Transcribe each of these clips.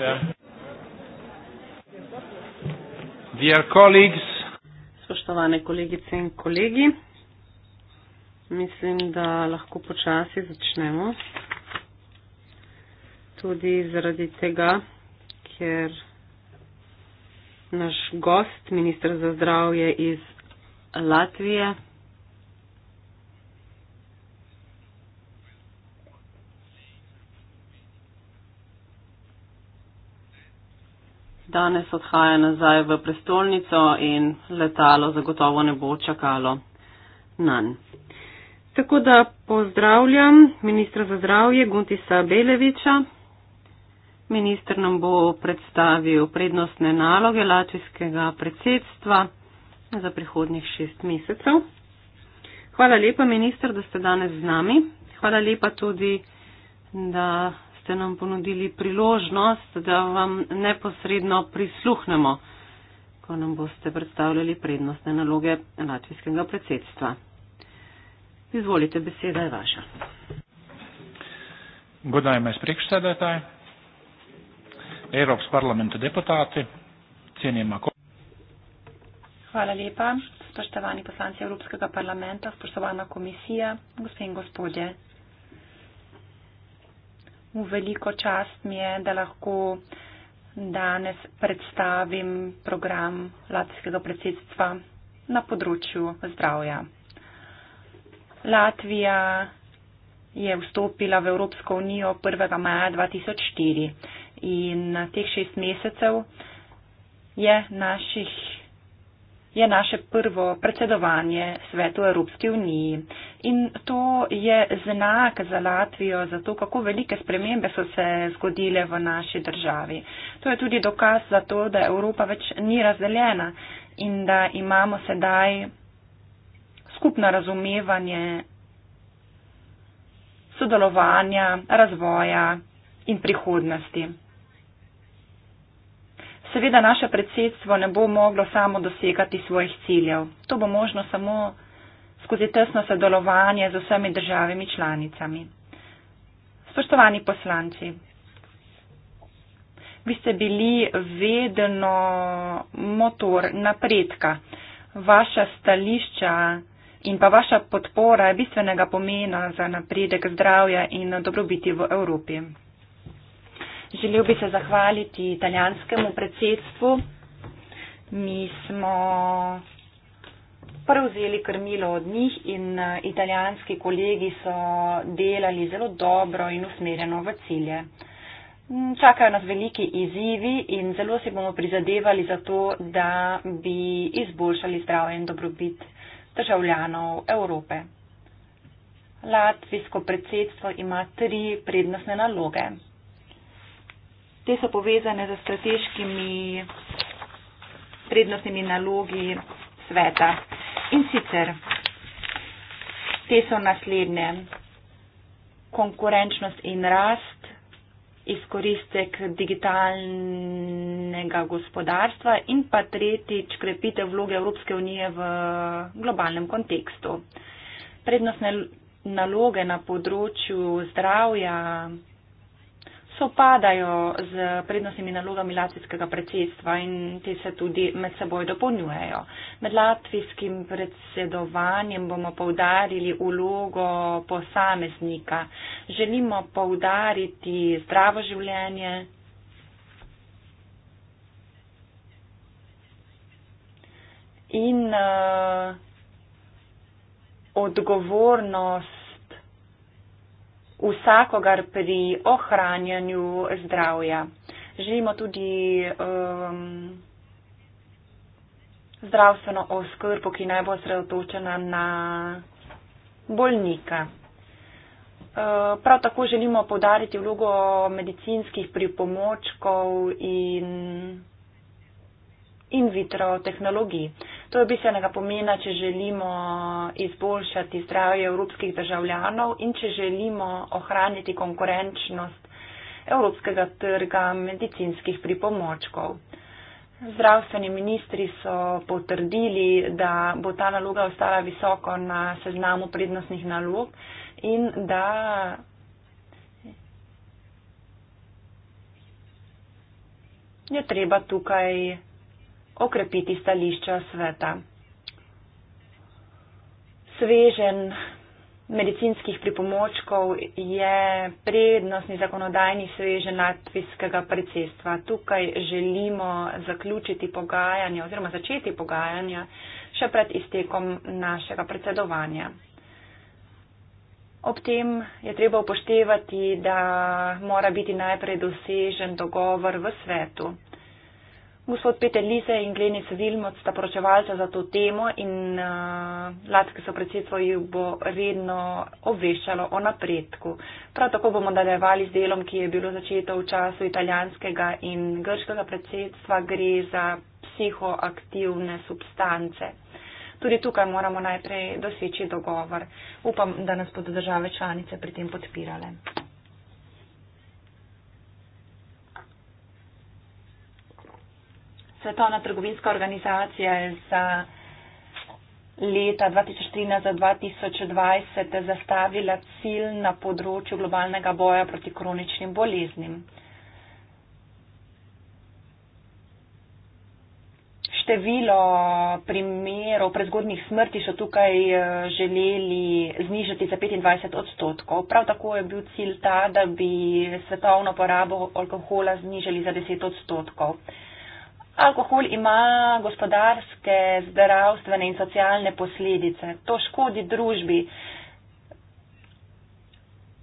Ja. Dear colleagues, Spoštovane kolegice in kolegi, mislim, da lahko počasi začnemo. Tudi zaradi tega, ker naš gost, ministr za zdravje iz Latvije, danes odhaja nazaj v prestolnico in letalo zagotovo ne bo čakalo na nj. Tako da pozdravljam ministra za zdravje Guntisa Beleviča. Ministr nam bo predstavil prednostne naloge latvijskega predsedstva za prihodnih šest mesecev. Hvala lepa, ministr, da ste danes z nami. Hvala lepa tudi, da ste nam ponudili priložnost, da vam neposredno prisluhnemo, ko nam boste predstavljali prednostne naloge latvijskega predsedstva. Izvolite, beseda je vaša. Godajme spriekštedetaj, Evropsk parlament deputati, cenim ako. Hvala lepa, spoštovani poslanci Evropskega parlamenta, spoštovana komisija, gospe in gospodje v veliko čast mi je, da lahko danes predstavim program Latvijskega predsedstva na področju zdravja. Latvija je vstopila v Evropsko unijo 1. maja 2004 in teh šest mesecev je naših je naše prvo predsedovanje svetu Evropske unije. In to je znak za Latvijo, za to, kako velike spremembe so se zgodile v naši državi. To je tudi dokaz za to, da Evropa več ni razdeljena in da imamo sedaj skupno razumevanje sodelovanja, razvoja in prihodnosti. Seveda naše predsedstvo ne bo moglo samo dosegati svojih ciljev. To bo možno samo skozi tesno sodelovanje z vsemi državami članicami. Spoštovani poslanci, vi ste bili vedno motor napredka. Vaša stališča in pa vaša podpora je bistvenega pomena za napredek zdravja in dobrobiti v Evropi. Želel bi se zahvaliti italijanskemu predsedstvu. Mi smo prevzeli krmilo od njih in eh, italijanski kolegi so delali zelo dobro in usmerjeno v cilje. Mm, čakajo nas veliki izzivi in zelo si bomo prizadevali za to, da bi izboljšali zdravje in dobrobit državljanov Evrope. Latvijsko predsedstvo ima tri prednostne naloge. Te so povezane z strateškimi prednostnimi nalogi sveta. In sicer te so naslednje. Konkurenčnost in rast, izkoristek digitalnega gospodarstva in pa tretjič krepitev vloge Evropske unije v globalnem kontekstu. Prednostne naloge na področju zdravja, sopadajo z prednostnimi nalogami latvijskega predsedstva in te se tudi med seboj dopolnjujejo. Med latvijskim predsedovanjem bomo povdarili ulogo posameznika. Želimo povdariti zdravo življenje. In uh, odgovornost vsakogar pri ohranjanju zdravja. Želimo tudi um, zdravstveno oskrbo, ki naj bo sredotočena na bolnika. Uh, prav tako želimo podariti vlogo medicinskih pripomočkov in in vitro tehnologij. To je bistvenega pomena, če želimo izboljšati zdravje evropskih državljanov in če želimo ohraniti konkurenčnost evropskega trga medicinskih pripomočkov. Zdravstveni ministri so potrdili, da bo ta naloga ostala visoko na seznamu prednostnih nalog in da je treba tukaj okrepiti stališča sveta. Svežen medicinskih pripomočkov je prednostni zakonodajni svežen latvijskega predsedstva. Tukaj želimo zaključiti pogajanja oziroma začeti pogajanja še pred iztekom našega predsedovanja. Ob tem je treba upoštevati, da mora biti najprej dosežen dogovor v svetu. Gospod Peter Lise in Glenis Vilmot sta poročevalca za to temo in uh, Latke so predsedstvo ju bo redno obveščalo o napredku. Prav tako bomo nadaljevali z delom, ki je bilo začeto v času italijanskega in grškega predsedstva, gre za psihoaktivne substance. Tudi tukaj moramo najprej doseči dogovor. Upam, da nas bodo države članice pri tem podpirale. Svetovna trgovinska organizacija je za leta 2013 do 2020 zastavila cilj na področju globalnega boja proti kroničnim boleznim. Število primerov prezgodnih smrti so tukaj eh, želeli znižati za 25 odstotkov. Prav tako je bil cilj ta, da bi svetovno porabo alkohola znižali za 10 odstotkov. Alkohol ima gospodarske, zdravstvene in socialne posledice. To škodi družbi.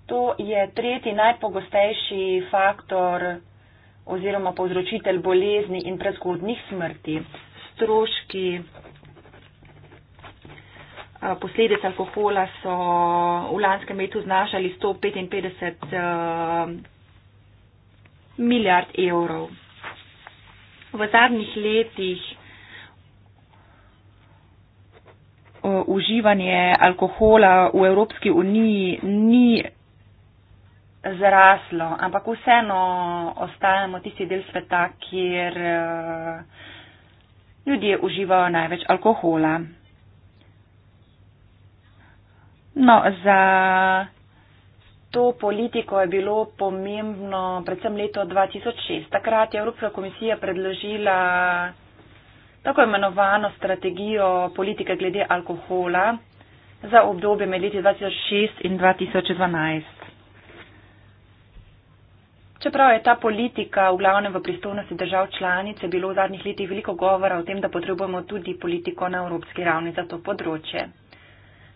To je tretji najpogostejši faktor oziroma povzročitelj bolezni in prezgodnih smrti. Stroški posledic alkohola so v lanskem letu znašali 155 milijard evrov v zadnjih letih uživanje alkohola v Evropski uniji ni zraslo, ampak vseeno ostajamo tisti del sveta, kjer eh, ljudje uživajo največ alkohola. No, za to politiko je bilo pomembno predvsem leto 2006. Takrat je Evropska komisija predložila tako imenovano strategijo politike glede alkohola za obdobje med leti 2006 in 2012. Čeprav je ta politika v glavnem v pristojnosti držav članic, je bilo v zadnjih letih veliko govora o tem, da potrebujemo tudi politiko na evropski ravni za to področje.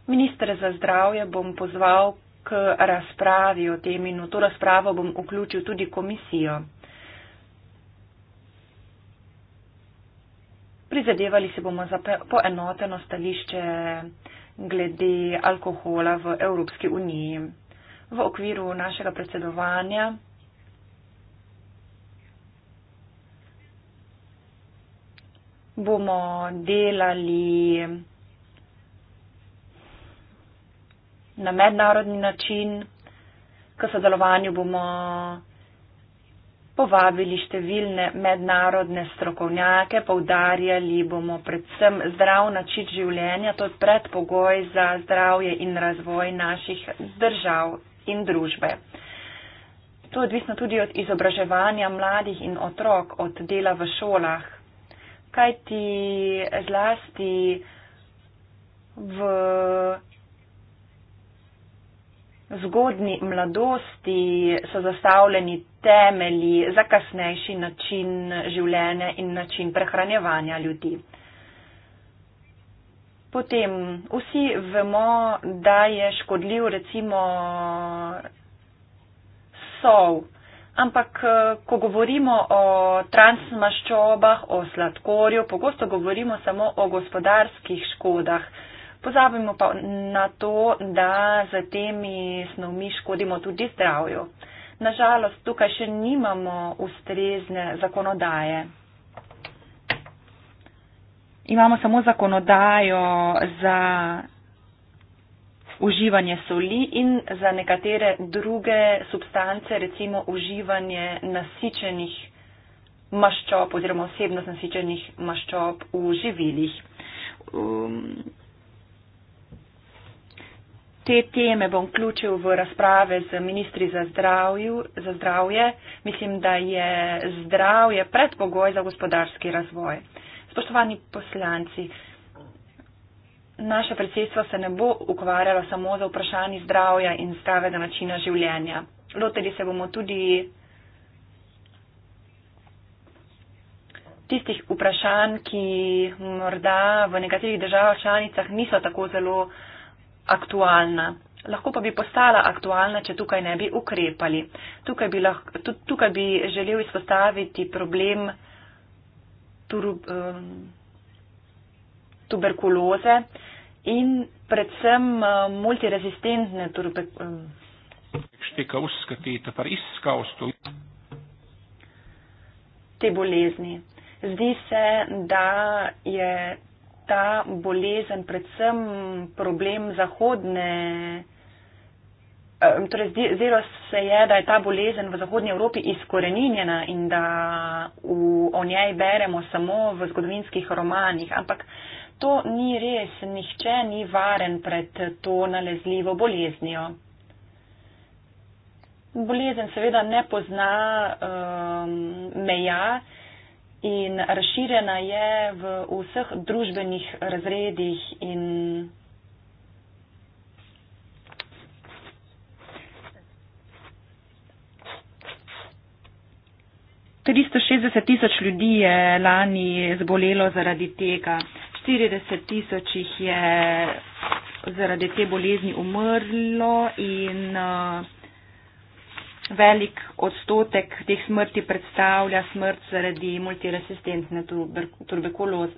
Ministr za zdravje bom pozval k razpravi o tem in v to razpravo bom vključil tudi komisijo. Prizadevali se bomo za poenoteno stališče glede alkohola v Evropski uniji. V okviru našega predsedovanja bomo delali na mednarodni način. K sodelovanju bomo povabili številne mednarodne strokovnjake, povdarjali bomo predvsem zdrav način življenja, to je predpogoj za zdravje in razvoj naših držav in družbe. To je odvisno tudi od izobraževanja mladih in otrok, od dela v šolah, kajti zlasti v zgodni mladosti so zastavljeni temelji za kasnejši način življenja in način prehranjevanja ljudi. Potem vsi vemo, da je škodljiv recimo sol, ampak ko govorimo o transmaščobah, o sladkorju, pogosto govorimo samo o gospodarskih škodah. Pozabimo pa na to, da z temi snovmi škodimo tudi zdravju. Nažalost, tukaj še nimamo ustrezne zakonodaje. Imamo samo zakonodajo za uživanje soli in za nekatere druge substance, recimo uživanje nasičenih maščob oziroma osebnost nasičenih maščob v živilih. Um, Te teme bom vključil v razprave z ministri za, zdravju, za zdravje. Mislim, da je zdravje predpogoj za gospodarski razvoj. Spoštovani poslanci, naše predsedstvo se ne bo ukvarjalo samo za vprašanje zdravja in zdravega načina življenja. Loteli se bomo tudi tistih vprašanj, ki morda v nekaterih državah članicah niso tako zelo aktualna. Lahko pa bi postala aktualna, če tukaj ne bi ukrepali. Tukaj bi, lahko, tudi, tukaj bi želel izpostaviti problem tur, um, tuberkuloze in predvsem um, multirezistentne tuberkuloze. Um, te bolezni. Zdi se, da je ta bolezen predvsem problem zahodne. Eh, torej, zdelo se je, da je ta bolezen v Zahodnji Evropi izkoreninjena in da v, o njej beremo samo v zgodovinskih romanih, ampak to ni res, nihče ni varen pred to nalezljivo boleznijo. Bolezen seveda ne pozna um, meja in razširjena je v vseh družbenih razredih in tristo šestdeset tisoč ljudi je lani zbolelo zaradi tega, štirideset tisoč jih je zaradi te bolezni umrlo in uh, velik odstotek teh smrti predstavlja smrt zaradi multiresistentne tuberkuloze.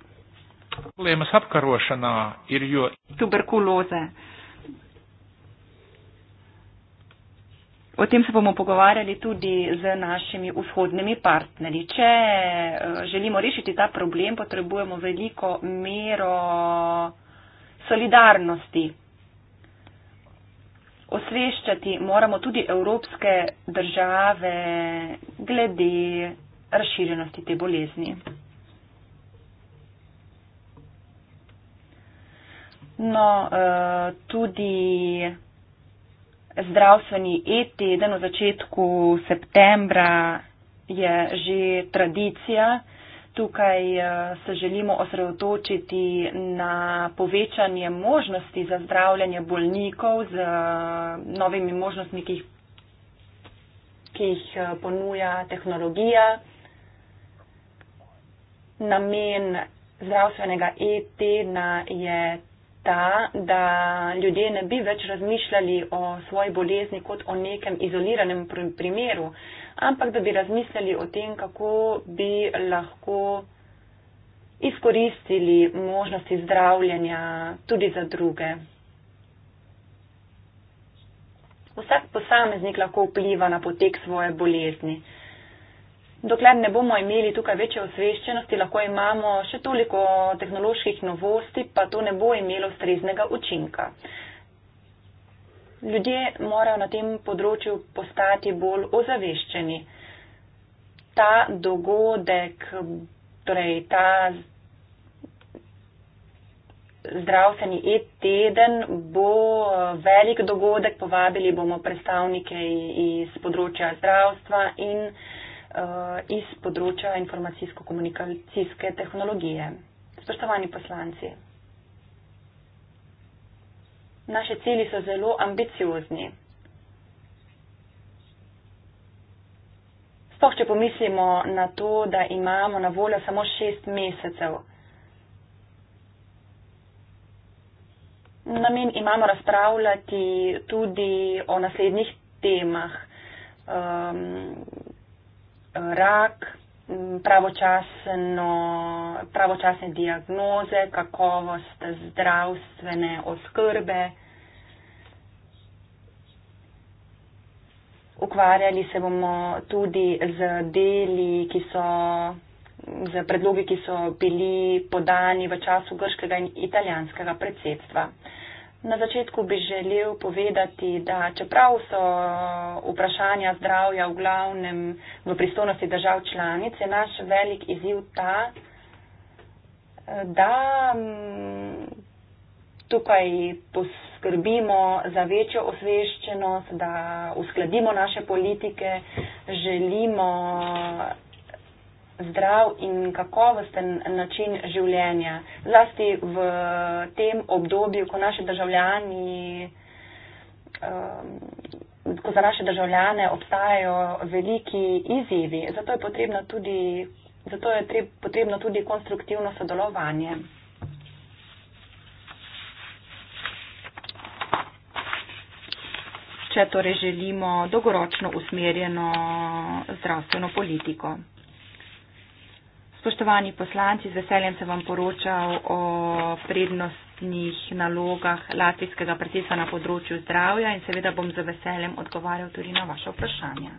Lėmas apkarošana ir jų. Tuberkuloze. O tem se bomo pogovarjali tudi z našimi vzhodnimi partnerji. Če eh, želimo rešiti ta problem, potrebujemo veliko mero solidarnosti osveščati moramo tudi evropske države glede razširjenosti te bolezni. No, eh, tudi zdravstveni e-teden v začetku septembra je že tradicija. Tukaj eh, se želimo osredotočiti na povečanje možnosti za zdravljanje bolnikov z eh, novimi možnostmi, ki jih, ki jih eh, ponuja tehnologija. Namen zdravstvenega e-tedna je ta, da ljudje ne bi več razmišljali o svoji bolezni kot o nekem izoliranem primeru, ampak da bi razmišljali o tem, kako bi lahko izkoristili možnosti zdravljenja tudi za druge. Vsak posameznik lahko vpliva na potek svoje bolezni dokler ne bomo imeli tukaj večje osveščenosti, lahko imamo še toliko tehnoloških novosti, pa to ne bo imelo ustreznega učinka. Ljudje morajo na tem področju postati bolj ozaveščeni. Ta dogodek, torej ta zdravstveni e-teden bo eh, velik dogodek, povabili bomo predstavnike iz področja zdravstva in Eh, iz področja informacijsko-komunikacijske tehnologije. Spoštovani poslanci, naše cilji so zelo ambiciozni. Sploh, če pomislimo na to, da imamo na voljo samo šest mesecev. Namen imamo razpravljati tudi o naslednjih temah, rak, mm, pravočasno, pravočasne diagnoze, kakovost zdravstvene oskrbe. Ukvarjali se bomo tudi z deli, ki so, z predlogi, ki so bili podani v času grškega in italijanskega predsedstva. Na začetku bi želel povedati, da čeprav so vprašanja zdravja v glavnem v pristojnosti držav članic, je naš velik izziv ta, da mm, tukaj poskrbimo za večjo osveščenost, da uskladimo naše politike, želimo zdrav in kakovosten način življenja. Zlasti v tem obdobju, ko naši državljani. Um, Ko za naše državljane obstajajo veliki izzivi, zato je potrebno tudi, zato je treb, potrebno tudi konstruktivno sodelovanje. Če torej želimo dolgoročno usmerjeno zdravstveno politiko. Spoštovani poslanci, z veseljem se vam poročal o prednostnih nalogah latvijskega predsedstva na področju zdravja in seveda bom z veseljem odgovarjal tudi na vaše vprašanje.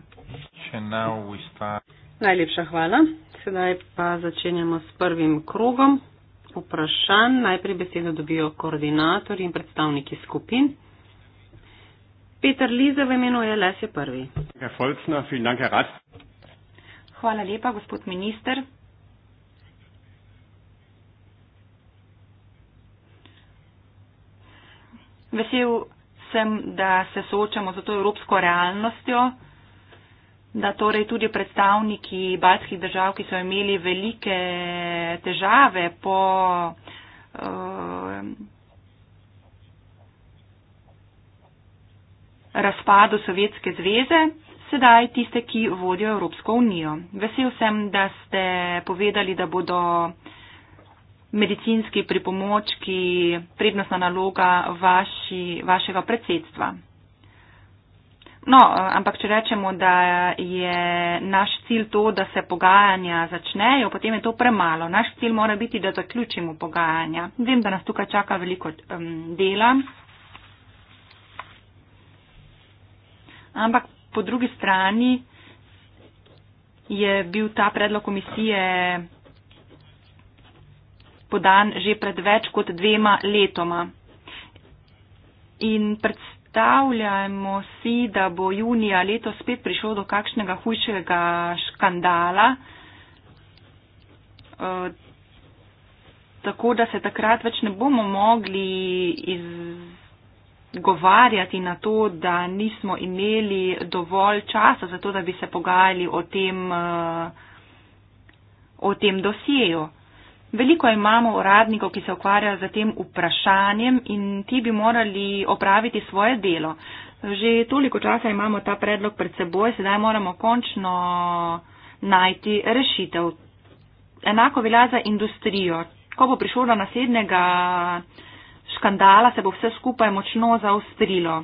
Najlepša hvala. Sedaj pa začenjamo s prvim krogom vprašanj. Najprej besedo dobijo koordinatorji in predstavniki skupin. Peter Lize v imenu LS je prvi. Hvala lepa, gospod minister. Vesel sem, da se soočamo z to evropsko realnostjo, da torej tudi predstavniki baltskih držav, ki so imeli velike težave po eh, razpadu Sovjetske zveze, sedaj tiste, ki vodijo Evropsko unijo. Vesel sem, da ste povedali, da bodo uh, medicinski pripomočki prednostna naloga vaši, vašega predsedstva. No, ampak če rečemo, da je naš cilj to, da se pogajanja začnejo, potem je to premalo. Naš cilj mora biti, da zaključimo pogajanja. Vem, da nas tukaj čaka veliko um, dela. Ampak po drugi strani je bil ta predlog komisije podan že pred več kot dvema letoma. In predstavljamo si, da bo junija leto spet prišlo do kakšnega hujšega škandala, eh, tako da se takrat več ne bomo mogli iz govarjati na to, da nismo imeli dovolj časa za to, da bi se pogajali o tem, eh, o tem dosijeju. Veliko imamo uradnikov, ki se ukvarjajo z tem vprašanjem in ti bi morali opraviti svoje delo. Že toliko časa imamo ta predlog pred seboj, sedaj moramo končno najti rešitev. Enako velja za industrijo. Ko bo prišlo do naslednjega škandala, se bo vse skupaj močno zaostrilo.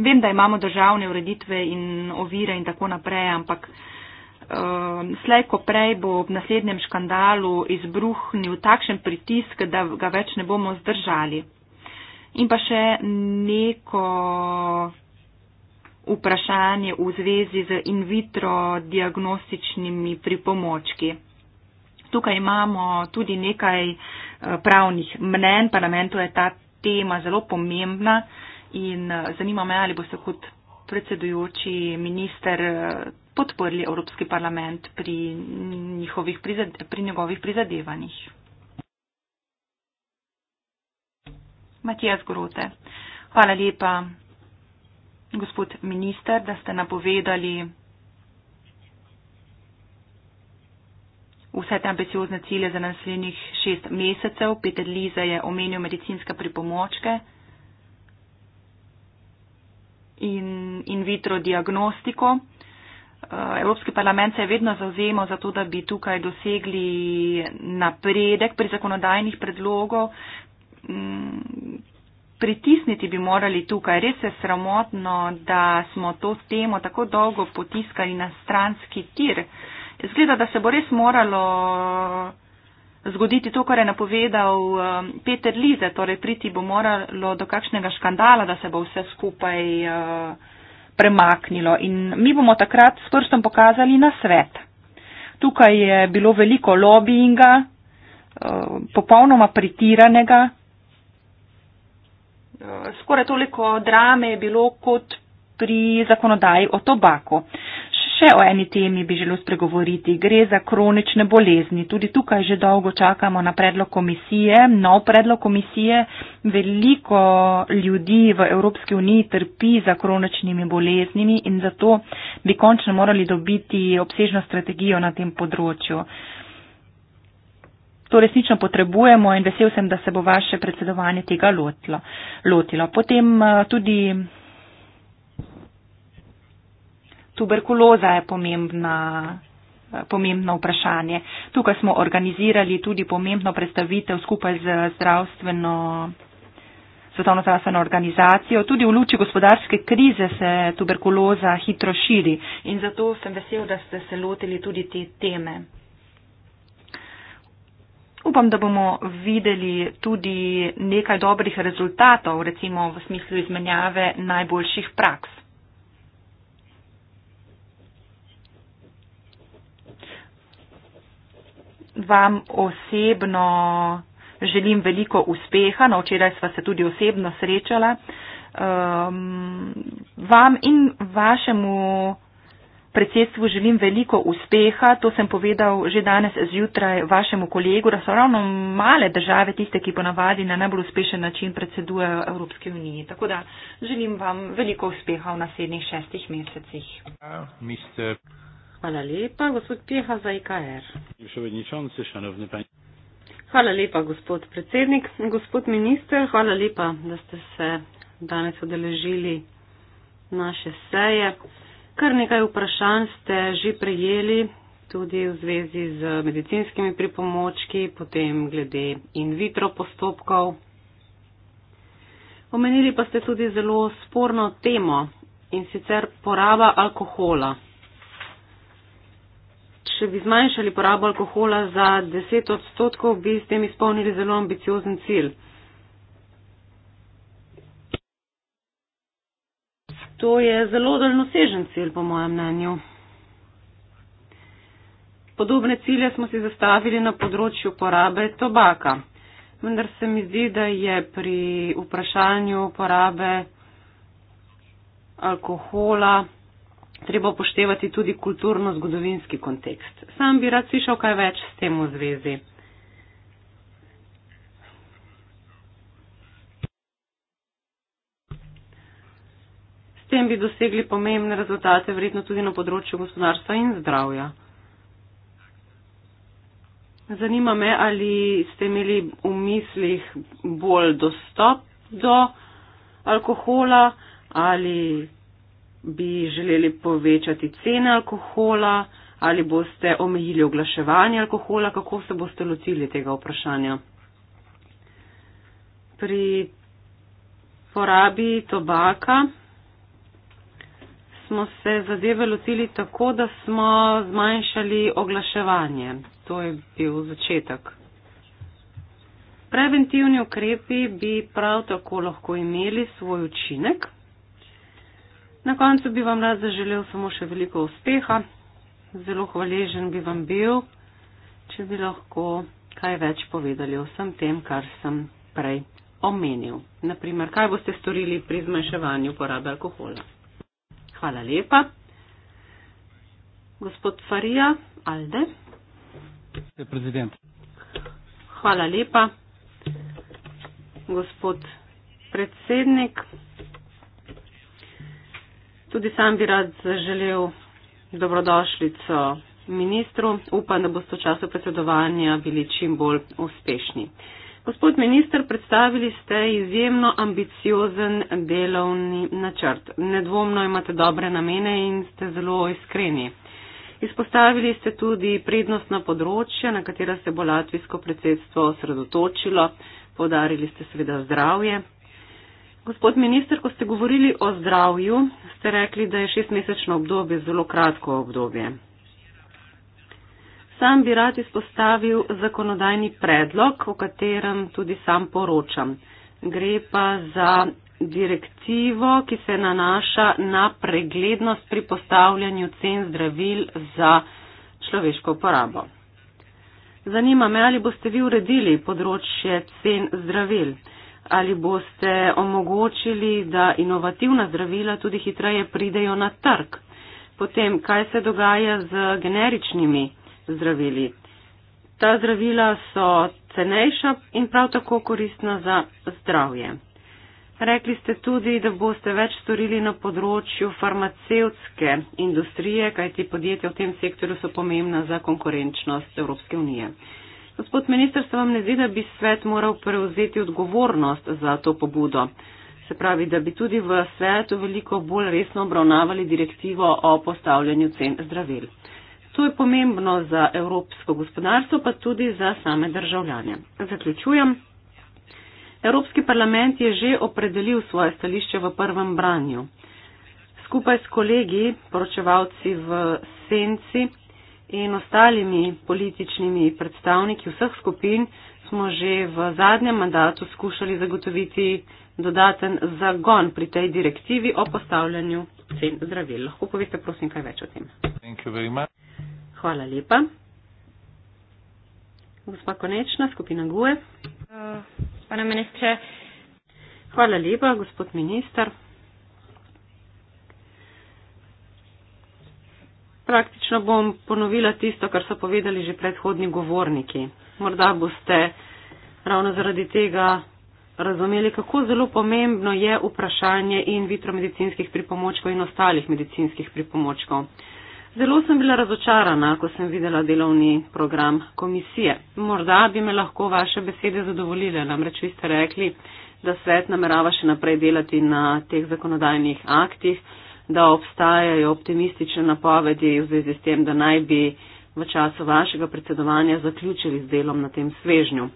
Vem, da imamo državne ureditve in ovire in tako naprej, ampak um, slej ko prej bo v naslednjem škandalu izbruhnil takšen pritisk, da ga več ne bomo zdržali. In pa še neko vprašanje v zvezi z in vitro diagnostičnimi pripomočki. Tukaj imamo tudi nekaj eh, pravnih mnen, parlamentu je ta tema zelo pomembna in eh, zanima me, ali bo se kot predsedujoči minister eh, podprli Evropski parlament pri, njihovih, pri njegovih prizadevanjih. Matijas Grote, hvala lepa, gospod minister, da ste napovedali vse te ambiciozne cilje za naslednjih šest mesecev. Peter Liza je omenil medicinske pripomočke in in vitro diagnostiko. Evropski parlament se je vedno zauzemal za to, da bi tukaj dosegli napredek pri zakonodajnih predlogov. Mm, pritisniti bi morali tukaj. Res je sramotno, da smo to temo tako dolgo potiskali na stranski tir. Zgleda, da se bo res moralo zgoditi to, kar je napovedal um, Peter Lize, torej priti bo moralo do kakšnega škandala, da se bo vse skupaj. Uh, premaknilo in mi bomo takrat s prstom pokazali na svet. Tukaj je bilo veliko lobijinga, eh, popolnoma pritiranega. Eh, skoraj toliko drame je bilo kot pri zakonodaji o tobaku. Še o eni temi bi želel spregovoriti. Gre za kronične bolezni. Tudi tukaj že dolgo čakamo na predlog komisije, nov predlog komisije. Veliko ljudi v Evropski uniji trpi za kroničnimi boleznimi in zato bi končno morali dobiti obsežno strategijo na tem področju. To resnično potrebujemo in vesel sem, da se bo vaše predsedovanje tega lotilo. Potem eh, tudi tuberkuloza je pomembna, pomembno vprašanje. Tukaj smo organizirali tudi pomembno predstavitev skupaj z zdravstveno. Svetovno zdravstveno organizacijo. Tudi v luči gospodarske krize se tuberkuloza hitro širi in zato sem vesel, da ste se lotili tudi te teme. Upam, da bomo videli tudi nekaj dobrih rezultatov, recimo v smislu izmenjave najboljših praks. vam osebno želim veliko uspeha. No, včeraj sva se tudi osebno srečala. Um, vam in vašemu predsedstvu želim veliko uspeha. To sem povedal že danes zjutraj vašemu kolegu, da so ravno male države tiste, ki ponavadi na najbolj uspešen način predsedujejo Evropske unije. Tako da želim vam veliko uspeha v naslednjih šestih mesecih. Uh, Hvala lepa, gospod Pjeha za IKR. Predsedniče, šanovni pani. Hvala lepa, gospod predsednik, gospod minister, hvala lepa, da ste se danes odeležili naše seje. Kar nekaj vprašanj ste že prejeli, tudi v zvezi z medicinskimi pripomočki, potem glede in vitro postopkov. Omenili pa ste tudi zelo sporno temo in sicer poraba alkohola če bi zmanjšali porabo alkohola za 10 odstotkov, bi s tem izpolnili zelo ambiciozen cilj. To je zelo daljnosežen cilj, po mojem mnenju. Podobne cilje smo si zastavili na področju porabe tobaka. Vendar se mi zdi, da je pri vprašanju porabe alkohola treba upoštevati tudi kulturno-zgodovinski kontekst. Sam bi rad slišal kaj več s tem v zvezi. S tem bi dosegli pomembne rezultate, verjetno tudi na področju gospodarstva in zdravja. Zanima me, ali ste imeli v mislih bolj dostop do alkohola ali bi želeli povečati cene alkohola ali boste omejili oglaševanje alkohola, kako se boste lotili tega vprašanja. Pri porabi tobaka smo se zadeve lotili tako, da smo zmanjšali oglaševanje. To je bil začetek. Preventivni ukrepi bi prav tako lahko imeli svoj učinek. Na koncu bi vam rad zaželel samo še veliko uspeha. Zelo hvaležen bi vam bil, če bi lahko kaj več povedali o vsem tem, kar sem prej omenil. Naprimer, kaj boste storili pri zmanjševanju porabe alkohola. Hvala lepa. Gospod Farija Alde. Hvala lepa. Gospod predsednik. Tudi sam bi rad zaželel dobrodošlico ministru. Upam, da boste v času predsedovanja bili čim bolj uspešni. Gospod minister, predstavili ste izjemno ambiciozen delovni načrt. Nedvomno imate dobre namene in ste zelo iskreni. Izpostavili ste tudi prednostna področja, na katera se bo latvijsko predsedstvo osredotočilo. Podarili ste seveda zdravje, Gospod minister, ko ste govorili o zdravju, ste rekli, da je šestmesečno obdobje zelo kratko obdobje. Sam bi rad izpostavil zakonodajni predlog, o katerem tudi sam poročam. Gre pa za direktivo, ki se nanaša na preglednost pri postavljanju cen zdravil za človeško uporabo. Zanima me, ali boste vi uredili področje cen zdravil ali boste omogočili, da inovativna zdravila tudi hitreje pridejo na trg? Potem, kaj se dogaja z generičnimi zdravili? Ta zdravila so cenejša in prav tako koristna za zdravje. Rekli ste tudi, da boste več storili na področju farmacevtske industrije, kajti podjetja v tem sektorju so pomembna za konkurenčnost Evropske unije. Gospod minister, se vam ne zdi, da bi svet moral prevzeti odgovornost za to pobudo? Se pravi, da bi tudi v svetu veliko bolj resno obravnavali direktivo o postavljanju cen zdravil. To je pomembno za evropsko gospodarstvo, pa tudi za same državljane. Zaključujem. Evropski parlament je že opredelil svoje stališče v prvem branju. Skupaj s kolegi, poročevalci v senci, in ostalimi političnimi predstavniki vseh skupin smo že v zadnjem mandatu skušali zagotoviti dodaten zagon pri tej direktivi o postavljanju cen zdravil. Lahko poveste, prosim, kaj več o tem. Hvala lepa. Gospa Konečna, skupina GUE. Uh, hvala lepa, gospod minister. praktično bom ponovila tisto, kar so povedali že predhodni govorniki. Morda boste ravno zaradi tega razumeli, kako zelo pomembno je vprašanje in vitromedicinskih pripomočkov in ostalih medicinskih pripomočkov. Zelo sem bila razočarana, ko sem videla delovni program komisije. Morda bi me lahko vaše besede zadovoljile, namreč vi ste rekli, da svet namerava še naprej delati na teh zakonodajnih aktih da obstajajo optimistične napovedi v zvezi s tem, da naj bi v času vašega predsedovanja zaključili z delom na tem svežnju.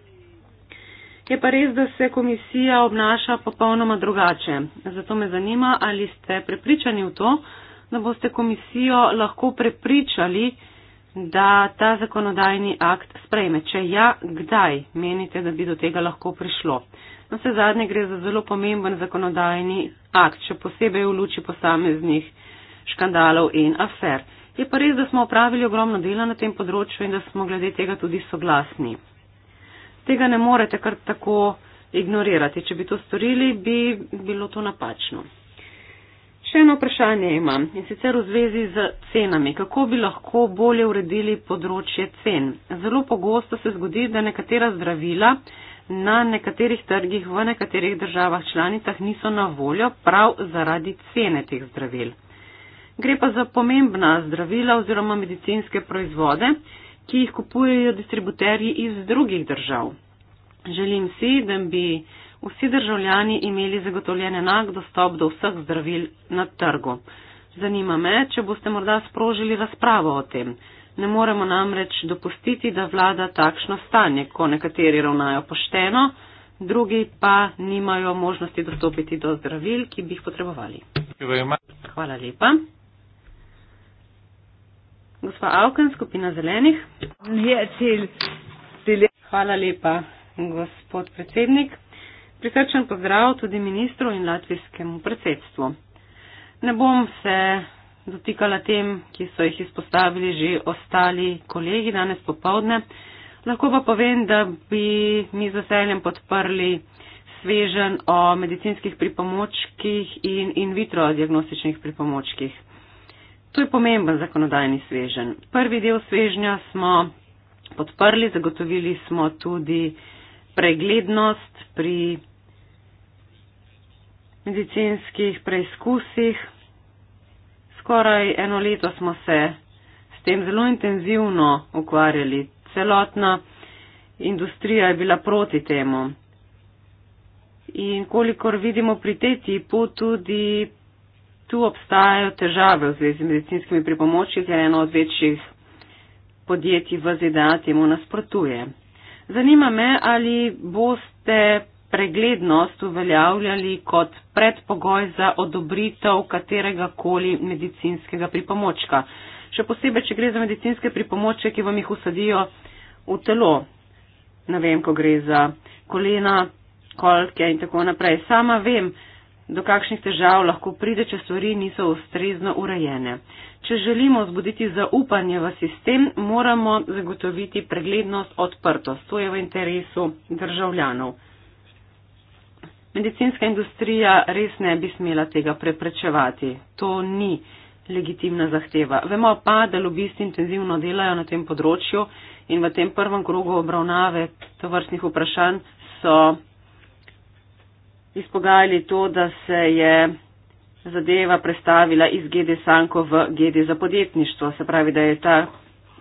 Je pa res, da se komisija obnaša popolnoma drugače. Zato me zanima, ali ste prepričani v to, da boste komisijo lahko prepričali, da ta zakonodajni akt sprejme. Če ja, kdaj menite, da bi do tega lahko prišlo? no vse zadnje gre za zelo pomemben zakonodajni akt, še posebej v luči posameznih škandalov in afer. Je pa res, da smo opravili ogromno dela na tem področju in da smo glede tega tudi soglasni. Tega ne morete kar tako ignorirati. Če bi to storili, bi bilo to napačno. Še eno vprašanje imam in sicer v zvezi z cenami. Kako bi lahko bolje uredili področje cen? Zelo pogosto se zgodi, da nekatera zdravila na nekaterih trgih v nekaterih državah članicah niso na voljo prav zaradi cene teh zdravil. Gre pa za pomembna zdravila oziroma medicinske proizvode, ki jih kupujejo distributerji iz drugih držav. Želim si, da bi vsi državljani imeli zagotovljen enak dostop do vseh zdravil na trgu. Zanima me, če boste morda sprožili razpravo o tem. Ne moremo namreč dopustiti, da vlada takšno stanje, ko nekateri ravnajo pošteno, drugi pa nimajo možnosti dostopiti do zdravil, ki bi jih potrebovali. Hvala lepa. Gospa Avken, skupina zelenih. Hvala lepa, gospod predsednik. Prisrčen pozdrav tudi ministru in latvijskemu predsedstvu. Ne bom se dotikala tem, ki so jih izpostavili že ostali kolegi danes popovdne. Lahko pa povem, da bi mi z veseljem podprli svežen o medicinskih pripomočkih in in vitro diagnostičnih pripomočkih. To je pomemben zakonodajni svežen. Prvi del svežnja smo podprli, zagotovili smo tudi preglednost pri medicinskih preizkusih, skoraj eno leto smo se s tem zelo intenzivno ukvarjali. Celotna industrija je bila proti temu. In kolikor vidimo pri tej tipu, tudi tu obstajajo težave v zvezi z medicinskimi pripomočki, ker eno od večjih podjetij v ZDA temu nasprotuje. Zanima me, ali boste preglednost uveljavljali kot predpogoj za odobritev katerega koli medicinskega pripomočka. Še posebej, če gre za medicinske pripomočke, ki vam jih usadijo v telo. Ne vem, ko gre za kolena, kolke in tako naprej. Sama vem, do kakšnih težav lahko pride, če stvari niso ustrezno urejene. Če želimo zbuditi zaupanje v sistem, moramo zagotoviti preglednost, odprtost. To je v interesu državljanov. Medicinska industrija res ne bi smela tega preprečevati. To ni legitimna zahteva. Vemo pa, da lobisti intenzivno delajo na tem področju in v tem prvem krogu obravnave tovrstnih vprašanj so izpogajali to, da se je zadeva predstavila iz GD Sanko v GD za podjetništvo. Se pravi, da je ta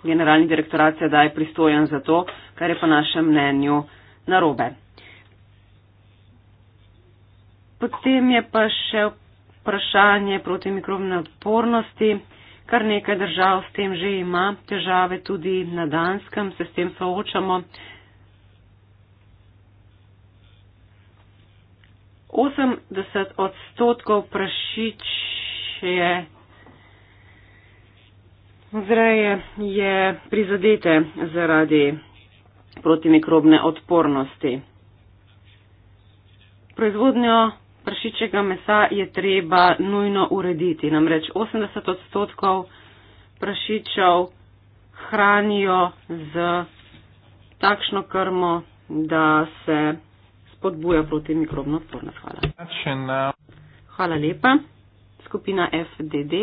generalni direktorat sedaj pristojen za to, kar je po našem mnenju narobe. Potem je pa še vprašanje proti mikrobne odpornosti, kar nekaj držav s tem že ima težave, tudi na Danskem se s tem soočamo. 80 odstotkov prašič je, vzreje, je prizadete zaradi protimikrobne odpornosti. Proizvodnjo prašičjega mesa je treba nujno urediti. Namreč 80 odstotkov prašičev hranijo z takšno krmo, da se spodbuja protimikrobno odpornost. Hvala. Hvala lepa. Skupina FDD.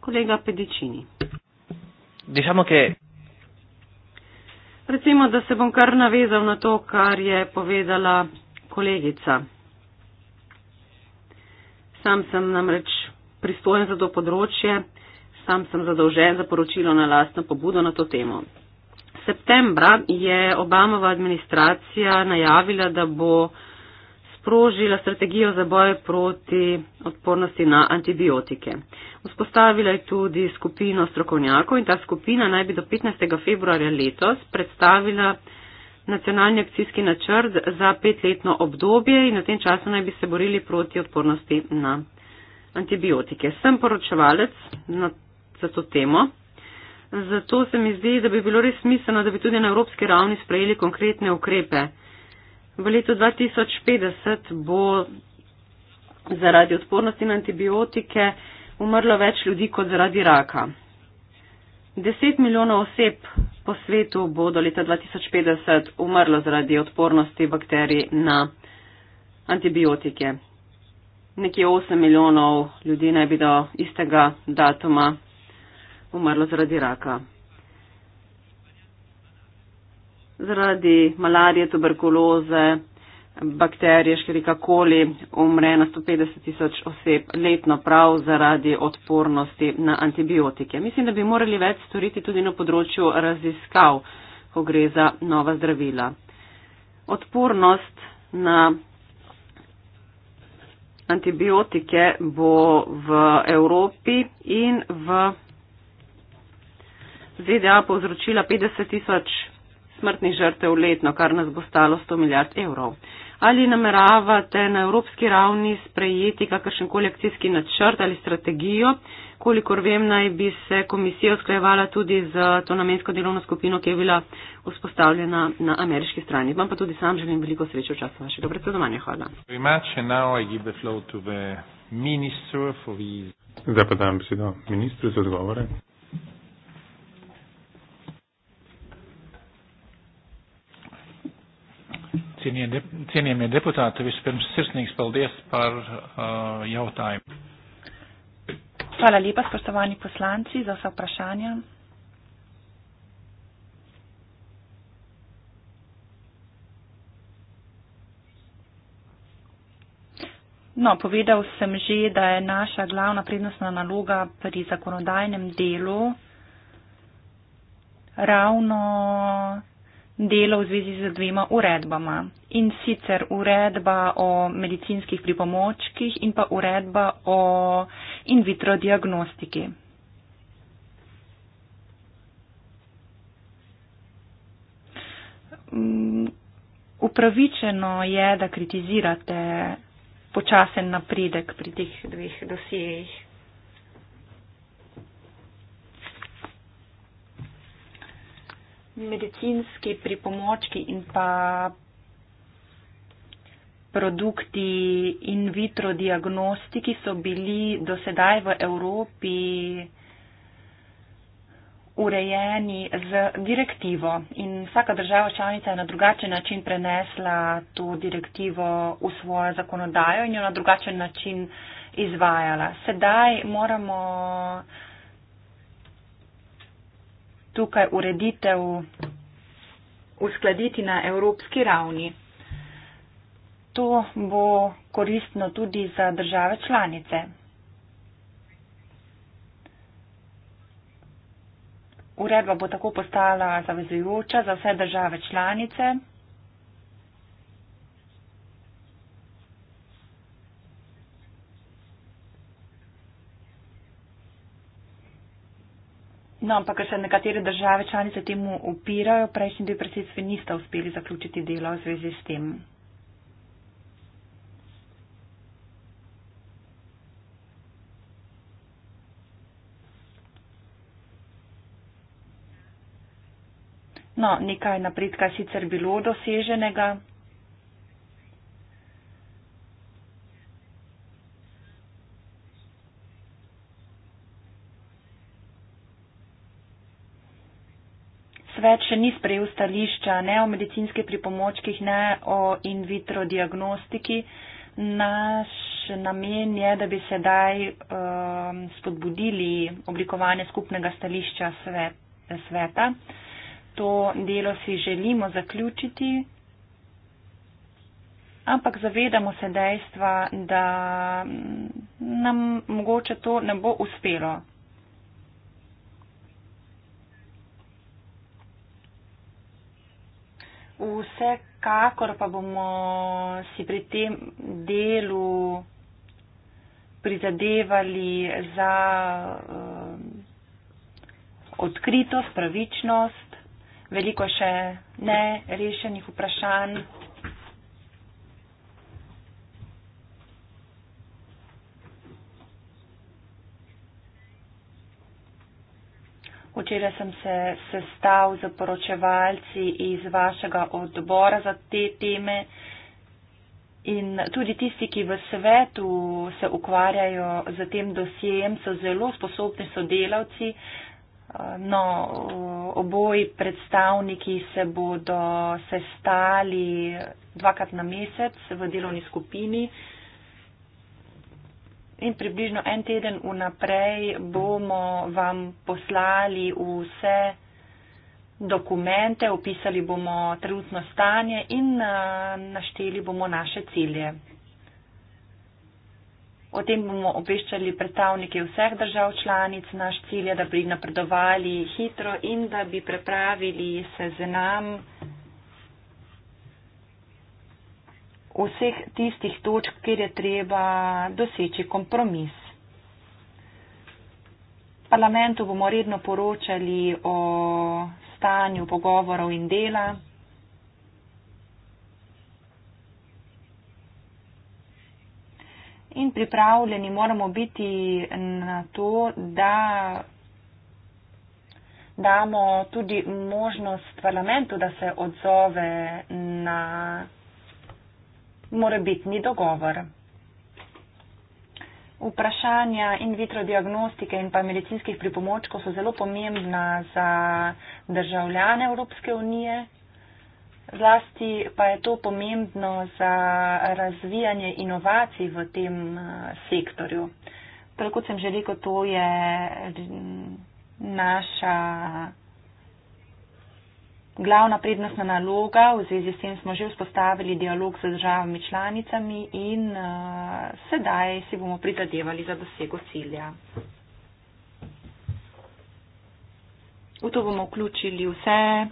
Kolega Pedičini. Dišamo, kaj. Recimo, da se bom kar navezal na to, kar je povedala kolegica. Sam sem namreč pristojen za to področje, sam sem zadolžen za poročilo na lastno pobudo na to temo. Septembra je Obamova administracija najavila, da bo sprožila strategijo za boj proti odpornosti na antibiotike. Vzpostavila je tudi skupino strokovnjakov in ta skupina naj bi do 15. februarja letos predstavila nacionalni akcijski načrt za petletno obdobje in v tem času naj bi se borili proti odpornosti na antibiotike. Sem poročevalec na, za to temo. Zato se mi zdi, da bi bilo res smiselno, da bi tudi na evropski ravni sprejeli konkretne ukrepe. V letu 2050 bo zaradi odpornosti na antibiotike umrlo več ljudi kot zaradi raka. 10 milijonov oseb po svetu bo do leta 2050 umrlo zaradi odpornosti bakterij na antibiotike. Nekje 8 milijonov ljudi naj bi do istega datuma umrlo zaradi raka. Zaradi malarije, tuberkuloze, bakterije, škrikakoli, umre na 150 tisoč oseb letno prav zaradi odpornosti na antibiotike. Mislim, da bi morali več storiti tudi na področju raziskav, ko gre za nova zdravila. Odpornost na antibiotike bo v Evropi in v ZDA povzročila 50 tisoč smrtnih žrtev letno, kar nas bo stalo 100 milijard evrov. Ali nameravate na evropski ravni sprejeti kakršen koli akcijski načrt ali strategijo? Kolikor vem, naj bi se komisija usklajevala tudi z to namensko delovno skupino, ki je bila vzpostavljena na ameriški strani. Vam pa tudi sam želim veliko sreče v času vašega predsedovanja. Hvala. Zdaj pa dam besedo ministru za odgovore. Cienījamie deputāti, vispirms sirsnīgs paldies par uh, jautājumu. Hvala lepa, spoštovani poslanci, za vsa vprašanja. No, povedal sem že, da je naša glavna prednostna naloga pri zakonodajnem delu ravno delo v zvezi z dvema uredbama. In sicer uredba o medicinskih pripomočkih in pa uredba o in vitro diagnostiki. Mm, upravičeno je, da kritizirate počasen napredek pri teh dveh dosijejih. medicinski pripomočki in pa produkti in vitro diagnostiki so bili do sedaj v Evropi urejeni z direktivo in vsaka država članica je na drugačen način prenesla to direktivo v svojo zakonodajo in jo na drugačen način izvajala. Sedaj moramo tukaj ureditev uskladiti na evropski ravni. To bo koristno tudi za države članice. Uredba bo tako postala zavezujoča za vse države članice. No, ampak ker se nekatere države članice temu upirajo, prejšnji dve predsedstvi nista uspeli zaključiti dela v zvezi s tem. No, nekaj napredka sicer bilo doseženega. svet še ni sprejel stališča ne o medicinskih pripomočkih, ne o in vitro diagnostiki. Naš namen je, da bi sedaj um, spodbudili oblikovanje skupnega stališča svet, sveta. To delo si želimo zaključiti, ampak zavedamo se dejstva, da mm, nam mogoče to ne bo uspelo. Vsekakor pa bomo si pri tem delu prizadevali za uh, odkritost, pravičnost, veliko še nerešenih vprašanj. Včeraj sem se sestal z poročevalci iz vašega odbora za te teme in tudi tisti, ki v svetu se ukvarjajo z tem dosjejem, so zelo sposobni sodelavci. No, oboji predstavniki se bodo sestali dvakrat na mesec v delovni skupini. In približno en teden vnaprej bomo vam poslali vse dokumente, opisali bomo trenutno stanje in eh, našteli bomo naše cilje. O tem bomo obveščali predstavnike vseh držav članic. Naš cilj je, da bi napredovali hitro in da bi prepravili se z nami. vseh tistih točk, kjer je treba doseči kompromis. Parlamentu bomo redno poročali o stanju pogovorov in dela. In pripravljeni moramo biti na to, da damo tudi možnost parlamentu, da se odzove na morebitni dogovor. Vprašanja in vitro diagnostike in pa medicinskih pripomočkov so zelo pomembna za državljane Evropske unije. Zlasti pa je to pomembno za razvijanje inovacij v tem eh, sektorju. Tako kot sem že rekel, to je mm, naša Glavna prednostna naloga v zvezi s tem smo že vzpostavili dialog z državami članicami in uh, sedaj si bomo prizadevali za dosego cilja. V to bomo vključili vse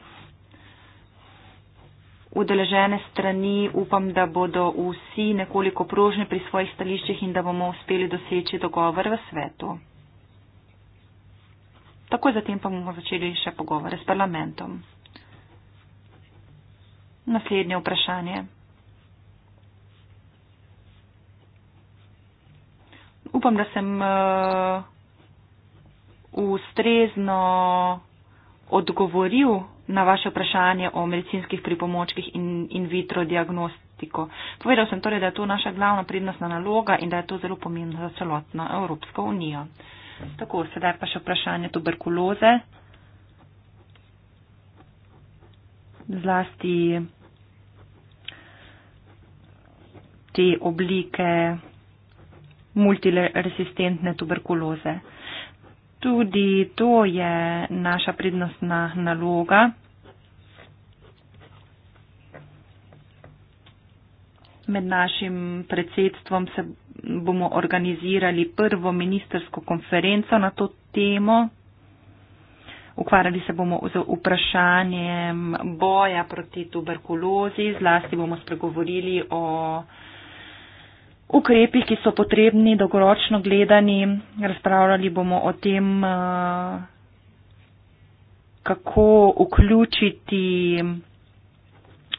udeležene strani. Upam, da bodo vsi nekoliko prožni pri svojih stališčih in da bomo uspeli doseči dogovor v svetu. Takoj zatem pa bomo začeli še pogovore s parlamentom naslednje vprašanje. Upam, da sem eh, ustrezno odgovoril na vaše vprašanje o medicinskih pripomočkih in in vitro diagnostiko. Povedal sem torej, da je to naša glavna prednostna naloga in da je to zelo pomembno za celotno Evropsko unijo. Tako, sedaj pa še vprašanje tuberkuloze. Zlasti te oblike multiresistentne tuberkuloze. Tudi to je naša prednostna naloga. Med našim predsedstvom se bomo organizirali prvo ministersko konferenco na to temo. Ukvarjali se bomo z vprašanjem boja proti tuberkulozi, zlasti bomo spregovorili o ukrepih, ki so potrebni dolgoročno gledani. Razpravljali bomo o tem, eh, kako vključiti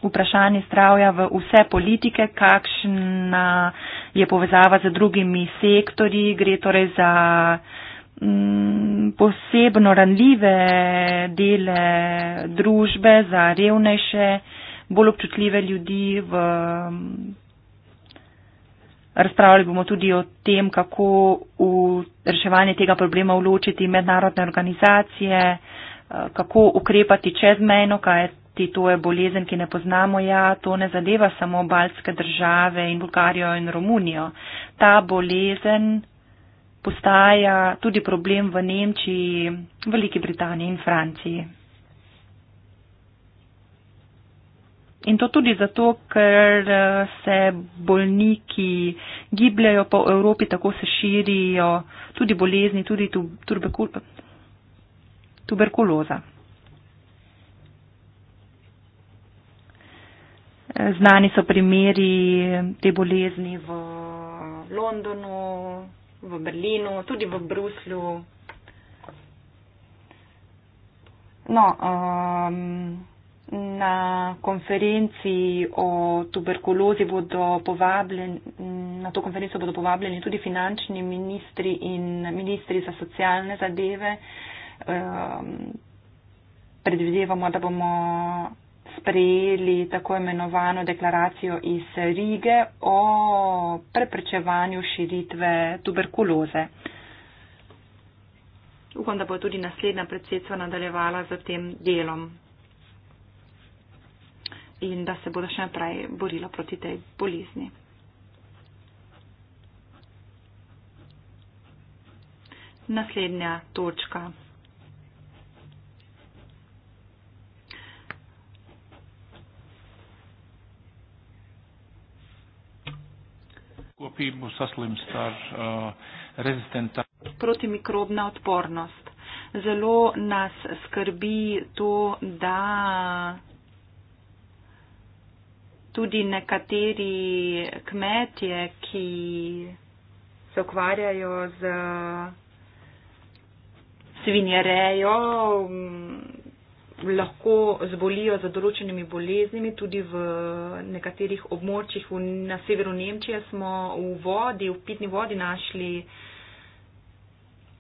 vprašanje zdravja v vse politike, kakšna je povezava z drugimi sektorji. Gre torej za mm, posebno ranljive dele družbe, za revnejše, bolj občutljive ljudi v Razpravljali bomo tudi o tem, kako v reševanje tega problema vločiti mednarodne organizacije, eh, kako ukrepati čezmejno, kaj ti to je bolezen, ki ne poznamo. Ja, to ne zadeva samo baltske države in Bulgarijo in Romunijo. Ta bolezen postaja tudi problem v Nemčiji, Veliki Britaniji in Franciji. In to tudi zato, ker eh, se bolniki gibljajo po Evropi, tako se širijo tudi bolezni, tudi tuberkuloza. Eh, znani so primeri te bolezni v Londonu, v Berlinu, tudi v Bruslju. No, um, Na konferenci o tuberkulozi bodo povabljeni, na to konferenco bodo povabljeni tudi finančni ministri in ministri za socialne zadeve. Ehm, predvidevamo, da bomo sprejeli tako imenovano deklaracijo iz Rige o preprečevanju širitve tuberkuloze. Upam, da bo tudi naslednja predsedstva nadaljevala z tem delom in da se bodo še naprej borila proti tej bolezni. Naslednja točka. Eh, Protimikrobna odpornost. Zelo nas skrbi to, da tudi nekateri kmetje, ki se ukvarjajo z svinjerejo, lahko zbolijo za določenimi boleznimi. Tudi v nekaterih območjih na severu Nemčije smo v vodi, v pitni vodi našli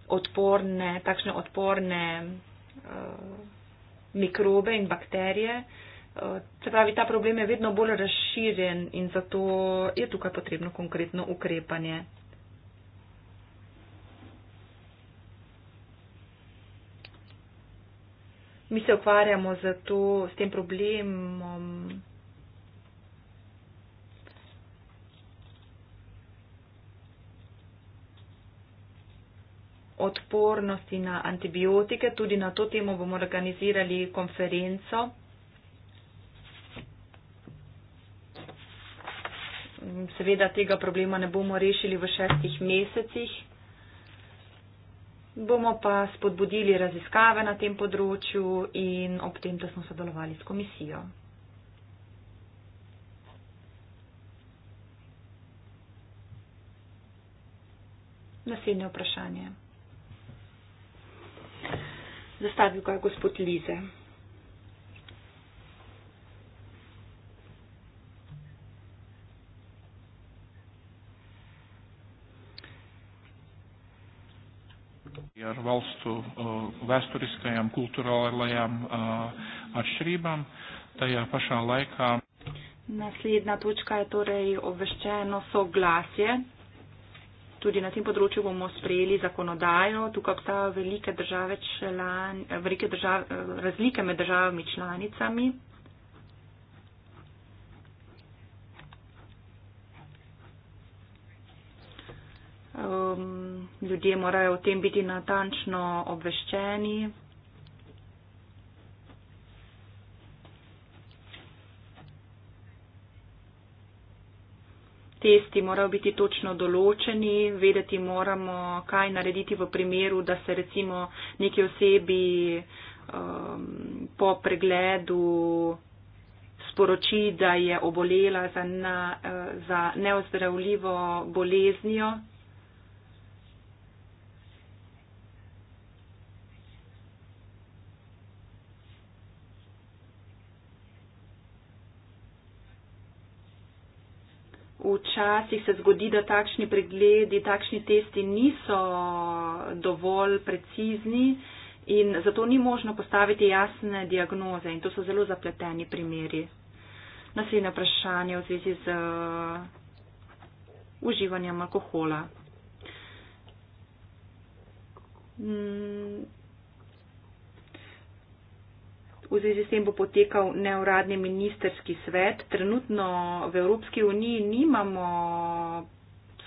odporne, takšne odporne uh, mikrobe in bakterije. Uh, Eh, se pravi, ta problem je vedno bolj razširjen in zato je tukaj potrebno konkretno ukrepanje. Mi se ukvarjamo zato, s tem problemom. odpornosti na antibiotike. Tudi na to temo bomo organizirali konferenco seveda tega problema ne bomo rešili v šestih mesecih. Bomo pa spodbudili raziskave na tem področju in ob tem, da smo sodelovali s komisijo. Naslednje vprašanje. Zastavil ga je gospod Lize. ar valstu vēsturiskajām, kultūrālajām atšķirībām. Tajā pašā laikā. Naslednja točka je torej obveščeno soglasje. Tudi na tem področju bomo sprejeli zakonodajo. Tukaj obstajajo velike, države član, velike držav, razlike med državami članicami. um, ljudje morajo o tem biti natančno obveščeni. Testi morajo biti točno določeni, vedeti moramo, kaj narediti v primeru, da se recimo neki osebi um, po pregledu sporoči, da je obolela za, na, eh, za neozdravljivo boleznjo, včasih se zgodi, da takšni pregledi, takšni testi niso dovolj precizni in zato ni možno postaviti jasne diagnoze in to so zelo zapleteni primeri. Naslednje vprašanje v zvezi z uh, uživanjem alkohola. Mm, V zvezi s tem bo potekal neuradni ministerski svet. Trenutno v Evropski uniji nimamo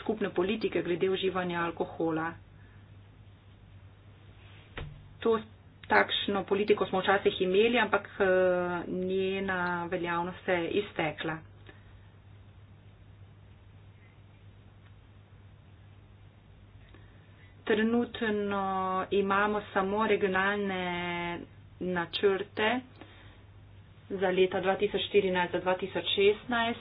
skupne politike glede uživanja alkohola. To takšno politiko smo včasih imeli, ampak eh, njena veljavnost se je iztekla. Trenutno imamo samo regionalne načrte za leta 2014 do 2016.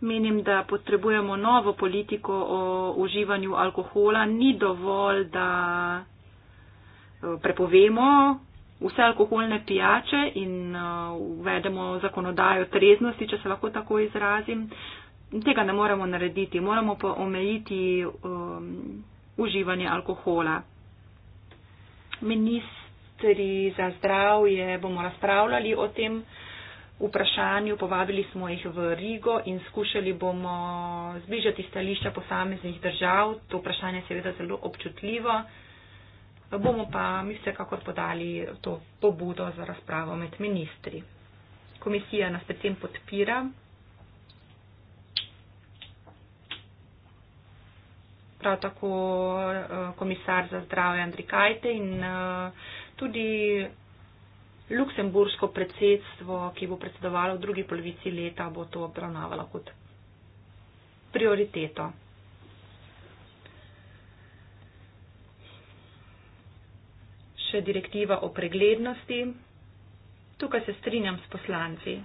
Menim, da potrebujemo novo politiko o uživanju alkohola. Ni dovolj, da eh, prepovemo vse alkoholne pijače in eh, uvedemo zakonodajo treznosti, če se lahko tako izrazim. Tega ne moremo narediti. Moramo pa omejiti um, uživanje alkohola. Ministri za zdravje bomo razpravljali o tem vprašanju, povabili smo jih v Rigo in skušali bomo zbližati stališča posameznih držav. To vprašanje je seveda zelo občutljivo. Bomo pa mi vsekakor podali to pobudo za razpravo med ministri. Komisija nas predtem podpira. prav tako eh, komisar za zdravje Andri Kajte in eh, tudi luksemburško predsedstvo, ki bo predsedovalo v drugi polovici leta, bo to obravnavalo kot prioriteto. Še direktiva o preglednosti. Tukaj se strinjam s poslanci.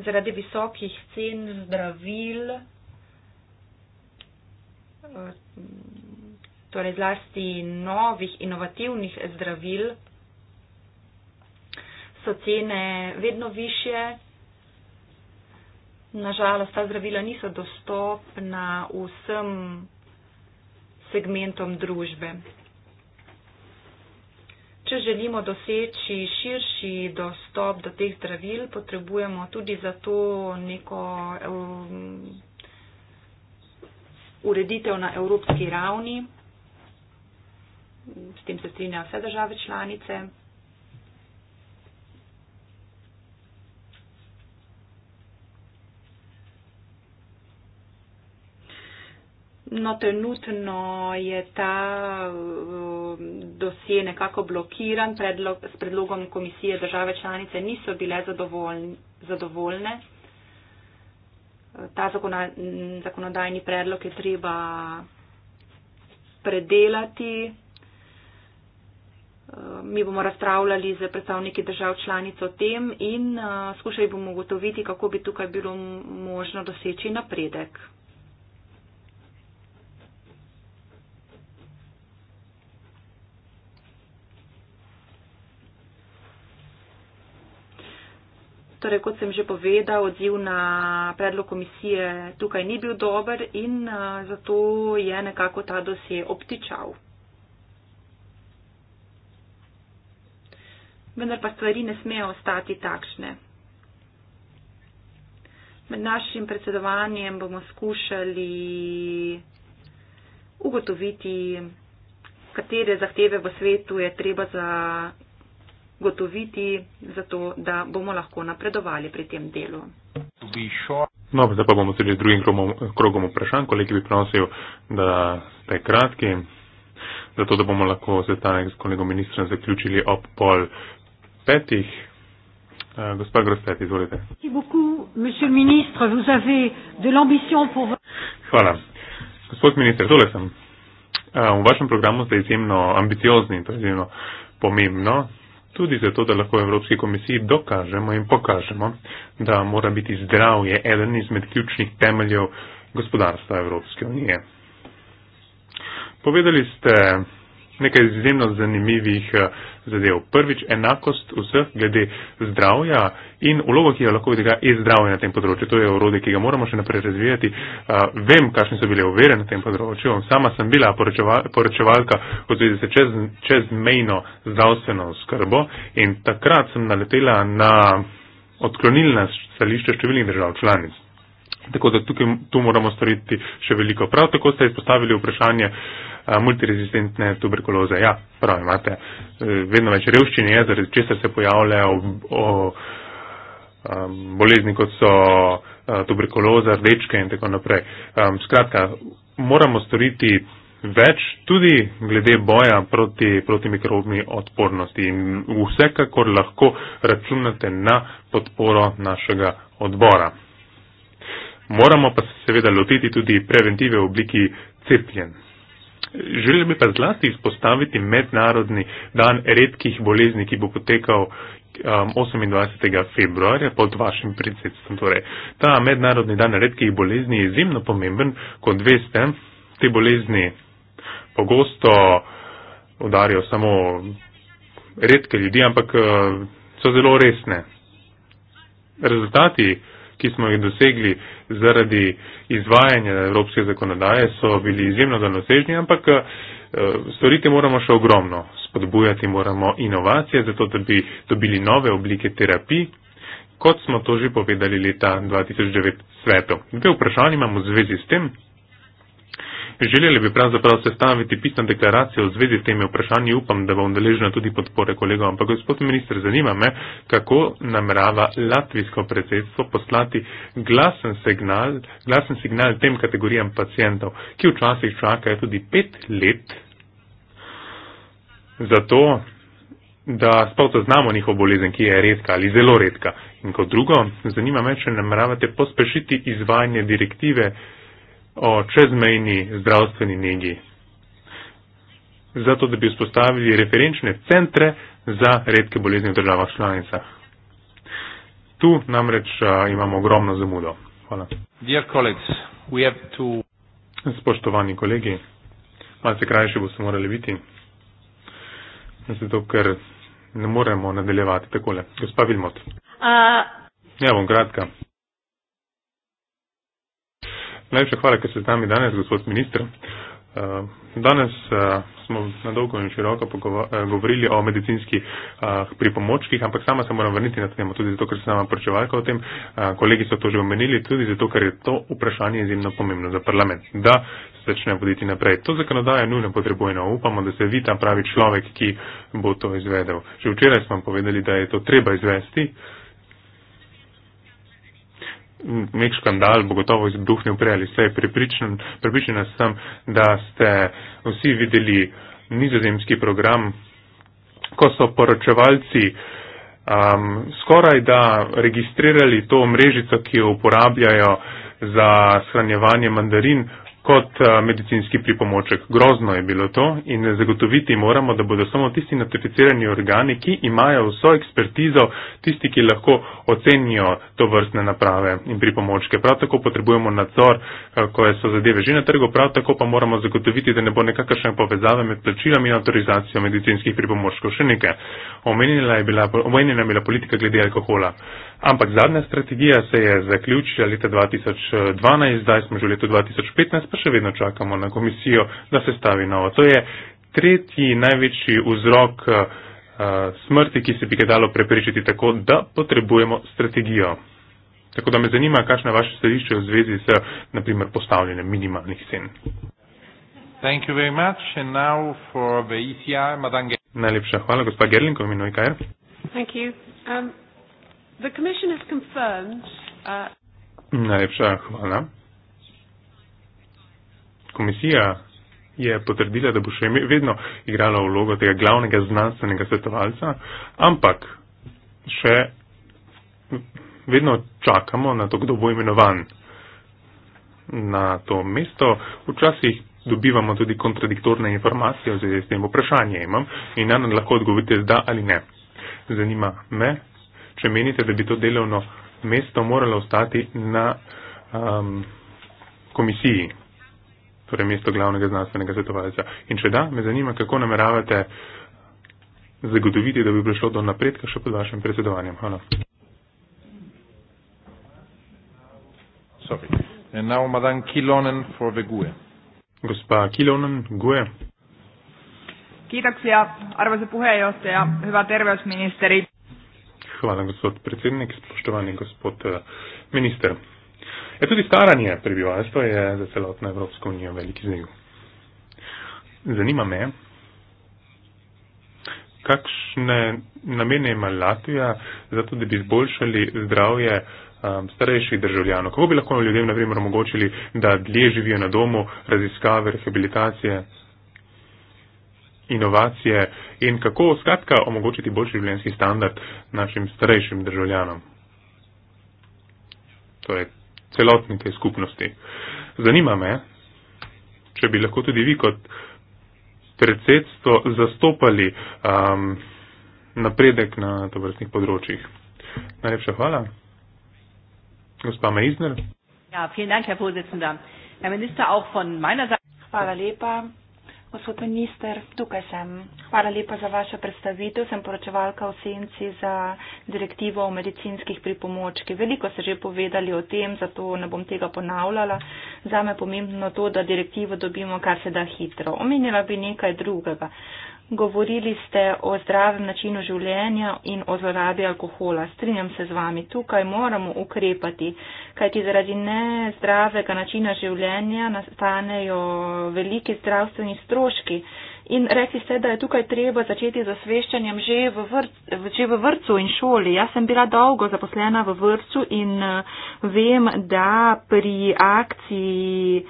Zaradi visokih cen zdravil torej zlasti novih inovativnih zdravil, so cene vedno više. Nažalost, ta zdravila niso dostopna vsem segmentom družbe. Če želimo doseči širši dostop do teh zdravil, potrebujemo tudi za to neko. Um, ureditev na evropski ravni, s tem se strinjajo vse države članice. No, trenutno je ta eh, dosje nekako blokiran predlog, s predlogom komisije. Države članice niso bile zadovoljne ta zakonodajni predlog je treba predelati. Mi bomo razpravljali z predstavniki držav članic o tem in skušali bomo ugotoviti, kako bi tukaj bilo možno doseči napredek. Torej, kot sem že povedal, odziv na predlog komisije tukaj ni bil dober in zato je nekako ta dosje obtičal. Vendar pa stvari ne smejo ostati takšne. Med našim predsedovanjem bomo skušali ugotoviti, katere zahteve v svetu je treba za gotoviti, zato da bomo lahko napredovali pri tem delu. No, zdaj pa bomo tudi z drugim krogom, krogom vprašanj. Kolegi bi prosil, da ste kratki, zato da bomo lahko sestanek s kolegom ministrem zaključili ob pol petih. Eh, gospa Grostet, izvolite. Hvala. Gospod minister, tole sem. Eh, v vašem programu ste izjemno ambiciozni, to je izjemno pomembno tudi zato, da lahko Evropski komisiji dokažemo in pokažemo, da mora biti zdravje eden izmed ključnih temeljev gospodarstva Evropske unije. Povedali ste, nekaj izjemno zanimivih eh, zadev. Prvič, enakost vseh glede zdravja in ulogo, ki jo lahko vidi, je zdravje na tem področju. To je urode, ki ga moramo še naprej razvijati. Eh, vem, kakšne so bile uvere na tem področju. Sama sem bila poročevalka v zvezi s čez, čezmejno zdravstveno skrbo in takrat sem naletela na odklonilna stališča številnih držav članic. Tako da tukaj, tu moramo storiti še veliko. Prav tako ste izpostavili vprašanje eh, multirezistentne tuberkuloze. Ja, prav imate. Eh, vedno več revščine je, zaradi česar se pojavljajo bolezni, kot so eh, tuberkuloza, rdečke in tako naprej. Skratka, moramo storiti več tudi glede boja proti, proti mikrobni odpornosti in vsekakor lahko računate na podporo našega odbora. Moramo pa se seveda lotiti tudi preventive v obliki cepljen. Želim pa zlasti izpostaviti mednarodni dan redkih bolezni, ki bo potekal 28. Um, februarja pod vašim predsedstvom. Torej, ta mednarodni dan redkih bolezni je izjemno pomemben, kot veste, te bolezni pogosto udarijo samo redke ljudi, ampak uh, so zelo resne. Rezultati ki smo jih dosegli zaradi izvajanja evropske zakonodaje, so bili izjemno donosežni, ampak eh, storiti moramo še ogromno. Spodbujati moramo inovacije, zato da bi dobili nove oblike terapij, kot smo to že povedali leta 2009 svetu. Dve vprašanje imamo v zvezi s tem. Želeli bi pravzaprav sestaviti pisno deklaracijo v zvezi s temi vprašanji. Upam, da bom deležna tudi podpore kolegov. Ampak, gospod minister, zanima me, kako namerava latvijsko predsedstvo poslati glasen signal, glasen signal tem kategorijam pacijentov, ki včasih čakajo tudi pet let za to, da sploh zaznamo njihov bolezen, ki je redka ali zelo redka. In kot drugo, zanima me, če nameravate pospešiti izvajanje direktive o čezmejni zdravstveni negi. Zato, da bi vzpostavili referenčne centre za redke bolezni v državah članicah. Tu namreč a, imamo ogromno zamudo. Hvala. Colleagues, we have to... Spoštovani kolegi, malce krajše boste morali biti, zato ker ne moremo nadaljevati takole. Gospa Vilmot. Uh... Ja, bom kratka. Najlepša hvala, ker ste z nami danes, gospod minister. Eh, danes eh, smo na dolgo in široko eh, govorili o medicinskih pripomočkih, ampak sama se moram vrniti na temo, tudi zato, ker sem vam pričevalka o tem, kolegi so to že omenili, tudi zato, ker je to vprašanje izjemno pomembno za parlament, da se začne voditi naprej. To zakonodaje nujno potrebujemo, upamo, da se vi tam pravi človek, ki bo to izvedel. Že včeraj smo vam povedali, da je to treba izvesti nek škandal bo gotovo izbruhnil prej ali slej. Pripričana sem, da ste vsi videli nizozemski program, ko so poročevalci um, skoraj da registrirali to mrežico, ki jo uporabljajo za shranjevanje mandarin, kot eh, medicinski pripomoček. Grozno je bilo to in zagotoviti moramo, da bodo samo tisti notificirani organi, ki imajo vso ekspertizo, tisti, ki lahko ocenijo to vrstne naprave in pripomočke. Prav tako potrebujemo nadzor, eh, ko so zadeve že na trgu, prav tako pa moramo zagotoviti, da ne bo nekakšne povezave med plačilami in avtorizacijo medicinskih pripomočkov. Še nekaj. Omenjena je bila, omenjena je bila politika glede alkohola. Ampak zadnja strategija se je zaključila leta 2012, zdaj smo že v letu 2015, pa še vedno čakamo na komisijo, da se stavi novo. To je tretji največji vzrok eh, smrti, ki se bi ga dalo preprečiti tako, da potrebujemo strategijo. Tako da me zanima, kakšno je vaše stališče v zvezi s, naprimer, postavljanjem minimalnih cen. E Najlepša hvala, gospa Gerlinko, minuj e kaj. Um, The Commission has confirmed. Uh, Najlepša hvala. Komisija je potrdila, da bo še vedno igrala vlogo tega glavnega znanstvenega svetovalca, ampak še vedno čakamo na to, kdo bo imenovan na to mesto. Včasih dobivamo tudi kontradiktorne informacije o zvezi s tem vprašanjem in nam lahko odgovorite z da ali ne. Zanima me, če menite, da bi to delovno mesto moralo ostati na um, komisiji, torej mesto glavnega znanstvenega svetovalca. In če da, me zanima, kako nameravate zagotoviti, da bi prišlo do napredka še pod vašim predsedovanjem. Hvala. E. Gospa Kilonen, Gue. Kiitoksia, arvoisa puheenjohtaja, hyvä terveysministeri. Hvala, gospod predsednik, spoštovani gospod eh, minister. E tudi staranje prebivalstva je za celotno Evropsko unijo velik izziv. Zanima me, kakšne namene ima Latvija za to, da bi izboljšali zdravje um, starejših državljanov. Kako bi lahko ljudem, na primer, omogočili, da dlje živijo na domu, raziskave, rehabilitacije? inovacije in kako skratka omogočiti boljši življenjski standard našim starejšim državljanom. Torej, celotni te skupnosti. Zanima me, če bi lahko tudi vi kot predsedstvo zastopali um, napredek na tovrstnih področjih. Najlepša hvala. Gospa Meizner. Ja, vielen Dank, Herr Vorsitzender. Herr Minister, auch von meiner Seite. Hvala lepa, Gospod minister, tukaj sem. Hvala lepa za vašo predstavitev. Sem poročevalka v senci za direktivo o medicinskih pripomočki. Veliko ste že povedali o tem, zato ne bom tega ponavljala. Zame je pomembno to, da direktivo dobimo kar se da hitro. Omenila bi nekaj drugega. Govorili ste o zdravem načinu življenja in o zlorabi alkohola. Strinjam se z vami, tukaj moramo ukrepati, kajti zaradi nezdravega načina življenja nastanejo veliki zdravstveni stroški. In rekli ste, da je tukaj treba začeti z osveščanjem že v, vrt, že v vrtu in šoli. Jaz sem bila dolgo zaposlena v vrtu in eh, vem, da pri akciji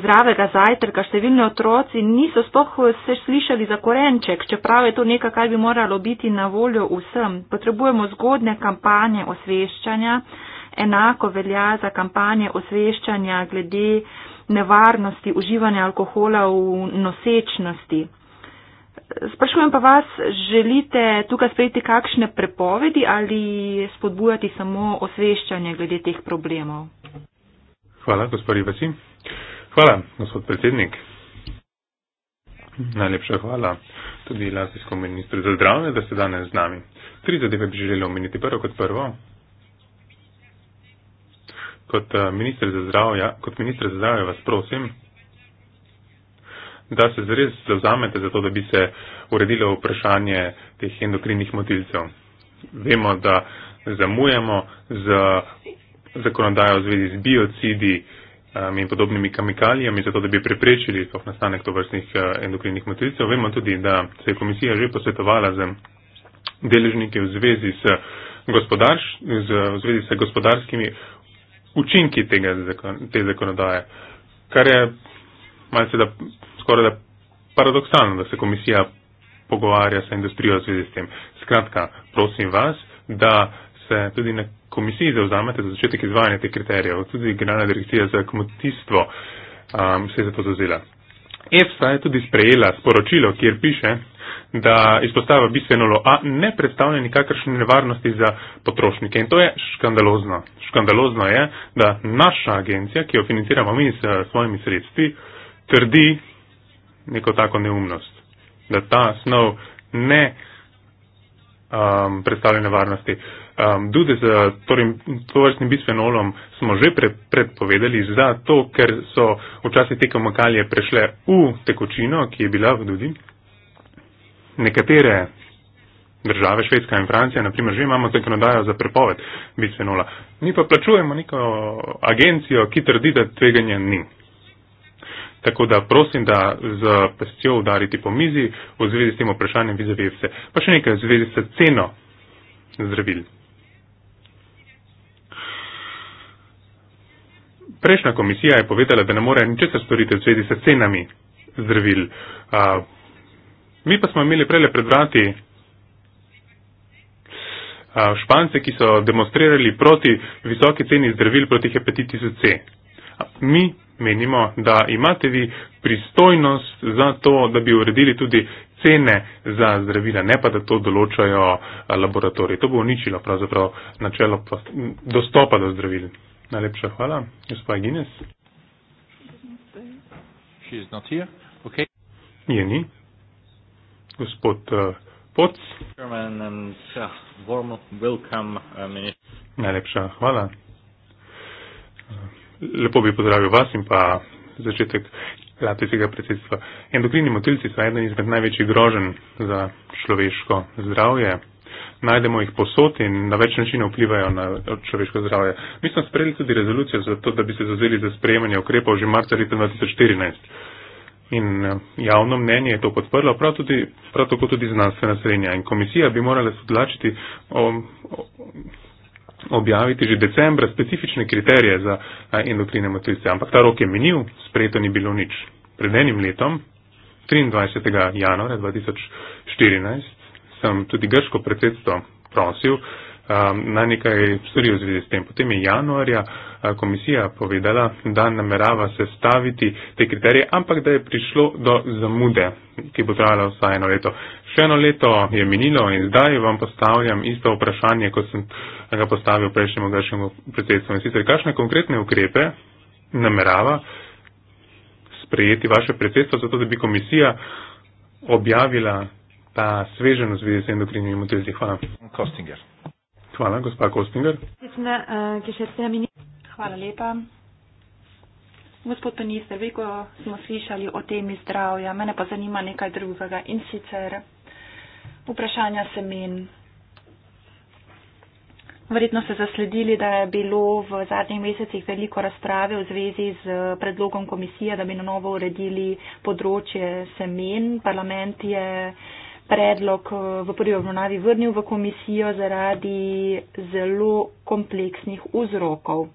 zdravega zajtrka. Številni otroci niso sploh se slišali za korenček, čeprav je to nekaj, kar bi moralo biti na voljo vsem. Potrebujemo zgodne kampanje osveščanja, enako velja za kampanje osveščanja glede nevarnosti uživanja alkohola v nosečnosti. Sprašujem pa vas, želite tukaj sprejeti kakšne prepovedi ali spodbujati samo osveščanje glede teh problemov? Hvala, gospod Ivasi. Hvala, gospod predsednik. Najlepša hvala tudi latvijskom ministru za zdravje, da ste danes z nami. Tri zadeve bi želeli omeniti. Prvo kot prvo. Kot eh, minister za zdravje, kot minister za zdravje vas prosim, da se zres zavzamete za to, da bi se uredilo vprašanje teh endokrinih motilcev. Vemo, da zamujamo z zakonodajo v zvezi z biocidi, uh, Um, in podobnimi kemikalijami, zato da bi preprečili nastanek tovrstnih uh, endokrinih motricev. Vemo tudi, da se je komisija že posvetovala z deležniki v zvezi s, gospodarš, z, v zvezi s gospodarskimi učinki tega, te zakonodaje, kar je malce da skoraj da paradoksalno, da se komisija pogovarja s industrijo v zvezi s tem. Skratka, prosim vas, da se tudi na komisiji zauzamete za začetek izvajanja teh kriterijev. Tudi Generalna direkcija za kmetijstvo um, se je za to zauzela. EFSA je tudi sprejela sporočilo, kjer piše, da izpostava bisfenolo A ne predstavlja nikakršne nevarnosti za potrošnike. In to je škandalozno. Škandalozno je, da naša agencija, ki jo financiramo mi s svojimi sredstvi, trdi neko tako neumnost, da ta snov ne um, predstavlja nevarnosti. Uh, um, tudi z torej, tovrstnim bisfenolom smo že pre, predpovedali, zato ker so včasih te kemikalije prešle v tekočino, ki je bila v dudi. Nekatere države, Švedska in Francija, naprimer, že imamo zakonodajo za prepoved bisfenola. Mi pa plačujemo neko agencijo, ki trdi, da tveganja ni. Tako da prosim, da z pestjo udariti po mizi v zvezi s tem vprašanjem vizavijevce. Pa še nekaj v zvezi s ceno zdravil. Prejšnja komisija je povedala, da ne more ničesar storiti v zvezi s cenami zdravil. A, mi pa smo imeli prele predvrati Špance, ki so demonstrirali proti visoki ceni zdravil proti hepatitisu C. Mi menimo, da imate vi pristojnost za to, da bi uredili tudi cene za zdravila, ne pa da to določajo laboratoriji. To bo uničilo pravzaprav načelo dostopa do zdravila. Najlepša hvala. Gospa Gines. Okay. Je ni. Gospod uh, Poc. And, uh, welcome, uh, Najlepša hvala. Eh, lepo bi pozdravil vas in pa začetek latvijskega predsedstva. Endokrini motilci so eden izmed največjih groženj za človeško zdravje najdemo jih posod in na več načinov vplivajo na človeško zdravje. Mi smo sprejeli tudi rezolucijo za to, da bi se zazeli za sprejemanje ukrepov že marca leta 2014. In eh, javno mnenje je to podprlo, prav, tudi, prav tako tudi znanstvena srednja. In komisija bi morala sodlačiti o. o objaviti že decembra specifične kriterije za eh, endokrine motilce. Ampak ta rok je menil, sprejeto ni bilo nič. Pred enim letom, 23. januarja 2014, sem tudi grško predsedstvo prosil um, na nekaj stvari v zvezi s tem. Potem je januarja uh, komisija povedala, da namerava sestaviti te kriterije, ampak da je prišlo do zamude, ki bo trajala vsaj eno leto. Še eno leto je minilo in zdaj vam postavljam isto vprašanje, kot sem ga postavil prejšnjemu grškemu predsedstvu. In sicer, kakšne konkretne ukrepe namerava sprejeti vaše predsedstvo, zato da bi komisija objavila ta svežen v zvezi z endokrinimi modeli. Hvala. Kostinger. Hvala, gospa Kostinger. Hvala eh, lepa. Gospod minister, veliko smo slišali o temi zdravja, mene pa zanima nekaj drugega in sicer vprašanja semen. Verjetno ste zasledili, da je bilo v zadnjih mesecih veliko razprave v zvezi z predlogom komisije, da bi na novo uredili področje semen. Parlament je uh, predlog eh, v prvi obravnavi vrnil v komisijo zaradi zelo kompleksnih vzrokov.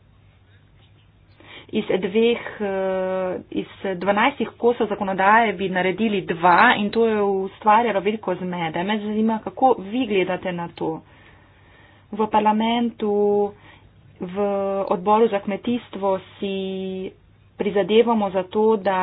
Iz, dveh, eh, iz 12 kosov zakonodaje bi naredili dva in to je ustvarjalo veliko zmede. Me zanima, kako vi gledate na to. V parlamentu, v odboru za kmetijstvo si prizadevamo za to, da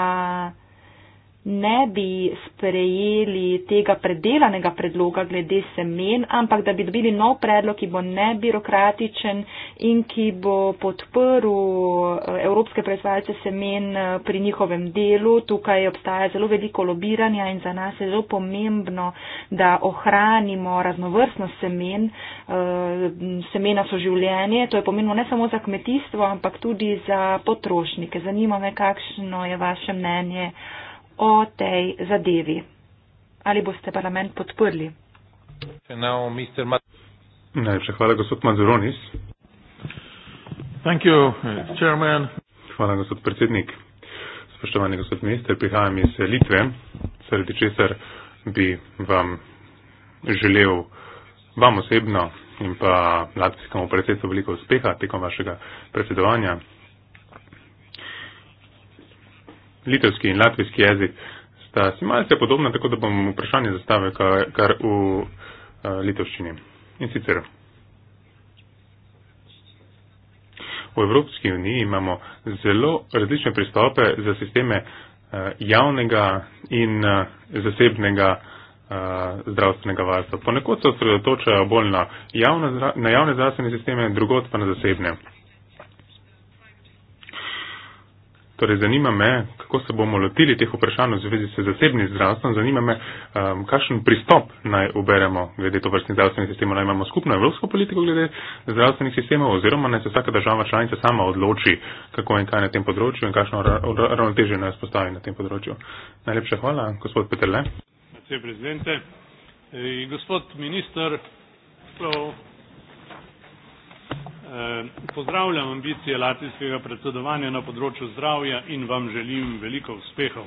ne bi sprejeli tega predelanega predloga glede semen, ampak da bi dobili nov predlog, ki bo nebirokratičen in ki bo podprl eh, evropske proizvajalce semen eh, pri njihovem delu. Tukaj obstaja zelo veliko lobiranja in za nas je zelo pomembno, da ohranimo raznovrstnost semen. Eh, semena so življenje, to je pomembno ne samo za kmetijstvo, ampak tudi za potrošnike. Zanima me, kakšno je vaše mnenje o tej zadevi. Ali boste parlament podprli? Najlepša hvala, gospod Mazuronis. Uh, hvala, gospod predsednik. Spoštovani gospod minister, prihajam iz Litve, sredi česar bi vam želel vam osebno in pa latvijskemu predsedstvu veliko uspeha tekom vašega predsedovanja. litovski in latvijski jezik sta si malce podobna, tako da bom vprašanje zastavil kar, kar v uh, litovščini. In sicer. V Evropski uniji imamo zelo različne pristope za sisteme uh, javnega in uh, zasebnega uh, zdravstvenega varstva. Ponekod se osredotočajo bolj na, javne, na javne zdravstvene sisteme, drugot pa na zasebne. Torej, zanima me, kako se bomo lotili teh vprašanj v zvezi s zasebnim zdravstvom. Zanima me, um, kakšen pristop naj uberemo glede to vrstnih zdravstvenih sistemov. Naj imamo skupno evropsko politiko glede zdravstvenih sistemov oziroma naj se vsaka država članica sama odloči, kako in kaj na tem področju in kakšno ravnotežje naj vzpostavi na tem področju. Najlepša hvala, gospod Peterle. Eh, gospod minister, prav Eh, pozdravljam ambicije latvijskega predsedovanja na področju zdravja in vam želim veliko uspehov.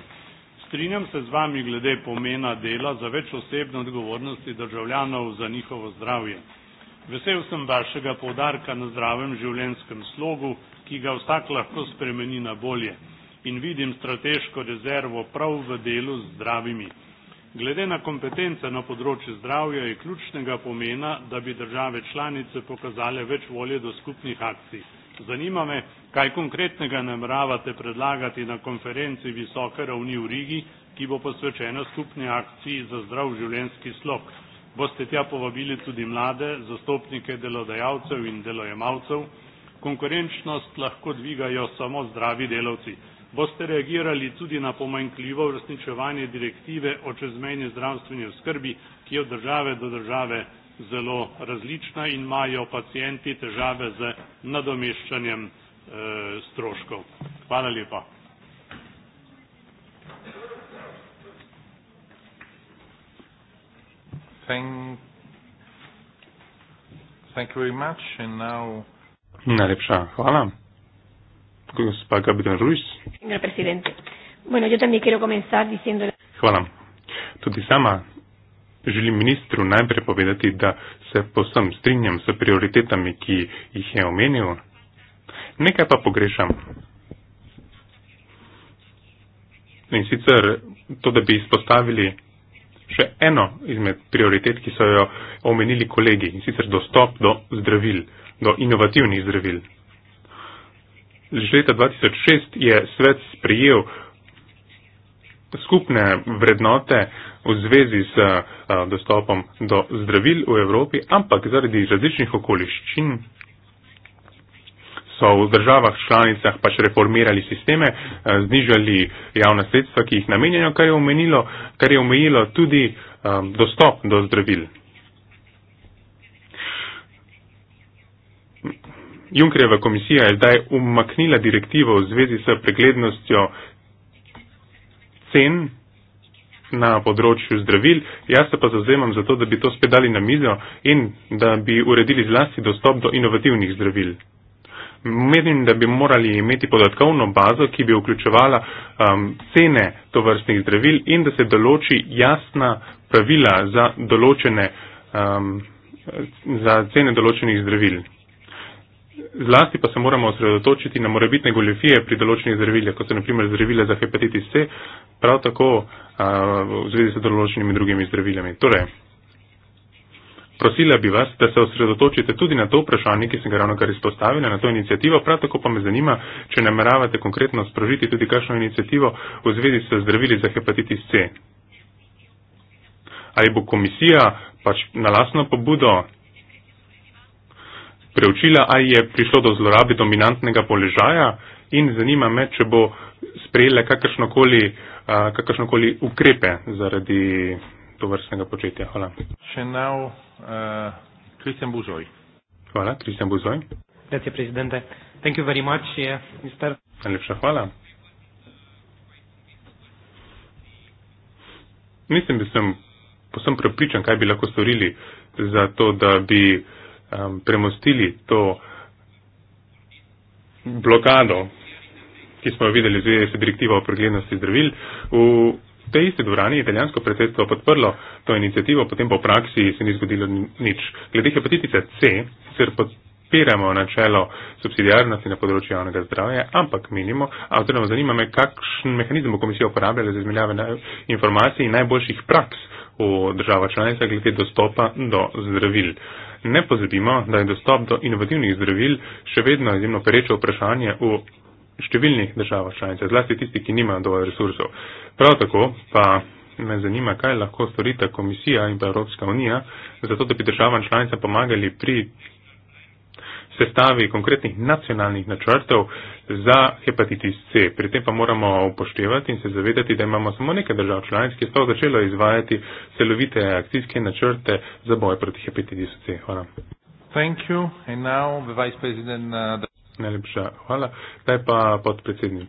Strinjam se z vami glede pomena dela za več osebne odgovornosti državljanov za njihovo zdravje. Vesel sem vašega povdarka na zdravem življenjskem slogu, ki ga vsak lahko spremeni na bolje in vidim strateško rezervo prav v delu z zdravimi. Glede na kompetence na področju zdravja je ključnega pomena, da bi države članice pokazale več volje do skupnih akcij. Zanima me, kaj konkretnega nameravate predlagati na konferenci visoke ravni v Rigi, ki bo posvečena skupni akciji za zdrav življenjski slog. Boste tja povabili tudi mlade, zastopnike delodajalcev in delojemalcev. Konkurenčnost lahko dvigajo samo zdravi delavci boste reagirali tudi na pomanjkljivo uresničevanje direktive o čezmejni zdravstveni oskrbi, ki je od države do države zelo različna in imajo pacijenti težave z nadomeščanjem e, stroškov. Hvala lepa. Najlepša hvala gospa Gabriel Ruiz. Señor presidente. Bueno, yo también quiero comenzar diciéndole. Hvala. Tudi sama želim ministru najprej povedati, da se posem strinjam s prioritetami, ki jih je omenil. Nekaj pa pogrešam. In sicer to, da bi izpostavili še eno izmed prioritet, ki so jo omenili kolegi, in sicer dostop do zdravil, do inovativnih zdravil. Že leta 2006 je svet sprijel skupne vrednote v zvezi z eh, dostopom do zdravil v Evropi, ampak zaradi različnih okoliščin so v državah članicah pač reformirali sisteme, eh, znižali javna sredstva, ki jih namenjajo, kar je omejilo tudi eh, dostop do zdravil. Junkerjeva komisija je zdaj umaknila direktivo v zvezi s preglednostjo cen na področju zdravil. Jaz se pa zauzemam za to, da bi to spet dali na mizo in da bi uredili zlasti dostop do inovativnih zdravil. Menim, da bi morali imeti podatkovno bazo, ki bi vključevala um, cene tovrstnih zdravil in da se določi jasna pravila za, določene, um, za cene določenih zdravil zlasti pa se moramo osredotočiti na morebitne goljofije pri določenih zdravilih, kot so naprimer zdravile za hepatitis C, prav tako a, v zvezi z določenimi drugimi zdravilami. Torej, prosila bi vas, da se osredotočite tudi na to vprašanje, ki sem ga ravno kar izpostavila, na to inicijativo, prav tako pa me zanima, če nameravate konkretno sprožiti tudi kakšno inicijativo v zvezi s zdravili za hepatitis C. Ali bo komisija pač na lasno pobudo preučila, ali je prišlo do zlorabe dominantnega položaja in zanima me, če bo sprejela kakršnokoli, uh, kakršnokoli ukrepe zaradi to vrstnega početja. Hvala. Še nav, Kristjan uh, Buzoj. Hvala, Kristjan Buzoj. Gracias, presidente. Thank you very much, yeah, Mr. Najlepša hvala. Mislim, da sem posem prepričan, kaj bi lahko storili za to, da bi uh, um, premostili to blokado, ki smo jo videli zvezi s direktivo o preglednosti zdravil. V tej isti dvorani je italijansko predsedstvo podprlo to inicijativo, potem pa po v praksi se ni zgodilo nič. Glede hepatitice C, sicer podpiramo načelo subsidijarnosti na področju javnega zdravja, ampak menimo, oziroma zanima me, kakšen mehanizem bo komisija uporabljala za izmenjave informacij in najboljših praks v državah članicah glede dostopa do zdravil. Uh, Ne pozabimo, da je dostop do inovativnih zdravil še vedno izjemno pereče vprašanje v številnih državah članice, zlasti tisti, ki nimajo dovolj resursov. Prav tako pa me zanima, kaj lahko storita komisija in pa Evropska unija, zato da bi državam članicam pomagali pri sestavi konkretnih nacionalnih načrtov za hepatitis C. Pri tem pa moramo upoštevati in se zavedati, da imamo samo nekaj držav članic, ki so začelo izvajati celovite akcijske načrte za boj proti hepatitis C. Hvala. Uh, Najlepša hvala. Zdaj pa podpredsednik.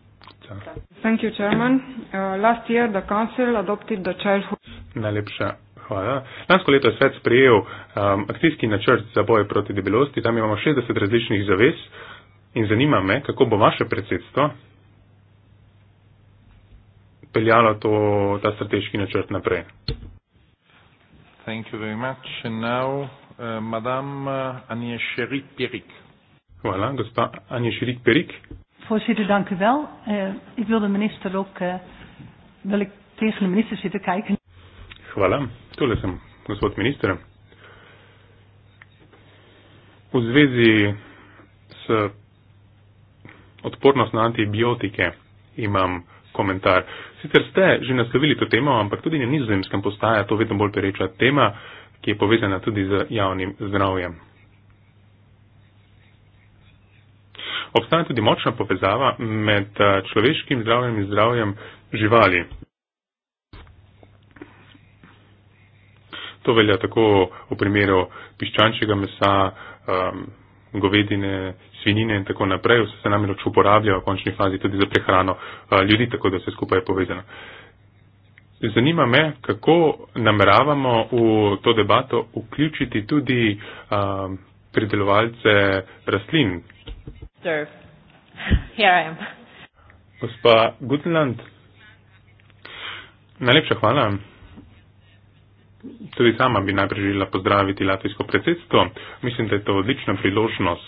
Thank you, Chairman. Uh, last year, the Council adopted the childhood. Najlepša hvala. Lansko leto je svet sprejel um, akcijski načrt za boje proti debelosti. Tam imamo 60 različnih zavez in zanima me, kako bo vaše predsedstvo peljalo to, ta strateški načrt naprej. Uh, uh, hvala, gospa Anja Širik Perik. Voorzitter, dank u wel. Uh, ik wil de minister ook, uh, wil ik tegen de minister zitten kijken. Voilà. Tole sem, gospod minister. V zvezi s odpornost na antibiotike imam komentar. Sicer ste že naslovili to temo, ampak tudi na nizozemskem postaja to vedno bolj pereča tema, ki je povezana tudi z javnim zdravjem. Obstaja tudi močna povezava med eh, človeškim zdravjem in zdravjem živali. To velja tako v primeru piščančjega mesa, um, govedine, svinine in tako naprej. Vse se namreč uporablja v končni fazi tudi za prehrano uh, ljudi, tako da se skupaj je povezano. Zanima me, kako nameravamo v to debato vključiti tudi um, pridelovalce rastlin. Gospa Gutenland, najlepša hvala. Tudi sama bi najprej želela pozdraviti latvijsko predsedstvo. Mislim, da je to odlična priložnost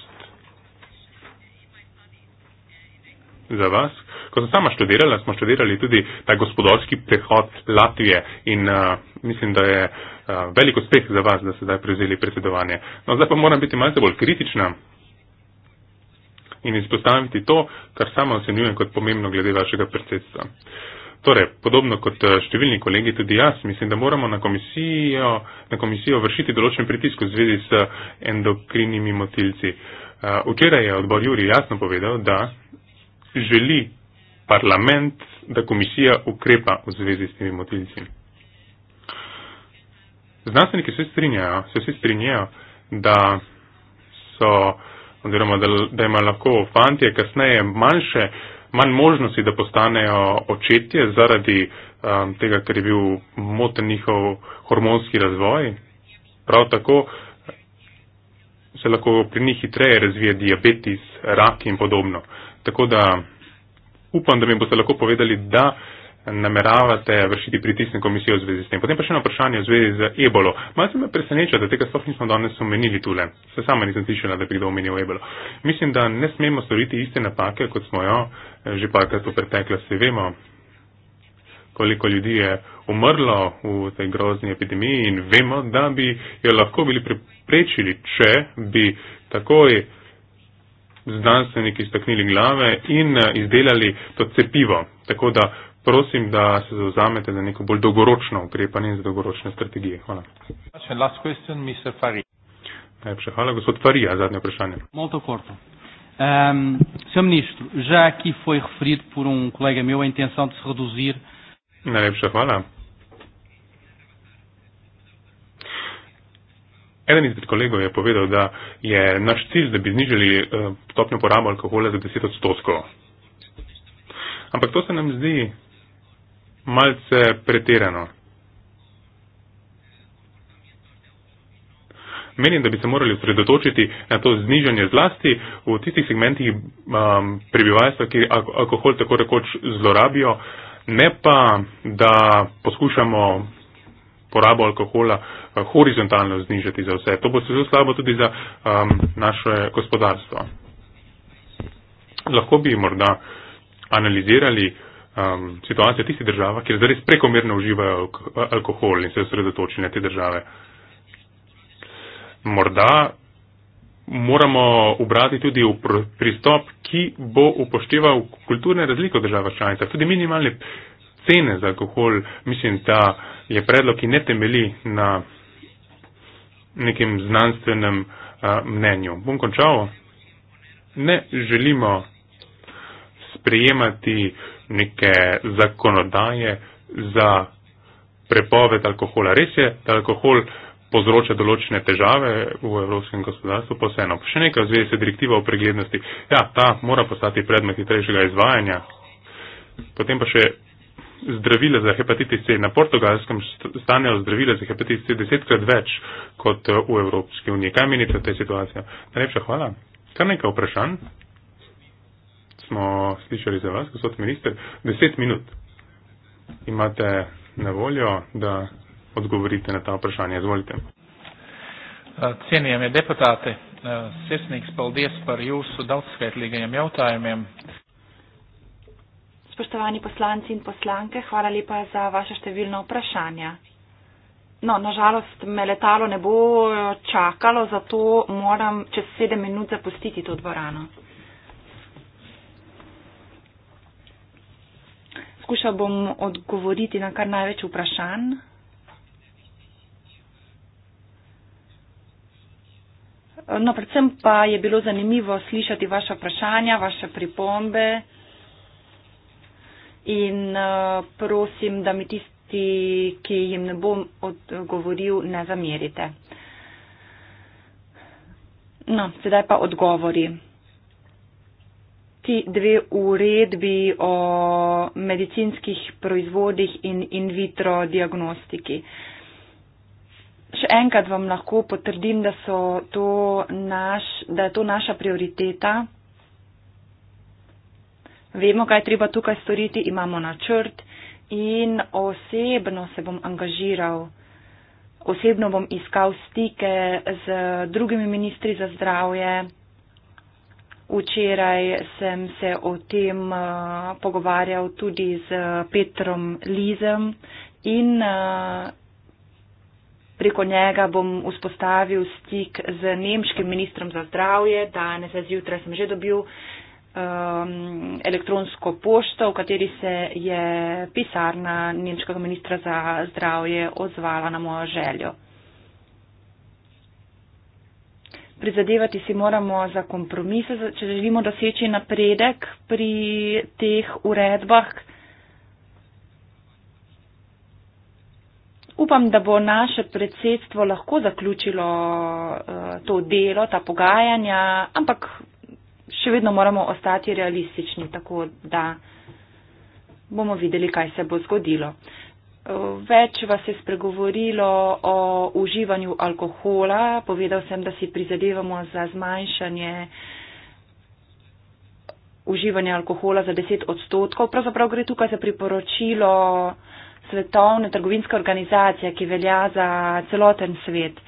za vas. Ko sem sama študirala, smo študirali tudi ta gospodarski prehod Latvije in uh, mislim, da je uh, velik uspeh za vas, da ste zdaj prevzeli predsedovanje. No, zdaj pa moram biti malce bolj kritična in izpostaviti to, kar sama ocenjujem kot pomembno glede vašega predsedstva. Uh, Torej, podobno kot eh, številni kolegi, tudi jaz mislim, da moramo na komisijo, na komisijo vršiti določen pritisk v zvezi s eh, endokrinimi motilci. Eh, včeraj je odbor Juri jasno povedal, da želi parlament, da komisija ukrepa v zvezi s temi motilci. Znanstveniki se strinjajo, se vsi strinjajo, da so, oziroma da, da ima lahko fantje kasneje manjše uh, manj možnosti, da postanejo očetje zaradi um, tega, ker je bil moten njihov hormonski razvoj. Prav tako se lahko pri njih hitreje razvije diabetes, rak in podobno. Tako da upam, da mi boste lahko povedali, da uh, nameravate vršiti pritisne komisije v zvezi s tem. Potem pa še eno vprašanje v zvezi z ebolo. Malo se me preseneča, da tega sploh nismo danes omenili tule. Se sama nisem slišala, da bi kdo omenil ebolo. Mislim, da ne smemo storiti iste napake, kot smo jo eh, že parkrat v preteklosti. Vemo, koliko ljudi je umrlo v tej grozni epidemiji in vemo, da bi jo lahko bili preprečili, če bi takoj znanstveniki staknili glave in eh, izdelali to cepivo. Tako da prosim, da se zauzamete za neko bolj dolgoročno ukrepanje in za dolgoročne strategije. Hvala. Najlepša hvala, gospod Farija, zadnje vprašanje. Um, Sr. ministr, že aqui foi referido por um colega meu a intenção de se reduzir. Najlepša hvala. Eden izmed kolegov je povedal, da je naš cilj, da bi znižali uh, stopnjo porabo alkohola za 10 odstotkov. Ampak to se nam zdi malce pretirano. Menim, da bi se morali osredotočiti na to znižanje zlasti v tistih segmentih um, prebivalstva, ki alkohol tako rekoč zlorabijo, ne pa, da poskušamo porabo alkohola uh, horizontalno znižati za vse. To bo se zelo slabo tudi za um, naše gospodarstvo. Lahko bi morda analizirali uh, um, situacijo v tistih državah, kjer zares prekomerno uživajo alkohol in se osredotočijo na te države. Morda moramo obrati tudi pristop, ki bo upošteval kulturne razlike v državah članicah, tudi minimalne cene za alkohol. Mislim, da je predlog, ki ne temeli na nekem znanstvenem a, mnenju. Bom končal. Ne želimo sprejemati uh, neke zakonodaje za prepoved alkohola. Res je, da alkohol povzroča določene težave v evropskem gospodarstvu, pa vseeno. Še nekaj v zvezi s direktivo o preglednosti. Ja, ta mora postati predmet hitrejšega izvajanja. Potem pa še zdravile za hepatitis C. Na portugalskem stanejo zdravile za hepatitis C desetkrat več kot eh, v Evropski uniji. Kaj menite o tej situaciji? Najlepša hvala. Kar nekaj vprašanj? smo slišali za vas, gospod minister, deset minut imate na voljo, da odgovorite na ta vprašanja. Izvolite. Eh, Cienījamie deputāti, eh, sirsnīgs paldies par jūsu daudzskaitlīgajiem jautājumiem. Spoštovani poslanci in poslanke, hvala lepa za vaše številno vprašanje. No, nažalost, me letalo ne bo čakalo, zato moram čez sedem minut zapustiti to dvorano. Skušal bom odgovoriti na kar največ vprašanj. No, predvsem pa je bilo zanimivo slišati vaše vprašanja, vaše pripombe in eh, prosim, da mi tisti, ki jim ne bom odgovoril, ne zamerite. No, sedaj pa odgovori ti dve uredbi o medicinskih proizvodih in in vitro diagnostiki. Še enkrat vam lahko potrdim, da, to naš, da je to naša prioriteta. Vemo, kaj je treba tukaj storiti, imamo načrt in osebno se bom angažiral, osebno bom iskal stike z drugimi ministri za zdravje. Včeraj sem se o tem uh, pogovarjal tudi z Petrom Lizem in uh, preko njega bom vzpostavil stik z nemškim ministrom za zdravje. Danes zjutraj sem že dobil um, elektronsko pošto, v kateri se je pisarna nemškega ministra za zdravje odzvala na mojo željo. prizadevati si moramo za kompromise, če želimo doseči napredek pri teh uredbah. Upam, da bo naše predsedstvo lahko zaključilo eh, to delo, ta pogajanja, ampak še vedno moramo ostati realistični, tako da bomo videli, kaj se bo zgodilo. Več vas je spregovorilo o uživanju alkohola. Povedal sem, da si prizadevamo za zmanjšanje uživanja alkohola za 10 odstotkov. Pravzaprav gre tukaj za priporočilo Svetovne trgovinske organizacije, ki velja za celoten svet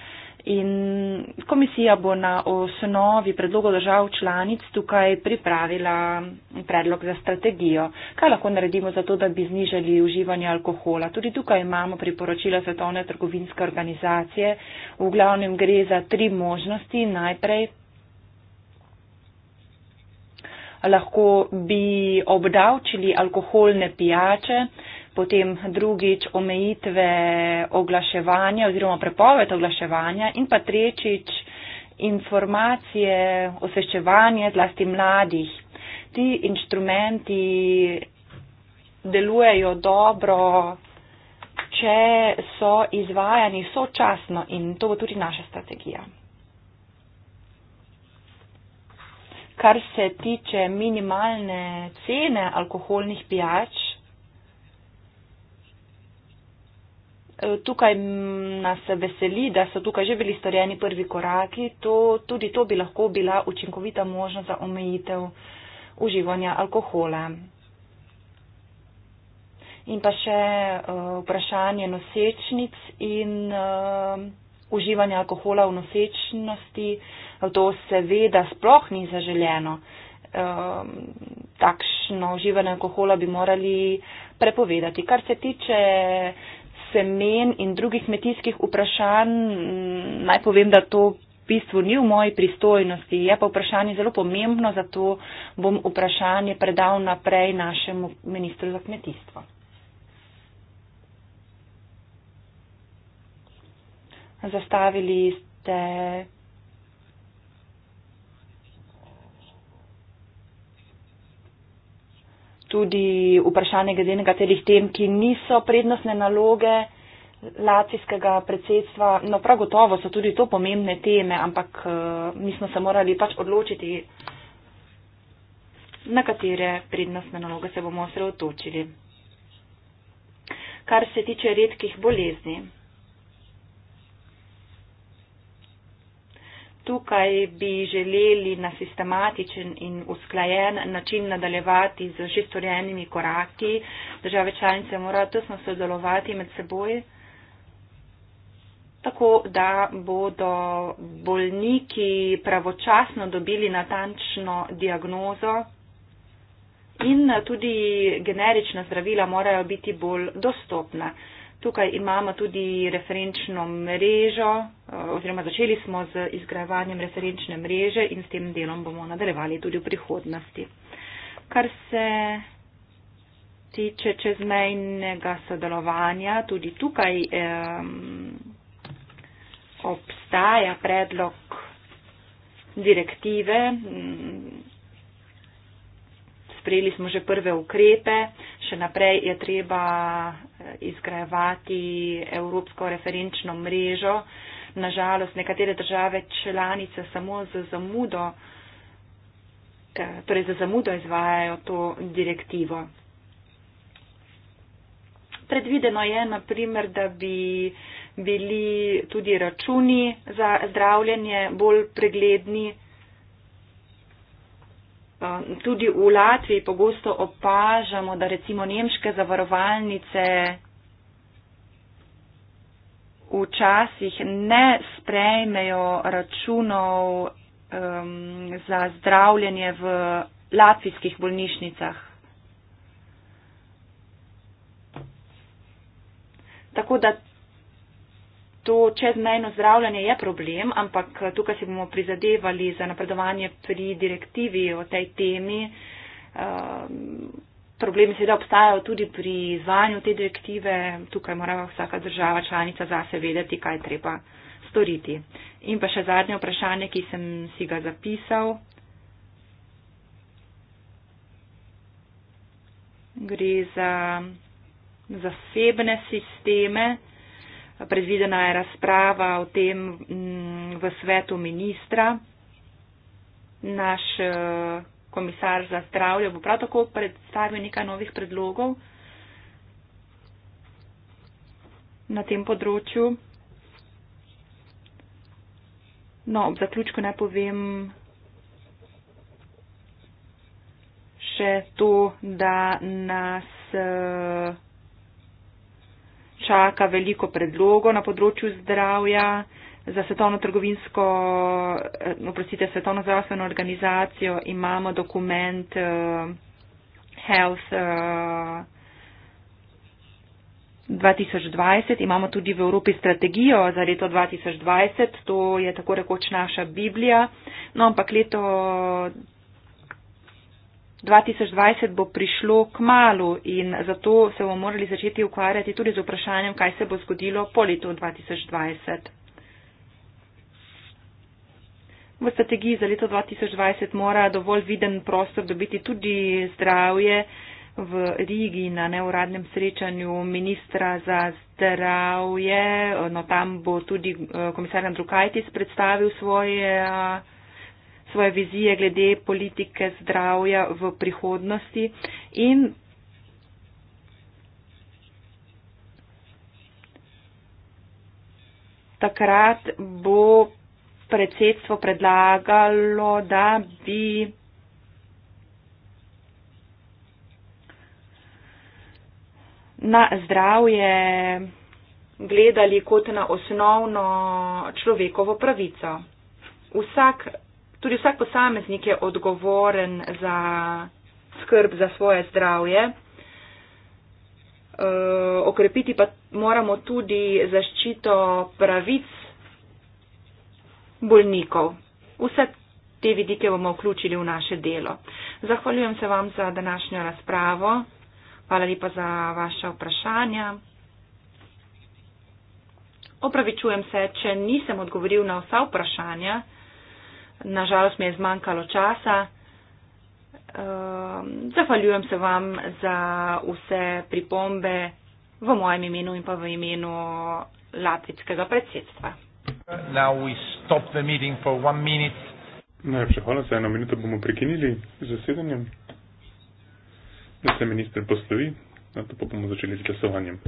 in komisija bo na osnovi predlogov držav članic tukaj pripravila predlog za strategijo. Kaj lahko naredimo za to, da bi znižali uživanje alkohola? Tudi tukaj imamo priporočila Svetovne trgovinske organizacije. V glavnem gre za tri možnosti. Najprej lahko bi obdavčili alkoholne pijače potem drugič omejitve oglaševanja oziroma prepoved oglaševanja in pa tretjič informacije, osveščevanje zlasti mladih. Ti inštrumenti delujejo dobro, če so izvajani sočasno in to bo tudi naša strategija. Kar se tiče minimalne cene alkoholnih pijač, Eh, tukaj nas veseli, da so tukaj že bili storjeni prvi koraki, to, tudi to bi lahko bila učinkovita možnost za omejitev uživanja alkohola. In pa še uh, vprašanje nosečnic in uh, uživanja alkohola v nosečnosti. To seveda sploh ni zaželjeno. Uh, ehm, takšno uživanje alkohola bi morali prepovedati. Kar se tiče semen in drugih kmetijskih vprašanj, naj povem, da to v bistvu ni v moji pristojnosti, je pa vprašanje zelo pomembno, zato bom vprašanje predal naprej našemu ministru za kmetijstvo. Zastavili ste tudi vprašanje glede nekaterih tem, ki niso prednostne naloge lacijskega predsedstva. No, prav gotovo so tudi to pomembne teme, ampak uh, mi smo se morali pač odločiti, na katere prednostne naloge se bomo osredotočili. Kar se tiče redkih bolezni, tukaj bi želeli na sistematičen in usklajen način nadaljevati z že storjenimi koraki. Države članice morajo tesno sodelovati med seboj, tako da bodo bolniki pravočasno dobili natančno diagnozo. In tudi generična zdravila morajo biti bolj dostopna. Tukaj imamo tudi referenčno mrežo, eh, oziroma začeli smo z izgrajevanjem referenčne mreže in s tem delom bomo nadaljevali tudi v prihodnosti. Kar se tiče čezmejnega sodelovanja, tudi tukaj eh, obstaja predlog direktive. Sprejeli smo že prve ukrepe, še naprej je treba izgrajevati evropsko referenčno mrežo. Nažalost, nekatere države članice samo za zamudo, torej za zamudo izvajajo to direktivo. Predvideno je, naprimer, da bi bili tudi računi za zdravljenje bolj pregledni. Um, tudi v Latviji pogosto opažamo, da recimo nemške zavarovalnice včasih ne sprejmejo računov um, za zdravljenje v latvijskih bolnišnicah. Tako da to čezmejno zdravljanje je problem, ampak eh, tukaj se bomo prizadevali za napredovanje pri direktivi o tej temi. Eh, problemi seveda obstajajo tudi pri izvajanju te direktive. Tukaj mora vsaka država članica zase vedeti, kaj treba storiti. In pa še zadnje vprašanje, ki sem si ga zapisal. Gre za zasebne sisteme predvidena je razprava o tem mm, v svetu ministra. Naš eh, komisar za zdravje bo prav tako predstavil nekaj novih predlogov na tem področju. No, ob zaključku naj povem še to, da nas. Uh, čaka veliko predlogov na področju zdravja za svetovno trgovinsko, eh, oprostite, svetovno zdravstveno organizacijo imamo dokument uh, Health uh, eh, 2020, imamo tudi v Evropi strategijo za leto 2020, to je tako rekoč naša Biblija, no ampak leto 2020 bo prišlo k malu in zato se bomo morali začeti ukvarjati tudi z vprašanjem, kaj se bo zgodilo po letu 2020. V strategiji za leto 2020 mora dovolj viden prostor dobiti tudi zdravje. V Rigi na neuradnem srečanju ministra za zdravje, no tam bo tudi eh, komisar Andrukajtis predstavil svoje svoje vizije glede politike zdravja v prihodnosti in takrat bo predsedstvo predlagalo, da bi na zdravje gledali kot na osnovno človekovo pravico. Vsak tudi vsak posameznik je odgovoren za skrb za svoje zdravje. E, okrepiti pa moramo tudi zaščito pravic bolnikov. Vse te vidike bomo vključili v naše delo. Zahvaljujem se vam za današnjo razpravo. Hvala lepa za vaše vprašanja. Opravičujem se, če nisem odgovoril na vsa vprašanja. Nažalost mi je zmanjkalo časa. Ehm, zahvaljujem se vam za vse pripombe v mojem imenu in pa v imenu latvijskega predsedstva. Najlepša hvala, za eno minuto bomo prekinili zasedanje. Da se minister poslovi, na to pa bomo začeli z glasovanjem.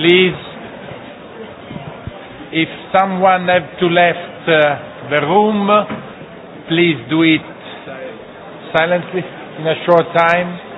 please if someone have to left uh, the room please do it silently in a short time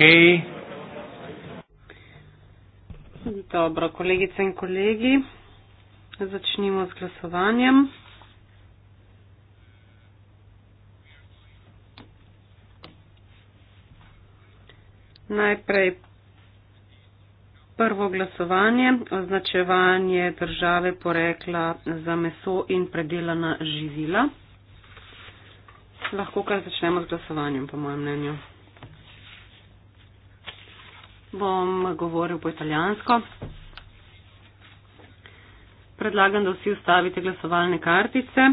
Okay. Dobro, kolegice in kolegi, začnimo s glasovanjem. Najprej prvo glasovanje, označevanje države porekla za meso in predelana živila. Lahko kar začnemo s glasovanjem, po mojem mnenju bom govoril po italijansko. Predlagam, da vsi ustavite glasovalne kartice.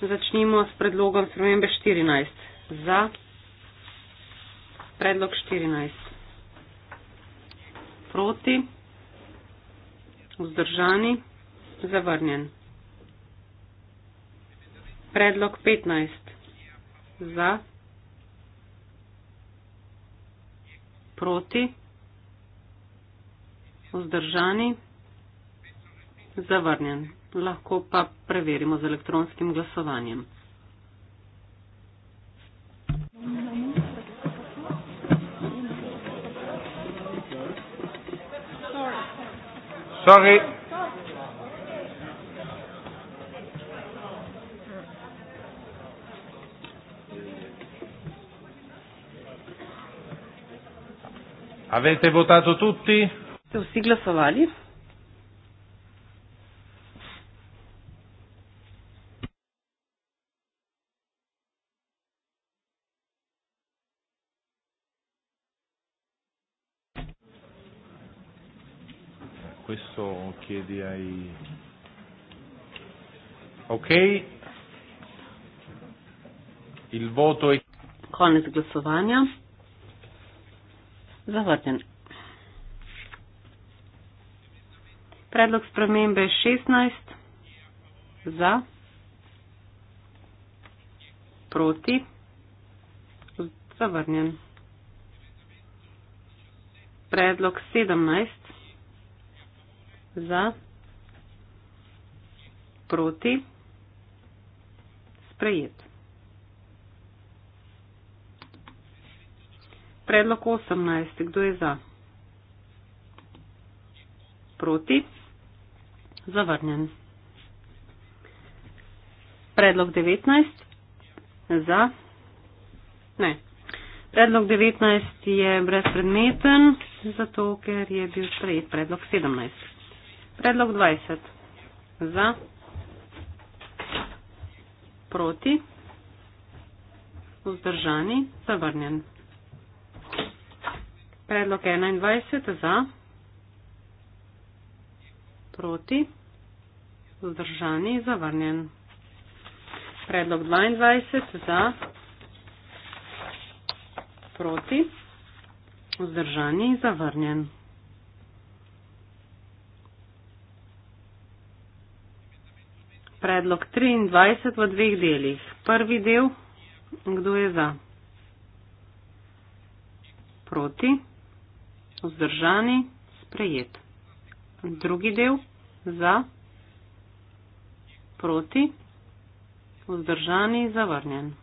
Začnimo s predlogom spremembe 14. Za predlog 14. Proti. Vzdržani. Zavrnjen. Predlog 15. Za. proti, vzdržani, zavrnjen. Lahko pa preverimo z elektronskim glasovanjem. Sorry. Avete votato tutti? Tutti glasovali. Questo chiedi ai... Ok. Il voto è... Con il glasovania. Zavrnjen. Predlog spremembe 16. Za. Proti. Zavrnjen. Predlog 17. Za. Proti. Sprejet. Predlog 18. Kdo je za? Proti? Zavrnjen. Predlog 19. Za? Ne. Predlog 19 je brezpredmeten, zato ker je bil sprejet predlog 17. Predlog 20. Za? Proti? Vzdržani? Zavrnjen. Predlog 21 za, proti, vzdržani, zavrnjen. Predlog 22 za, proti, vzdržani, zavrnjen. Predlog 23 v dveh delih. Prvi del, kdo je za? Proti vzdržani, sprejet. Drugi del za, proti, vzdržani, zavrnjen.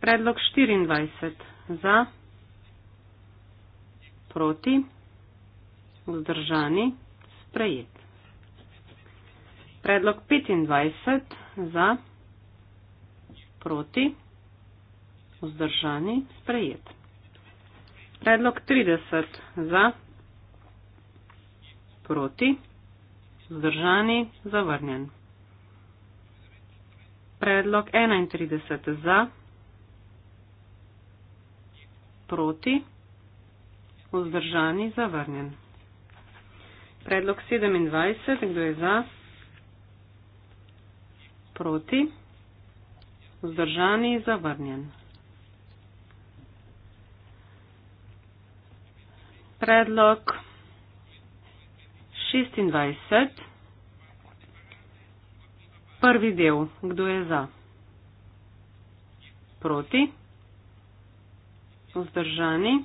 Predlog 24 za, proti, vzdržani, sprejet. Predlog 25 za, proti, vzdržani, sprejet. Predlog 30 za, proti, zdržani, zavrnjen. Predlog 31 za, proti, vzdržani, zavrnjen. Predlog 27, kdo je za, proti, vzdržani, zavrnjen. predlog 26. Prvi del, kdo je za? Proti? Vzdržani?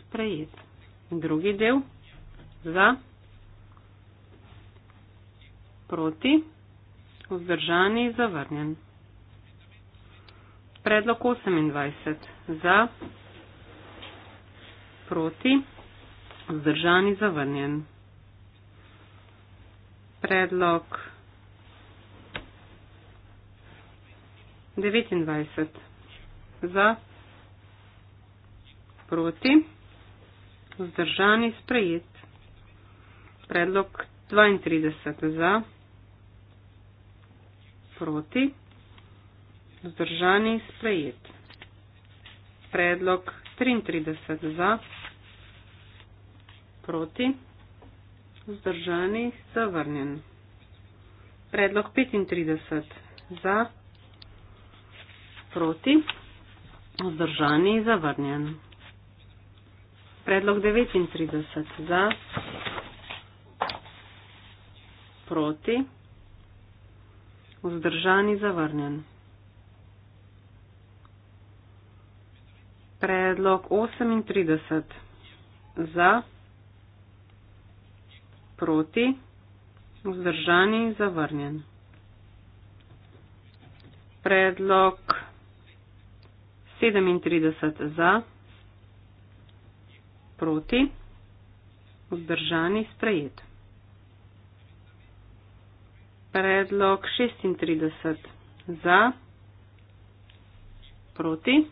Sprejet. Drugi del? Za? Proti? Vzdržani? Zavrnjen. Predlog 28. Za? Proti? vzdržani zavrnjen. Predlog 29 za proti vzdržani sprejet. Predlog 32 za proti vzdržani sprejet. Predlog 33 za proti proti, vzdržanih, zavrnjen. Predlog 35 za, proti, vzdržanih, zavrnjen. Predlog 39 za, proti, vzdržanih, zavrnjen. Predlog 38 za, proti, vzdržanih, zavrnjen proti, vzdržani, zavrnjen. Predlog 37 za, proti, vzdržani, sprejet. Predlog 36 za, proti,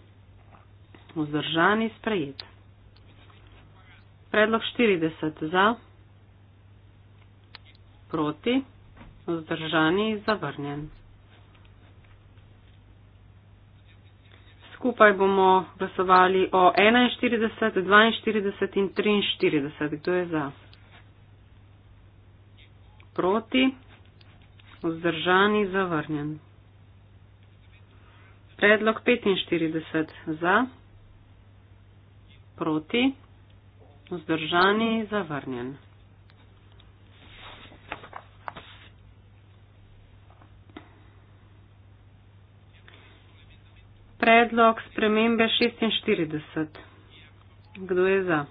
vzdržani, sprejet. Predlog 40 za proti, vzdržani, zavrnjen. Skupaj bomo glasovali o 41, 42 in 43. Kdo je za? Proti, vzdržani, zavrnjen. Predlog 45 za, proti, vzdržani, zavrnjen. predlog spremembe 46. Kdo je za?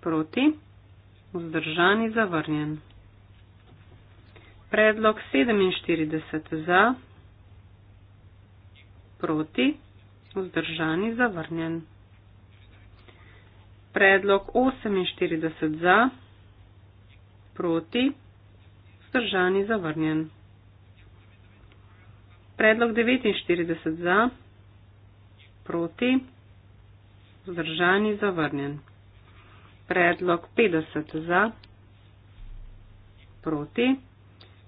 Proti? Vzdržani zavrnjen. Predlog 47 za. Proti? Vzdržani zavrnjen. Predlog 48 za. Proti? Vzdržani zavrnjen. Predlog 49 za, proti, vzdržani, zavrnjen. Predlog 50 za, proti,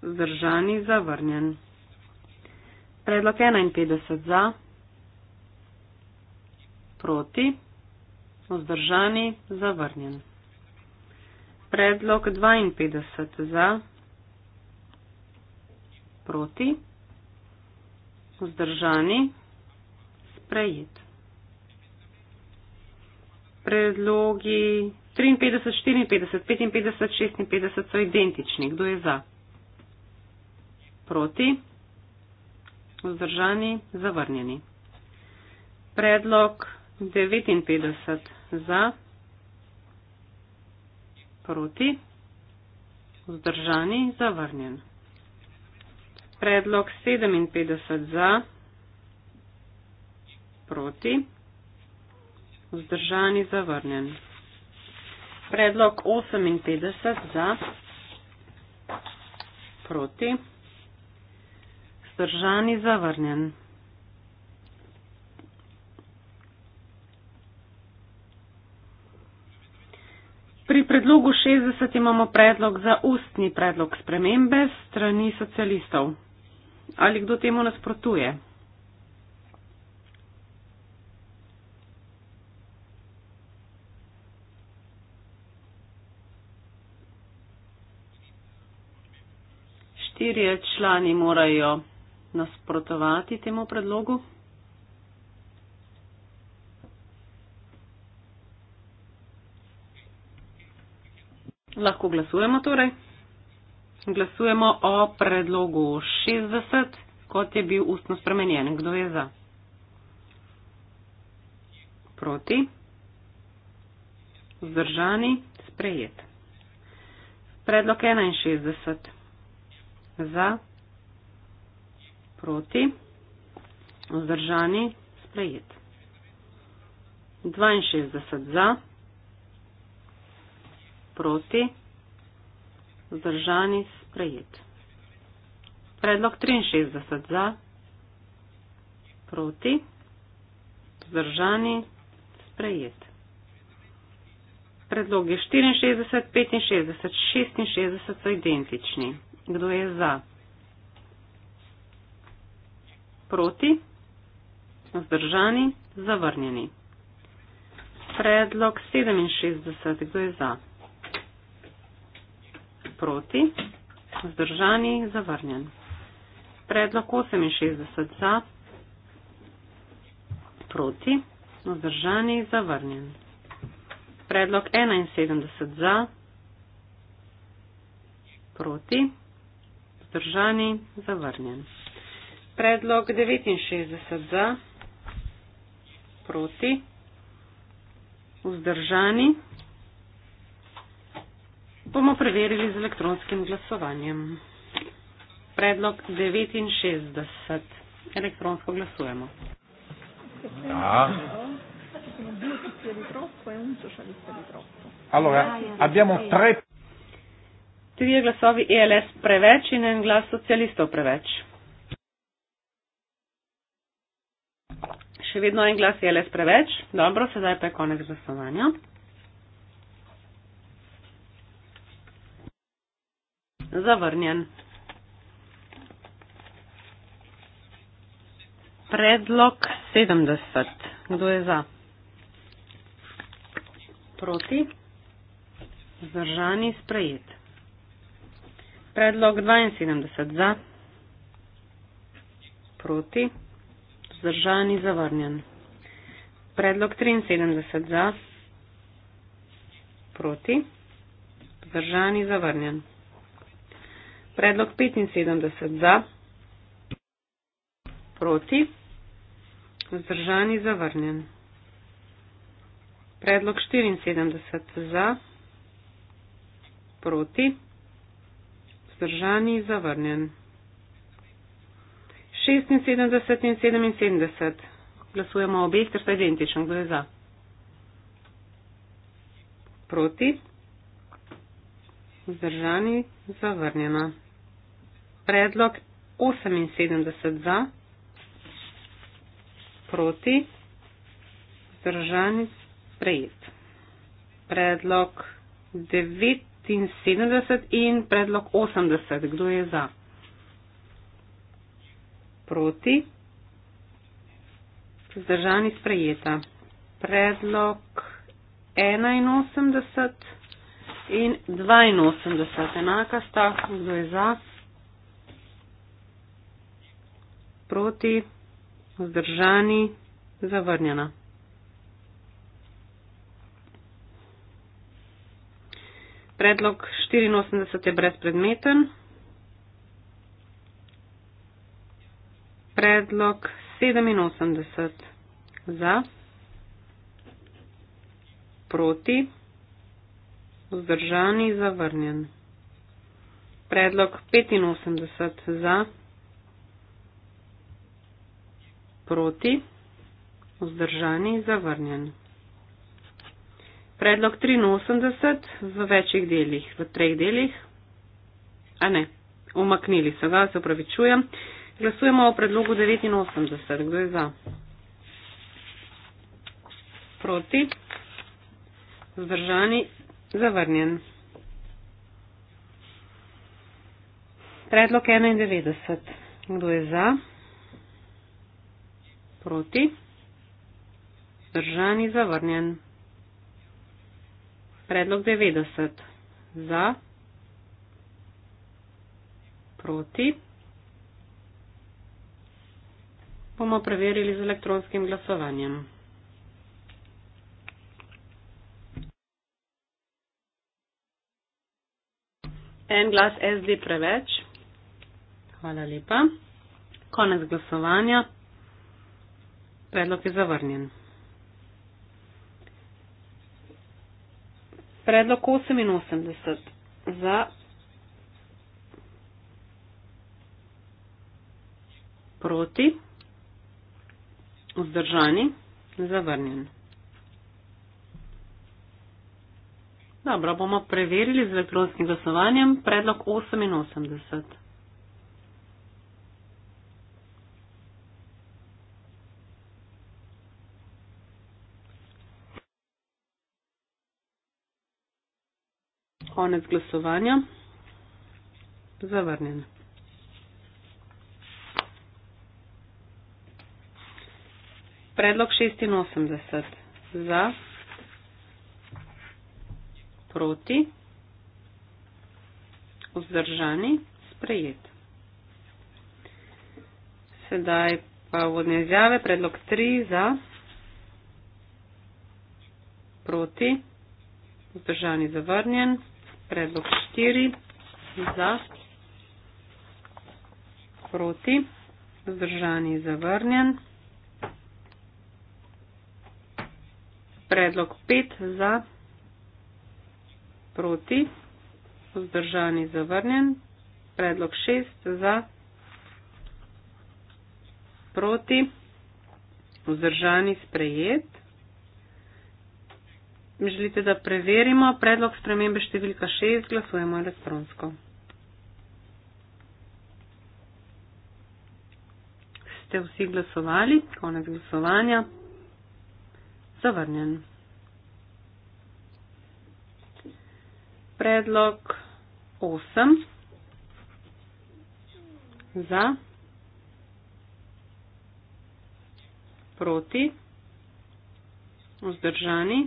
vzdržani, zavrnjen. Predlog 51 za, proti, vzdržani, zavrnjen. Predlog 52 za, proti, vzdržani, zavrnjen vzdržani, sprejet. Predlogi 53, 54, 55, 56 so identični. Kdo je za? Proti, vzdržani, zavrnjeni. Predlog 59 za, proti, vzdržani, zavrnjeni predlog 57 za, proti, vzdržani zavrnjen. Predlog 58 za, proti, vzdržani zavrnjen. Pri predlogu 60 imamo predlog za ustni predlog spremembe strani socialistov ali kdo temu nasprotuje. Štirje člani morajo nasprotovati temu predlogu. Lahko glasujemo torej. Glasujemo o predlogu 60, kot je bil ustno spremenjen. Kdo je za? Proti? Vzdržani? Sprejet. Predlog 61. Za? Proti? Vzdržani? Sprejet. 62 za, proti, vzdržani sprejet. Predlog 63 za, proti, vzdržani sprejet. Predlogi 64, 65, 66 so identični. Kdo je za? Proti, vzdržani, zavrnjeni. Predlog 67, kdo je za? proti, vzdržani, zavrnjen. Predlog 68 za, proti, vzdržani, zavrnjen. Predlog 71 za, proti, vzdržani, zavrnjen. Predlog 69 za, proti, vzdržani, bomo preverili z elektronskim glasovanjem. Predlog 69. Elektronsko glasujemo. Ja. Alo, ja. Abbiamo tre... Trije glasovi ELS preveč in en glas socialistov preveč. Še vedno en glas ELS preveč. Dobro, sedaj pa je konec glasovanja. zavrnjen. Predlog 70. Kdo je za? Proti. Zdržani sprejet. Predlog 72. Za. Proti. Zdržani zavrnjen. Predlog 73. Za. Proti. Zdržani zavrnjen. Predlog 75 za, proti, vzdržani zavrnjen. Predlog 74 za, proti, vzdržani zavrnjen. 76 in 77 glasujemo obeh, ker sta identičen, kdo je za. Proti, vzdržani zavrnjena predlog 78 za, proti, zdržani, sprejet. Predlog 79 in predlog 80, kdo je za? Proti, zdržani, sprejeta. Predlog 81 in 82, enaka sta, kdo je za? proti, vzdržani, zavrnjena. Predlog 84 je brezpredmeten. Predlog 87 za, proti, vzdržani, zavrnjen. Predlog 85 za, proti, vzdržani, zavrnjen. Predlog 83 v večjih delih, v treh delih, a ne, umaknili so ga, se upravičujem. Glasujemo o predlogu 89, kdo je za? Proti, vzdržani, zavrnjen. Predlog 91, kdo je za? proti, zdržani, zavrnjen. Predlog 90. Za, proti. Bomo preverili z elektronskim glasovanjem. En glas SD preveč. Hvala lepa. Konec glasovanja. Predlog je zavrnjen. Predlog 88 za. Proti, vzdržani, zavrnjen. Dobro, bomo preverili z elektronskim glasovanjem predlog 88. konec glasovanja. Zavrnjen. Predlog 86 za, proti, vzdržani, sprejet. Sedaj pa vodne izjave, predlog 3 za, proti, vzdržani, zavrnjen, predlog 4, za, proti, vzdržani, zavrnjen. Predlog 5, za, proti, vzdržani, zavrnjen. Predlog 6, za, proti, vzdržani, sprejet. Želite, da preverimo predlog spremembe številka 6, glasujemo elektronsko. Ste vsi glasovali? Konec glasovanja. Zavrnjen. Predlog 8. Za. Proti. Vzdržani.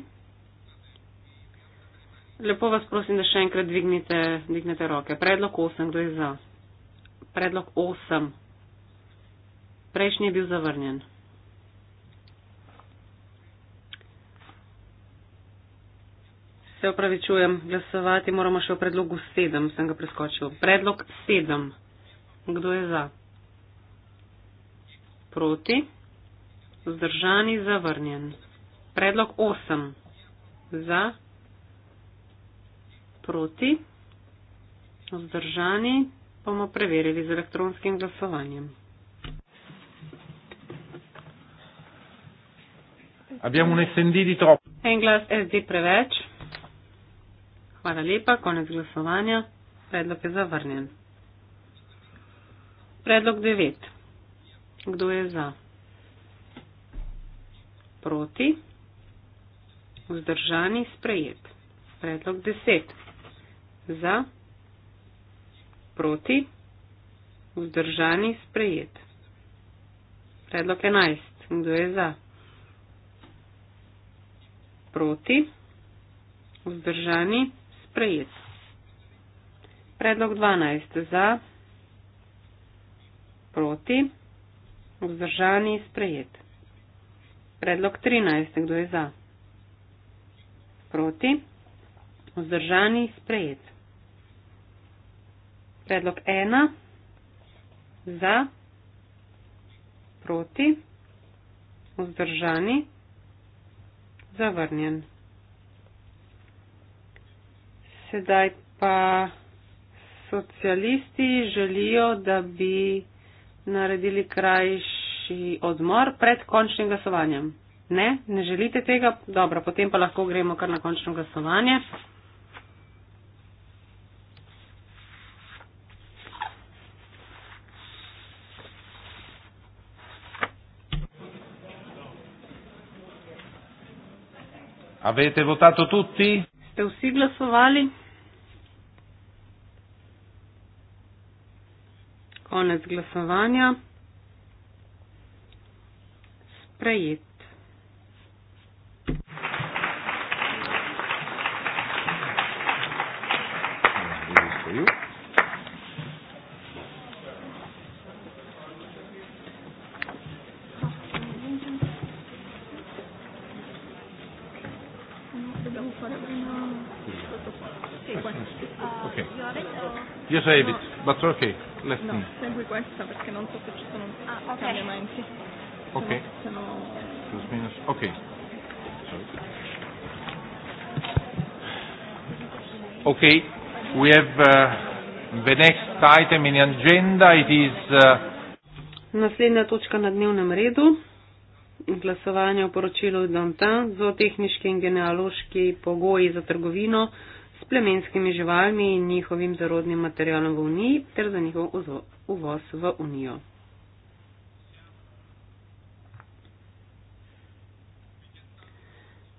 Lepo vas prosim, da še enkrat dvignite, dvignete roke. Predlog 8, kdo je za? Predlog 8. Prejšnji je bil zavrnjen. Se opravičujem, glasovati moramo še o predlogu 7, sem ga preskočil. Predlog 7. Kdo je za? Proti. Zdržani, zavrnjen. Predlog 8. Za proti, vzdržani bomo preverili z elektronskim glasovanjem. Abbiamo un SD di troppo. En glas SD preveč. Hvala lepa, konec glasovanja. Predlog je zavrnjen. Predlog 9. Kdo je za? Proti. Vzdržani sprejet. Predlog 10 za, proti, vzdržani, sprejet. Predlog 11. Kdo je za? Proti, vzdržani, sprejet. Predlog 12. Za, proti, vzdržani, sprejet. Predlog 13. Kdo je za? Proti, vzdržani, sprejet predlog ena, za, proti, vzdržani, zavrnjen. Sedaj pa socialisti želijo, da bi naredili krajši odmor pred končnim glasovanjem. Ne, ne želite tega? Dobro, potem pa lahko gremo kar na končno glasovanje. Avete votato tutti? Ste vsi glasovali? Konec glasovanja. Sprejet. Yes, I have it, but okay, let's no, see. Segui questa perché non so se ci sono ah, okay. cambiamenti. Ok. Se no, se no... Minus. Ok. Ok, we have uh, the next item in agenda, it is... Uh... Naslednja točka na dnevnem redu. Glasovanje o poročilu Dantan za tehnički in genealoški pogoji za trgovino s plemenskimi živalmi in njihovim zarodnim materialom v Uniji ter za njihov uvoz v Unijo.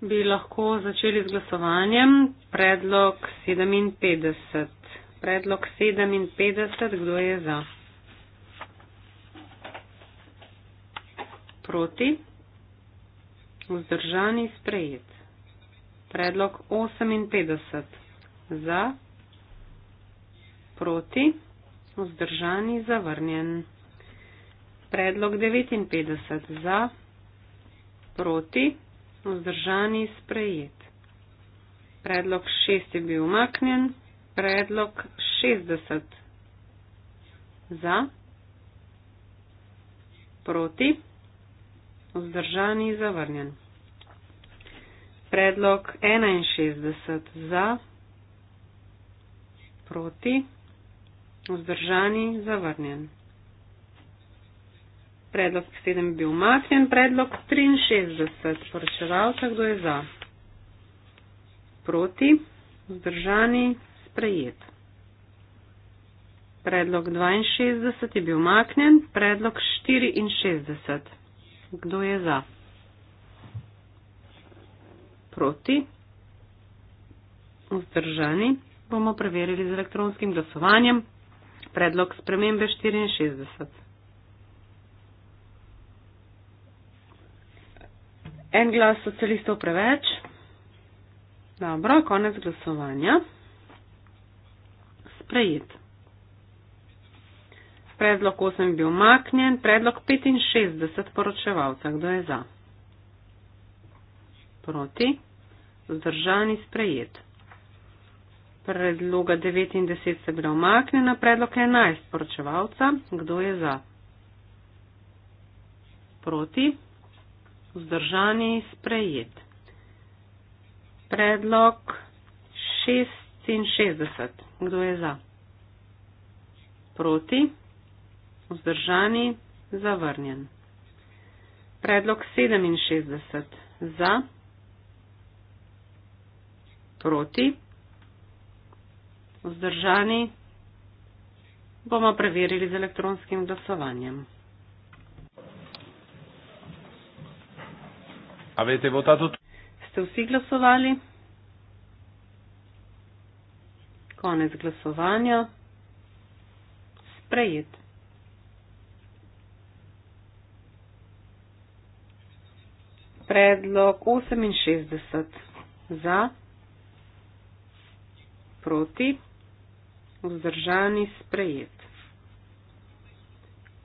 Bi lahko začeli z glasovanjem. Predlog 57. Predlog 57. Kdo je za? Proti. Vzdržani sprejet. Predlog 58 za, proti, vzdržani, zavrnjen. Predlog 59 za, proti, vzdržani, sprejet. Predlog 6 je bil umaknjen. Predlog 60 za, proti, vzdržani, zavrnjen. Predlog 61 za proti, vzdržani, zavrnjen. Predlog 7 je bil umaknjen, predlog 63, poročevalca, kdo je za. Proti, vzdržani, sprejet. Predlog 62 je bil umaknjen, predlog 64. Kdo je za? Proti, vzdržani, bomo preverili z elektronskim glasovanjem. Predlog spremembe 64. En glas socialistov preveč. Dobro, konec glasovanja. Sprejet. Predlog 8 je bil maknjen. Predlog 65 poročevalca. Kdo je za? Proti. Zdržani sprejet predloga 9 in 10 se bila omaknjena, predlog 11 poročevalca. Kdo je za? Proti? Vzdržani sprejet. Predlog 66. Kdo je za? Proti? Vzdržani zavrnjen. Predlog 67. Za? Proti? vzdržani, bomo preverili z elektronskim glasovanjem. A vete, bo ta tudi? Ste vsi glasovali? Konec glasovanja. Sprejet. Predlog 68 za, proti vzdržani, sprejet.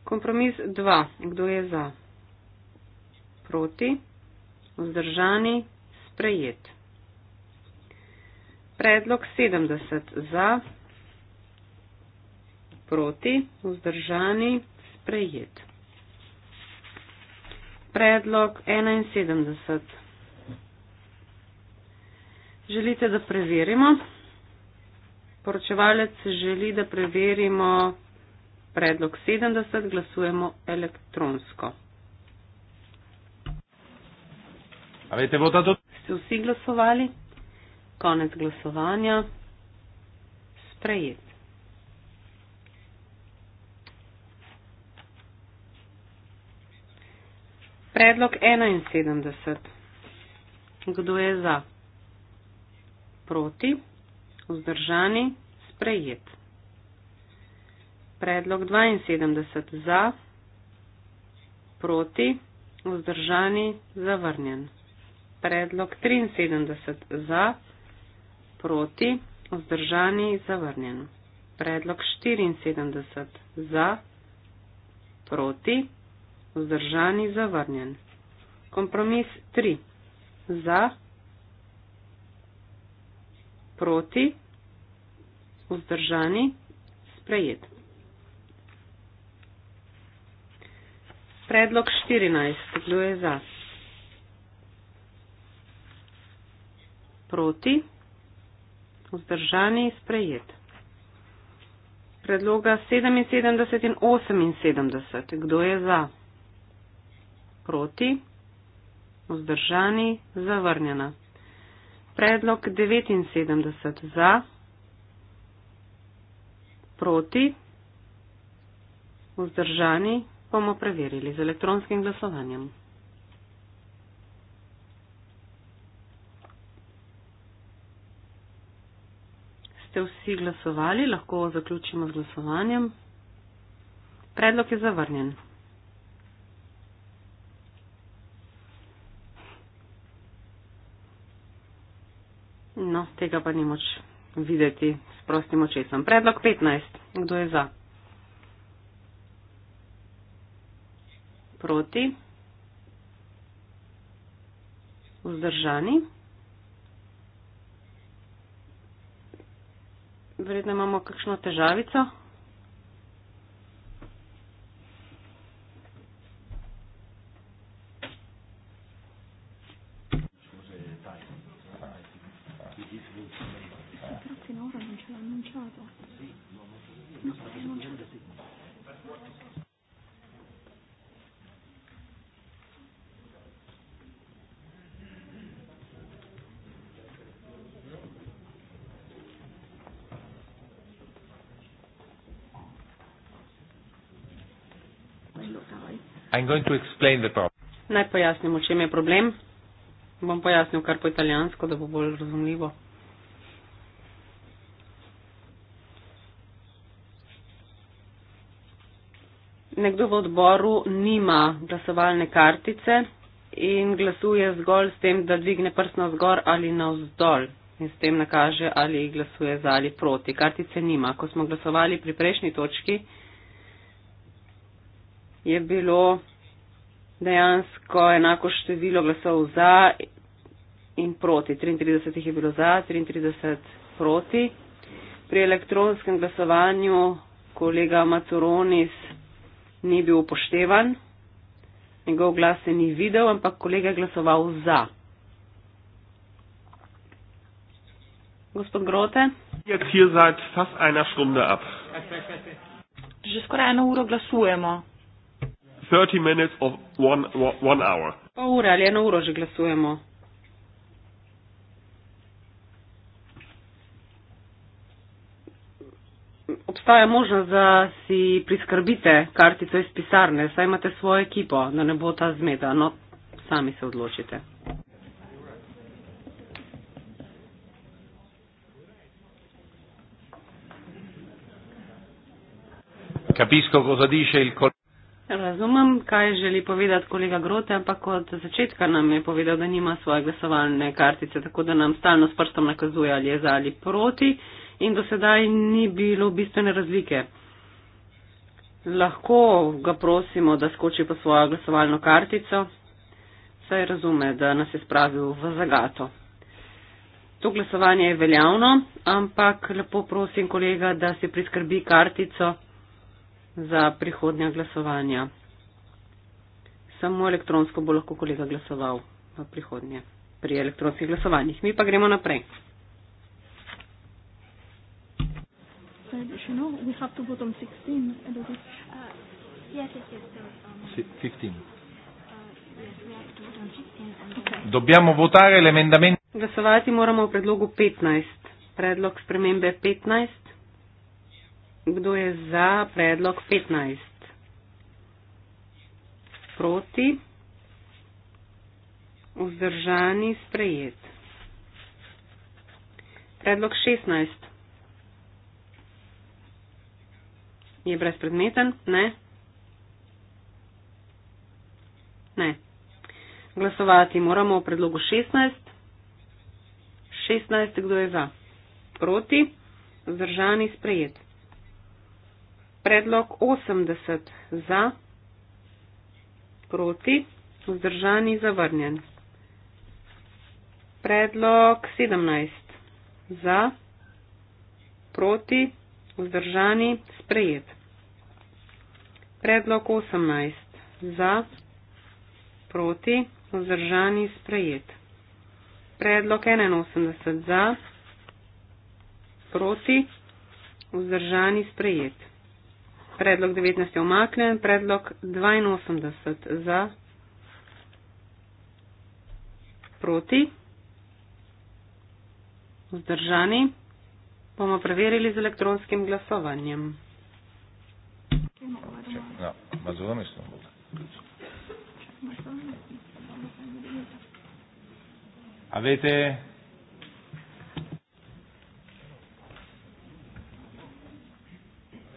Kompromis 2. Kdo je za? Proti, vzdržani, sprejet. Predlog 70. Za, proti, vzdržani, sprejet. Predlog 71. Želite, da preverimo? poročevalec želi, da preverimo predlog 70, glasujemo elektronsko. Vete, do... Ste vsi glasovali? Konec glasovanja. Sprejet. Predlog 71. Kdo je za? Proti? vzdržani, sprejet. Predlog 72 za, proti, vzdržani, zavrnjen. Predlog 73 za, proti, vzdržani, zavrnjen. Predlog 74 za, proti, vzdržani, zavrnjen. Kompromis 3 za, proti, vzdržani, sprejet. Predlog 14. Kdo je za? Proti, vzdržani, sprejet. Predloga 77 in 78. Kdo je za? Proti, vzdržani, zavrnjena predlog 79 za, proti, vzdržani bomo preverili z elektronskim glasovanjem. Ste vsi glasovali, lahko zaključimo z glasovanjem. Predlog je zavrnjen. No, tega pa ni moč videti s prostim očesom. Predlog 15. Kdo je za? Proti? Vzdržani? Verjetno imamo kakšno težavico. I'm going to explain the problem. Naj pojasnim, v čem je problem. Bom pojasnil kar po italijansko, da bo bolj razumljivo. Nekdo v odboru nima glasovalne kartice in glasuje zgolj s tem, da dvigne prst navzgor ali navzdol in s tem nakaže, ali glasuje za ali proti. Kartice nima. Ko smo glasovali pri prejšnji točki, je bilo dejansko enako število glasov za in proti. 33 je bilo za, 33 proti. Pri elektronskem glasovanju kolega Maturonis ni bil upoštevan, njegov glas se ni videl, ampak kolega je glasoval za. Gospod Grote. Že skoraj eno uro glasujemo. 30 minutes of one, one hour. Pol ure ali eno uro že glasujemo. Obstaja možnost, da si priskrbite kartico iz pisarne, saj imate svojo ekipo, da ne bo ta zmeda, no sami se odločite. Capisco cosa dice il collega. Razumem, kaj želi povedati kolega Grote, ampak od začetka nam je povedal, da nima svoje glasovalne kartice, tako da nam stalno s prstom nakazuje, ali je za ali proti in do sedaj ni bilo bistvene razlike. Lahko ga prosimo, da skoči po svojo glasovalno kartico, saj razume, da nas je spravil v zagato. To glasovanje je veljavno, ampak lepo prosim kolega, da si priskrbi kartico za prihodnja glasovanja. Samo elektronsko bo lahko kolega glasoval v prihodnje pri elektronskih glasovanjih. Mi pa gremo naprej. Dobbiamo votare l'emendamento. Glasovati moramo o predlogu 15. Predlog spremembe 15. Kdo je za predlog 15? Proti? Vzdržani sprejet. Predlog 16. Je brezpredmeten? Ne. Ne. Glasovati moramo o predlogu 16. 16. Kdo je za? Proti? Vzdržani sprejet. Predlog 80 za, proti, vzdržani, zavrnjen. Predlog 17 za, proti, vzdržani, sprejet. Predlog 18 za, proti, vzdržani, sprejet. Predlog 81 za, proti, vzdržani, sprejet. Predlog 19 je omaknen, predlog 82 za proti, vzdržani, bomo preverili z elektronskim glasovanjem. Ja, A vedete,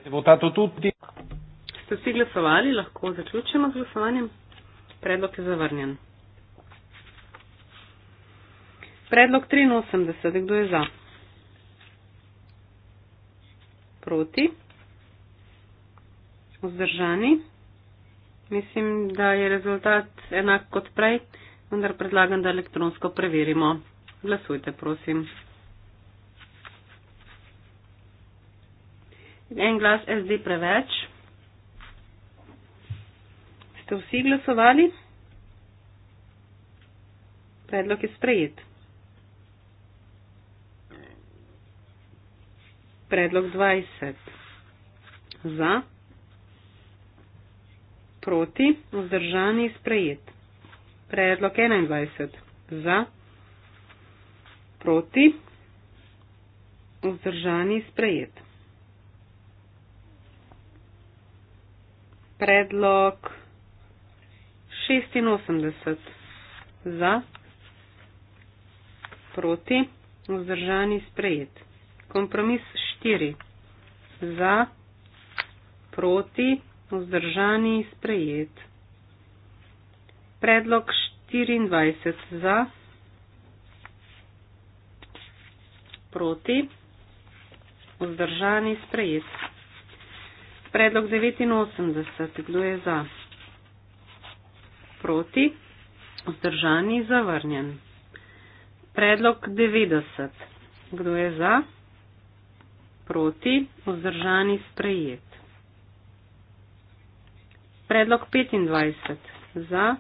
Je votato tutti. Ste vsi glasovali, lahko zaključimo z glasovanjem. Predlog je zavrnjen. Predlog 83, kdo je za? Proti? Vzdržani? Mislim, da je rezultat enak kot prej, vendar predlagam, da elektronsko preverimo. Glasujte, prosim. en glas SD preveč. Ste vsi glasovali? Predlog je sprejet. Predlog 20. Za. Proti. Vzdržani sprejet. Predlog 21. Za. Proti. Vzdržani sprejet. predlog 86 za, proti, vzdržani sprejet. Kompromis 4 za, proti, vzdržani sprejet. Predlog 24 za, proti, vzdržani sprejet. Predlog 89. Kdo je za? Proti? Zdržani? Zavrnjen. Predlog 90. Kdo je za? Proti? Zdržani? Sprejet. Predlog 25. Za?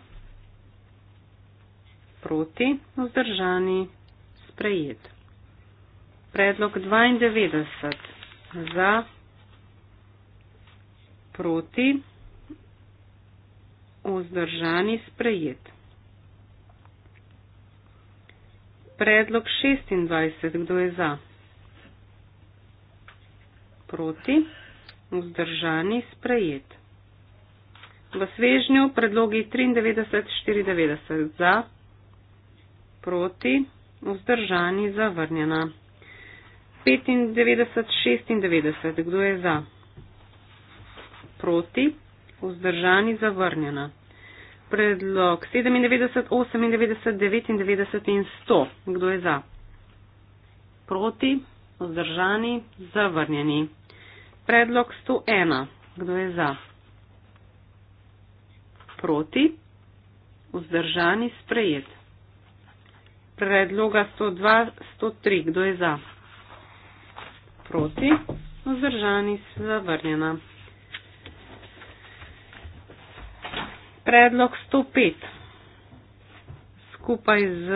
Proti? Zdržani? Sprejet. Predlog 92. Za? Proti? proti, vzdržani sprejet. Predlog 26. Kdo je za? Proti, vzdržani sprejet. V svežnju predlogi 93-94 za, proti, vzdržani, zavrnjena. 95-96, kdo je za? proti, vzdržani zavrnjena. Predlog 97, 98, 99 in 100. Kdo je za? Proti, vzdržani, zavrnjeni. Predlog 101. Kdo je za? Proti, vzdržani, sprejet. Predloga 102, 103. Kdo je za? Proti, vzdržani, zavrnjena. predlog 105 skupaj z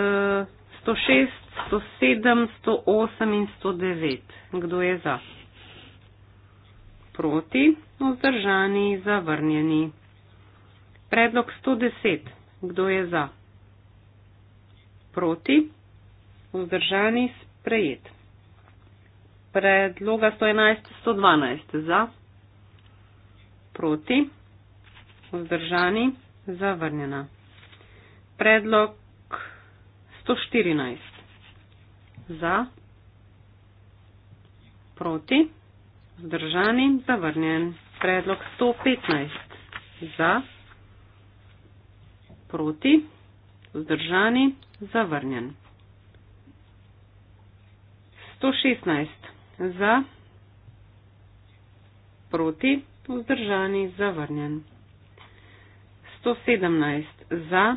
106, 107, 108 in 109. Kdo je za? Proti, vzdržani, zavrnjeni. Predlog 110. Kdo je za? Proti, vzdržani, sprejet. Predloga 111, 112 za. Proti. Vzdržani, zavrnjena. Predlog 114. Za. Proti. Vzdržani, zavrnjen. Predlog 115. Za. Proti. Vzdržani, zavrnjen. 116. Za. Proti. Vzdržani, zavrnjen. 117 za,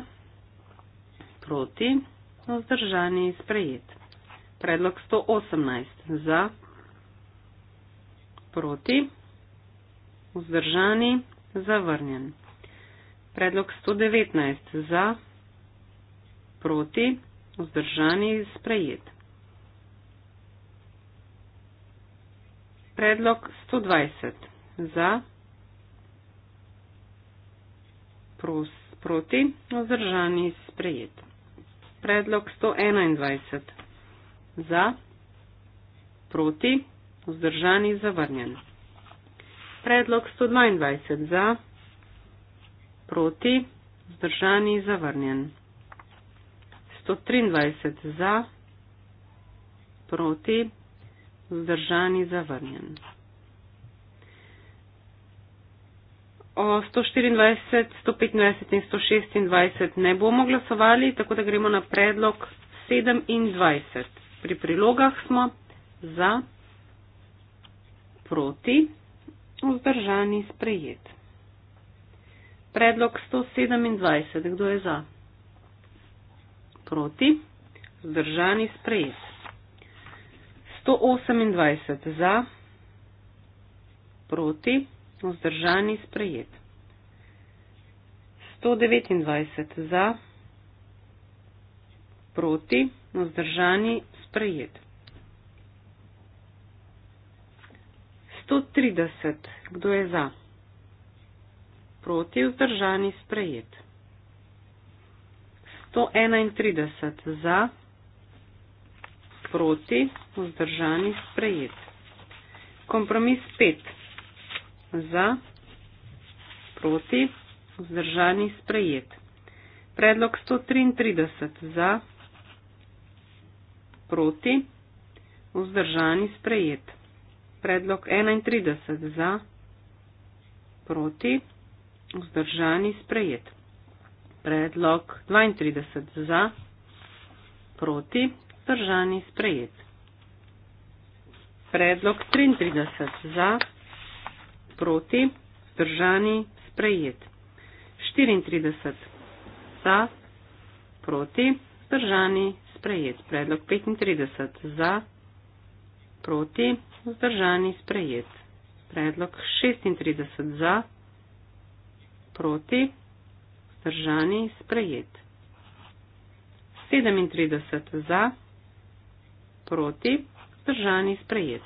proti, vzdržani, sprejet. Predlog 118 za, proti, vzdržani, zavrnjen. Predlog 119 za, proti, vzdržani, sprejet. Predlog 120 za, proti, vzdržani, sprejet proti, vzdržani sprejet. Predlog 121. Za, proti, vzdržani zavrnjen. Predlog 122. Za, proti, vzdržani zavrnjen. 123. Za, proti, vzdržani zavrnjen. 124, 125 in 126 ne bomo glasovali, tako da gremo na predlog 27. Pri prilogah smo za, proti, vzdržani, sprejet. Predlog 127. Kdo je za? Proti, vzdržani, sprejet. 128 za, proti, vzdržani, sprejet vzdržani, sprejet. 129 za, proti, vzdržani, sprejet. 130, kdo je za, proti, vzdržani, sprejet. 131 za, proti, vzdržani, sprejet. Kompromis 5 za, proti, vzdržani, sprejet. Predlog 133 za, proti, vzdržani, sprejet. Predlog 31 za, proti, vzdržani, sprejet. Predlog 32 za, proti, vzdržani, sprejet. Predlog 33 za, proti, vzdržani, sprejet proti, vzdržani, sprejet. 34 za, proti, vzdržani, sprejet. Predlog 35 za, proti, vzdržani, sprejet. Predlog 36 za, proti, vzdržani, sprejet. 37 za, proti, vzdržani, sprejet.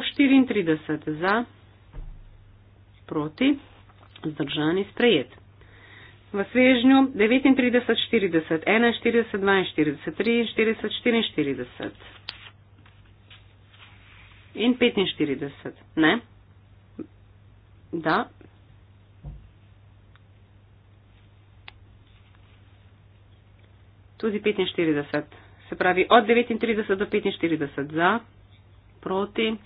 134 za, proti, zdržani sprejet. V svežnju 39, 40, 41, 42, 43, 44 in 45. Ne? Da. Tudi 45. Se pravi od 39 do 45 za, proti,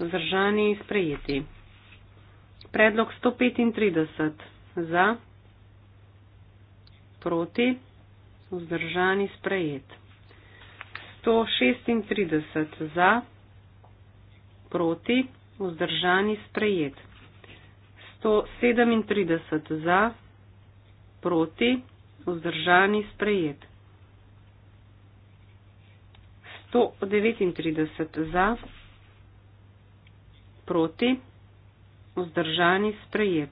Zdržani in sprejeti. Predlog 135. Za. Proti. Vzdržani sprejet. 136 za, proti, vzdržani sprejet. 137 za, proti, vzdržani sprejet. 139 za, proti, vzdržani sprejet.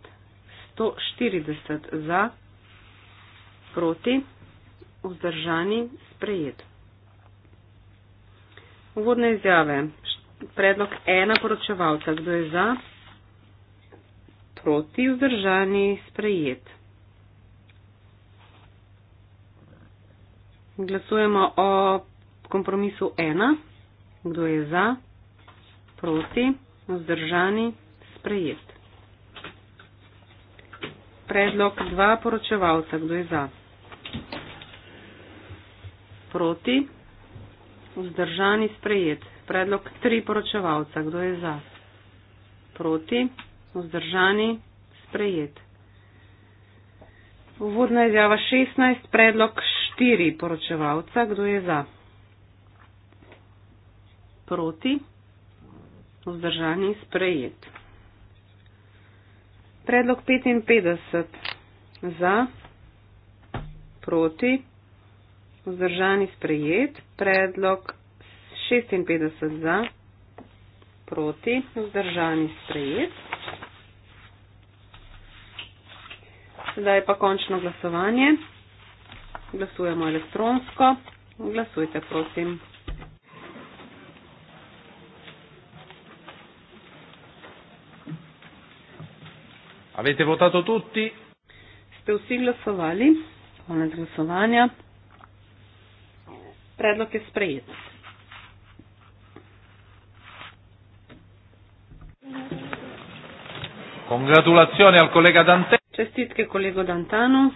140 za, proti, vzdržani sprejet. Uvodne izjave. Predlog ena poročevalca. Kdo je za? Proti, vzdržani sprejet. Glasujemo o kompromisu ena. Kdo je za? Proti vzdržani, sprejet. Predlog dva poročevalca, kdo je za? Proti, vzdržani, sprejet. Predlog tri poročevalca, kdo je za? Proti, vzdržani, sprejet. Uvodna izjava 16, predlog 4 poročevalca, kdo je za? Proti, vzdržan in sprejet. Predlog 55 za, proti, vzdržan in sprejet. Predlog 56 za, proti, vzdržan in sprejet. Zdaj pa končno glasovanje. Glasujemo elektronsko. Glasujte, prosim. Avete votato tutti? Ste vsi glasovali? Konec glasovanja. Predlog je sprejet. Congratulazioni al collega Dantano. Cestitke collego Dantano.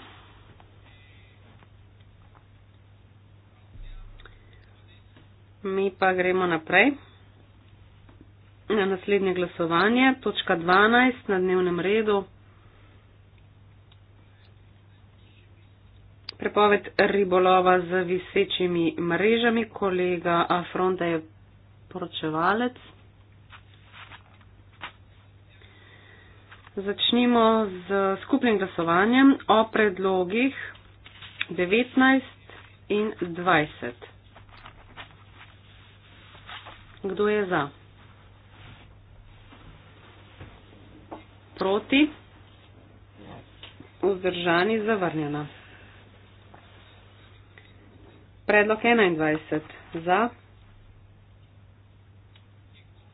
Mi pa gremo naprej na naslednje glasovanje, točka 12 na dnevnem redu. Prepoved ribolova z visečimi mrežami, kolega Afronta je poročevalec. Začnimo z skupnim glasovanjem o predlogih 19 in 20. Kdo je za? proti, vzdržani, zavrnjena. Predlog 21 za,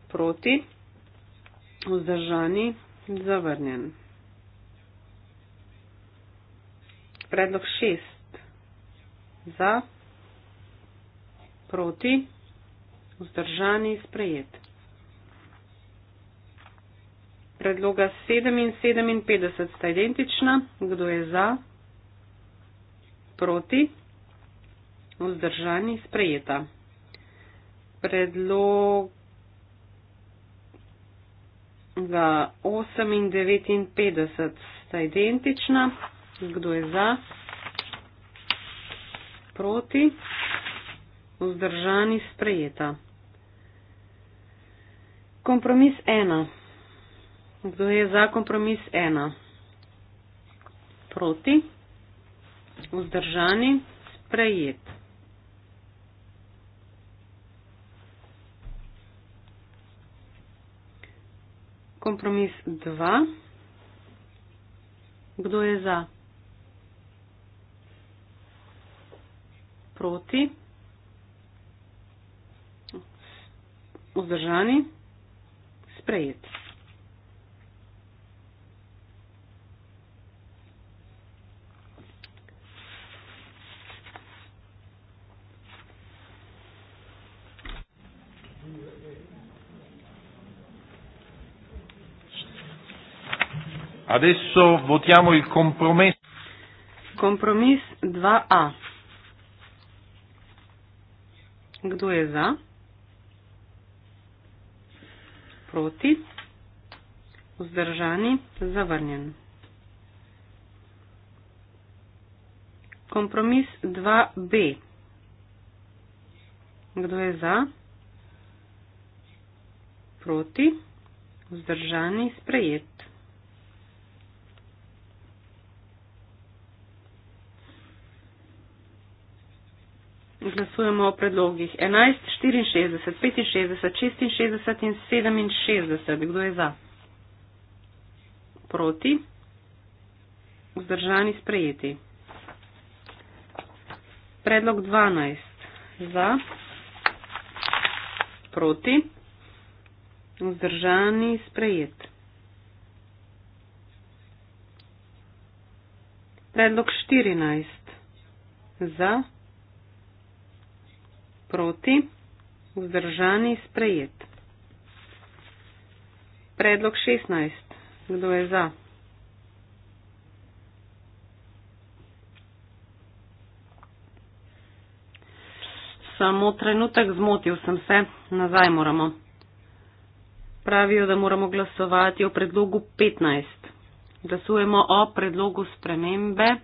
proti, vzdržani, zavrnjen. Predlog 6 za, proti, vzdržani, sprejet. Predloga 7 in 57 sta identična. Kdo je za? Proti? Vzdržani? Sprejeta. Predlog 8 in 59 sta identična. Kdo je za? Proti? Vzdržani? Sprejeta. Kompromis 1. Kdo je za kompromis? Ena. Proti. Vzdržani. Sprejet. Kompromis 2. Kdo je za? Proti. Vzdržani. Sprejet. Adesso votiamo il compromesso. Compromesso 2A. Kdo je za? Proti? Vzdržani? Zavrnjen. Kompromis 2B. Kdo je za? Proti? Vzdržani? Sprejet. glasujemo o predlogih 11, 64, 65, 66 in 67. Kdo je za? Proti? Vzdržani sprejeti. Predlog 12. Za? Proti? Vzdržani sprejet. Predlog 14. Za? Proti? proti, vzdržani, sprejet. Predlog 16. Kdo je za? Samo trenutek zmotil sem se, nazaj moramo. Pravijo, da moramo glasovati o predlogu 15. Glasujemo o predlogu spremembe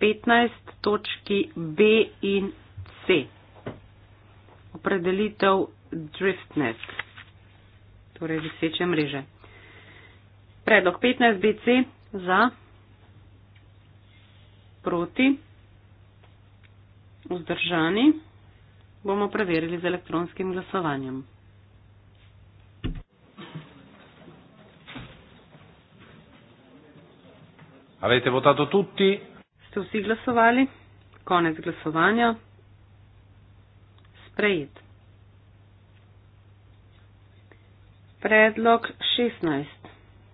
15 točki B in C. Opredelitev driftnet, torej viseče mreže. Predlog 15 BC za, proti, vzdržani bomo preverili z elektronskim glasovanjem. Avete votato tutti? Ste vsi glasovali? Konec glasovanja sprejet. Predlog 16.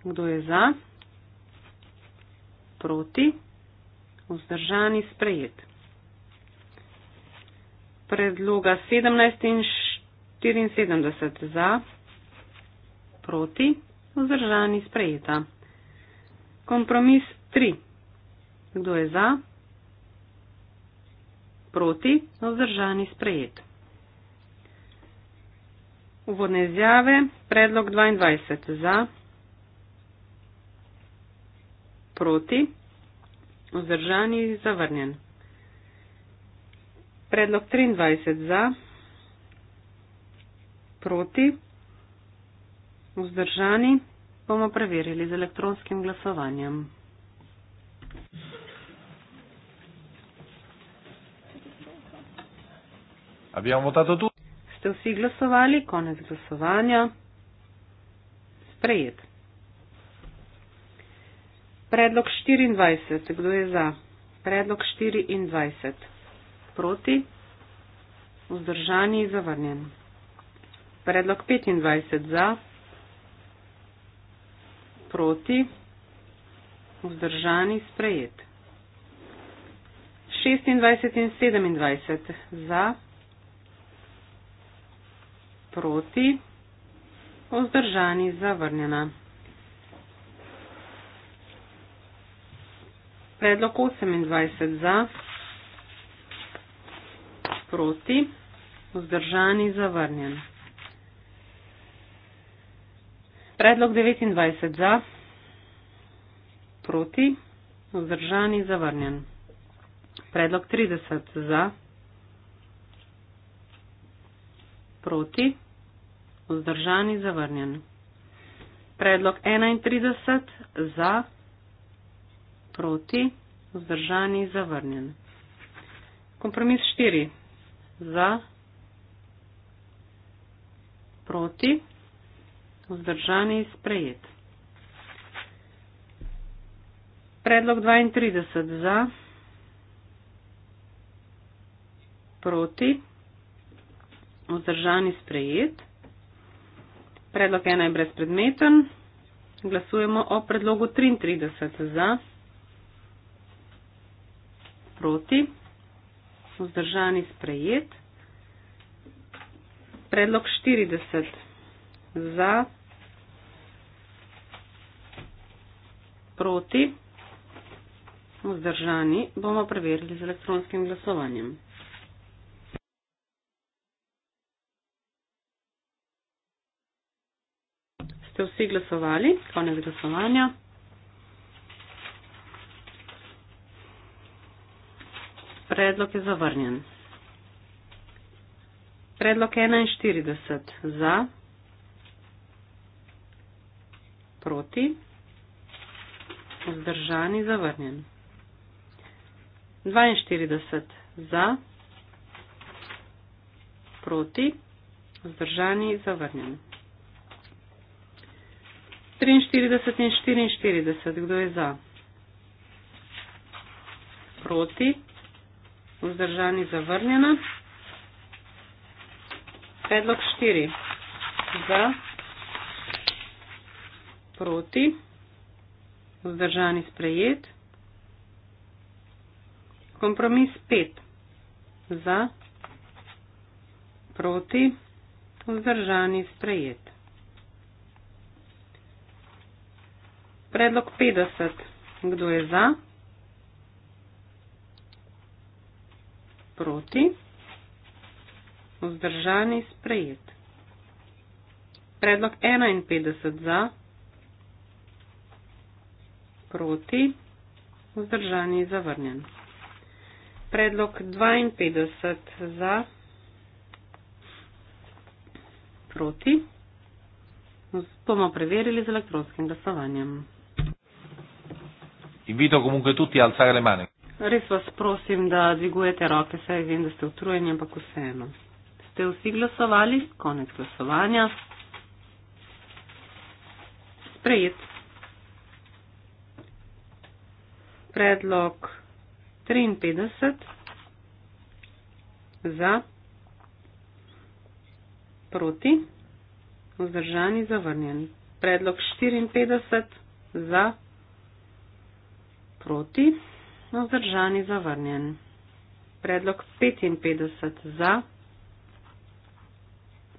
Kdo je za? Proti? Vzdržani sprejet. Predloga 17 in 74 za, proti, vzdržani sprejeta. Kompromis 3. Kdo je za? Proti, vzdržani sprejeta. Uvodne izjave, predlog 22 za, proti, vzdržani, zavrnjen. Predlog 23 za, proti, vzdržani, bomo preverili z elektronskim glasovanjem. Abbiamo votato tutti ste vsi glasovali, konec glasovanja. Sprejet. Predlog 24. Kdo je za? Predlog 24. Proti. Vzdržani in zavrnjen. Predlog 25. Za. Proti. Vzdržani sprejet. 26 in 27. Za proti, vzdržani zavrnjena. Predlog 28 za, proti, vzdržani zavrnjen. Predlog 29 za, proti, vzdržani zavrnjen. Predlog 30 za, proti, vzdržani zavrnjen vzdržani zavrnjen. Predlog 31 za, proti, vzdržani zavrnjen. Kompromis 4 za, proti, vzdržani sprejet. Predlog 32 za, proti, vzdržani sprejet. Predlog 1 je brezpredmeten. Glasujemo o predlogu 33 za, proti, vzdržani sprejet. Predlog 40 za, proti, vzdržani bomo preverili z elektronskim glasovanjem. ste vsi glasovali, konec glasovanja. Predlog je zavrnjen. Predlog 41 za, proti, vzdržani, zavrnjen. 42 za, proti, vzdržani, zavrnjen. 43 in 44. Kdo je za? Proti. Vzdržani zavrnjena. Predlog 4. Za. Proti. Vzdržani sprejet. Kompromis 5. Za. Proti. Vzdržani sprejet. Predlog 50. Kdo je za? Proti? Vzdržani sprejet. Predlog 51 za. Proti? Vzdržani zavrnjen. Predlog 52 za. Proti? Bomo preverili z elektronskim glasovanjem invito comunque tutti a alzare le mani. Res vas prosim, da dvigujete roke, saj vem, da ste utrujeni, ampak vseeno. Ste vsi glasovali? Konec glasovanja. Sprejet. Predlog 53 za, proti, vzdržani, zavrnjen. Predlog 54 za, proti proti, vzdržani zavrnjen. Predlog 55 za,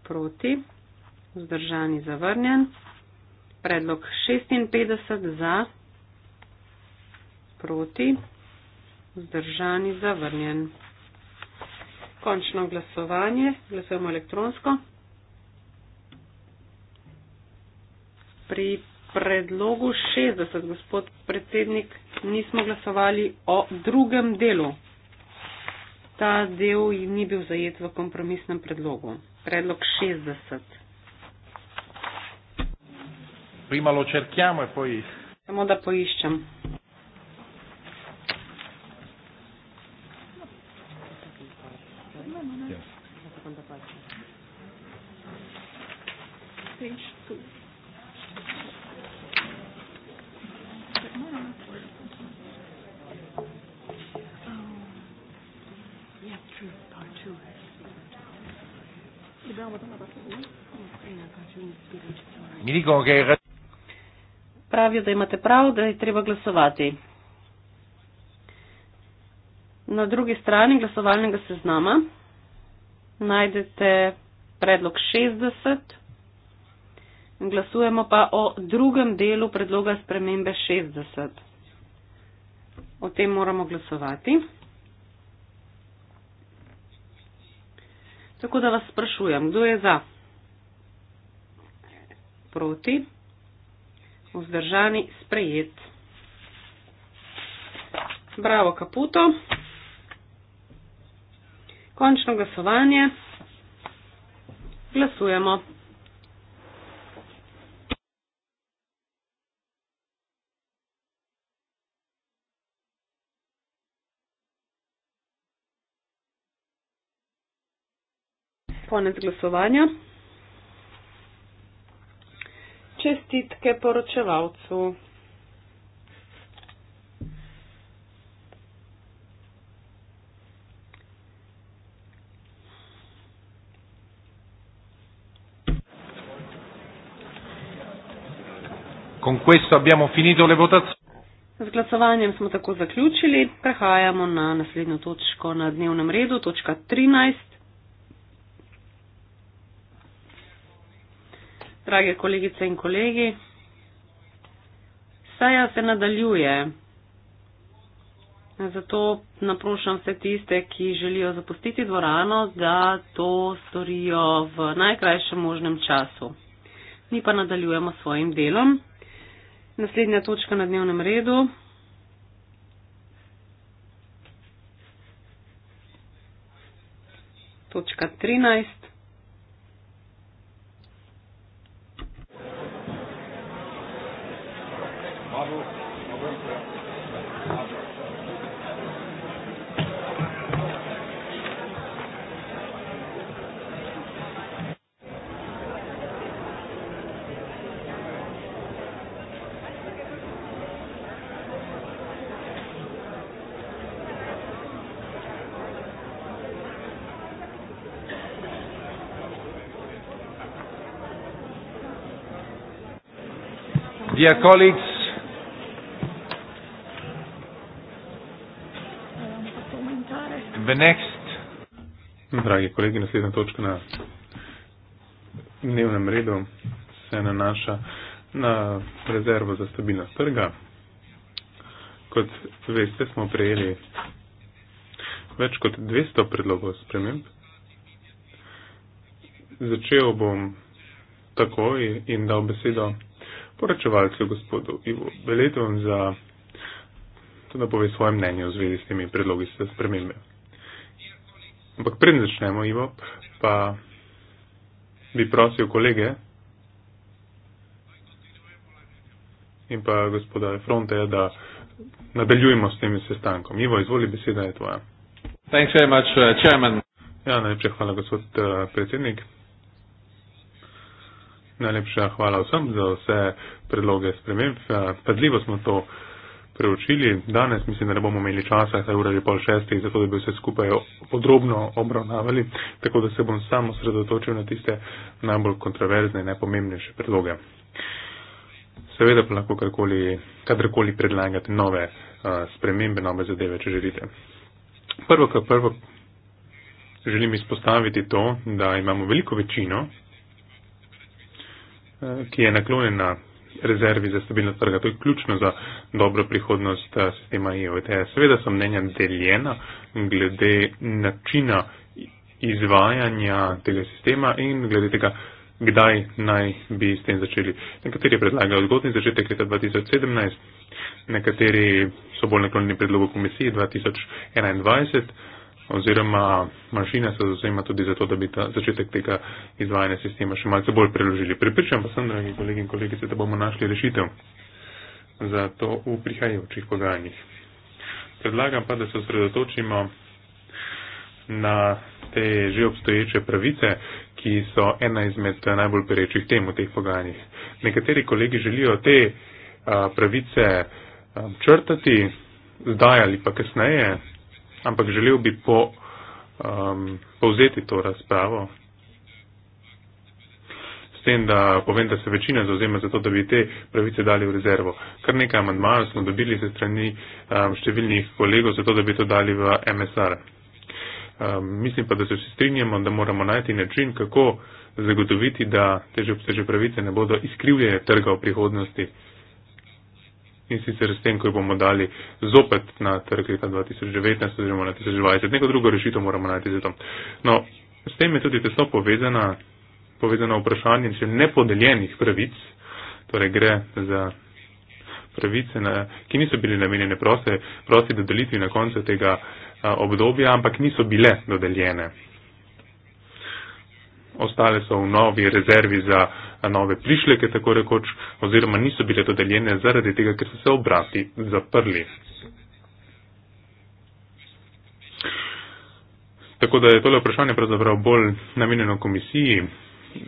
proti, vzdržani zavrnjen. Predlog 56 za, proti, vzdržani zavrnjen. Končno glasovanje, glasujemo elektronsko. Pri predlogu 60, gospod predsednik, nismo glasovali o drugem delu. Ta del ni bil zajet v kompromisnem predlogu. Predlog 60. Prima lo cerchiamo e poi. Samo da poiščem. sinagoge. Pravijo, da imate prav, da je treba glasovati. Na drugi strani glasovalnega seznama najdete predlog 60. Glasujemo pa o drugem delu predloga spremembe 60. O tem moramo glasovati. Tako da vas sprašujem, kdo je za? proti, vzdržani, sprejet. Bravo, kaputo. Končno glasovanje. Glasujemo. Konec glasovanja čestitke poročevalcu. Z glasovanjem smo tako zaključili. Prehajamo na naslednjo točko na dnevnem redu, točka 13. Drage kolegice in kolegi, saja se nadaljuje. Zato naprošam vse tiste, ki želijo zapustiti dvorano, da to storijo v najkrajšem možnem času. Mi pa nadaljujemo s svojim delom. Naslednja točka na dnevnem redu. Točka 13. Dear colleagues, the next. Dragi kolegi, naslednja točka na dnevnem redu se nanaša na rezervo za stabilnost trga. Kot veste, smo prejeli več kot 200 predlogov sprememb. Začel bom takoj in dal besedo poročevalcu gospodu Ivo Beletovem za to, da pove svoje mnenje v zvezi s temi predlogi za spremembe. Ampak pred začnemo, Ivo, pa bi prosil kolege in pa gospoda Fronteja, da nadaljujemo s temi sestankom. Ivo, izvoli, beseda je tvoja. Thanks very much, uh, chairman. Ja, najprej hvala, gospod uh, predsednik. Najlepša hvala vsem za vse predloge sprememb. Eh, pazljivo smo to preučili. Danes mislim, da ne bomo imeli časa, saj ura je pol šestih, zato da bi vse skupaj podrobno obravnavali, tako da se bom samo sredotočil na tiste najbolj kontroverzne in najpomembnejše predloge. Seveda pa lahko karkoli, kadarkoli predlagate nove eh, spremembe, nove zadeve, če želite. Prvo, kar prvo želim izpostaviti to, da imamo veliko večino Eh, ki je naklonjena rezervi za stabilnost trga. To je ključno za dobro prihodnost eh, sistema IOT. E e Seveda so mnenja deljena glede načina izvajanja tega sistema in glede tega, kdaj naj bi s tem začeli. Nekateri predlagajo zgodni začetek leta 2017, nekateri so bolj naklonjeni predlogu komisije 2021 oziroma manjšina se zauzema tudi za to, da bi ta začetek tega izvajanja sistema še malce bolj preložili. Pripričam pa sem, dragi kolegi in kolegice, da bomo našli rešitev za to v prihajajočih pogajanjih. Predlagam pa, da se osredotočimo na te že obstoječe pravice, ki so ena izmed najbolj perečih tem v teh pogajanjih. Nekateri kolegi želijo te pravice črtati zdaj ali pa kasneje, ampak želel bi po, um, povzeti to razpravo. S tem, da povem, da se večina zauzema za to, da bi te pravice dali v rezervo. Kar nekaj amandmajev smo dobili ze strani um, številnih kolegov za to, da bi to dali v MSR. Um, mislim pa, da se vsi strinjamo, da moramo najti način, kako zagotoviti, da te že obsežne pravice ne bodo izkrivljene trga v prihodnosti in sicer s tem, ko jo bomo dali zopet na trg leta 2019 oziroma na 2020. Neko drugo rešitev moramo najti za to. No, s tem je tudi tesno povezana, povezana vprašanje še nepodeljenih pravic, torej gre za pravice, na, ki niso bili namenjene proste, proste dodelitvi na koncu tega a, obdobja, ampak niso bile dodeljene. Ostale so v novi rezervi za nove prišleke, tako rekoč, oziroma niso bile dodeljene zaradi tega, ker so se obrati zaprli. Tako da je tole vprašanje pravzaprav bolj namenjeno komisiji.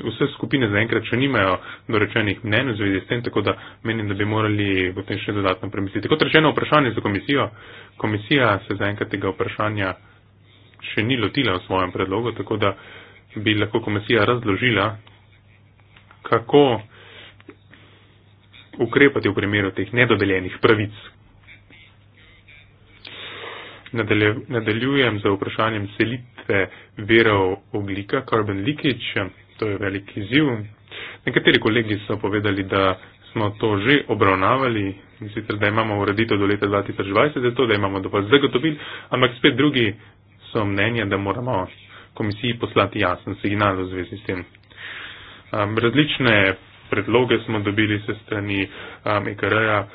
Vse skupine zaenkrat še nimajo dorečenih mnen v zvezi s tem, tako da menim, da bi morali potem še dodatno premisliti. Kot rečeno, vprašanje za komisijo. Komisija se zaenkrat tega vprašanja še ni lotila v svojem predlogu, tako da bi lahko komisija razložila kako ukrepati v primeru teh nedodeljenih pravic. Nadaljujem z vprašanjem selitve verov oglika, carbon leakage, to je velik izziv. Nekateri kolegi so povedali, da smo to že obravnavali, sicer da imamo ureditev do leta 2020, zato da imamo dovolj zagotovil, ampak spet drugi so mnenja, da moramo komisiji poslati jasen signal v zvezi s tem. Um, različne predloge smo dobili se strani um, EKR-ja,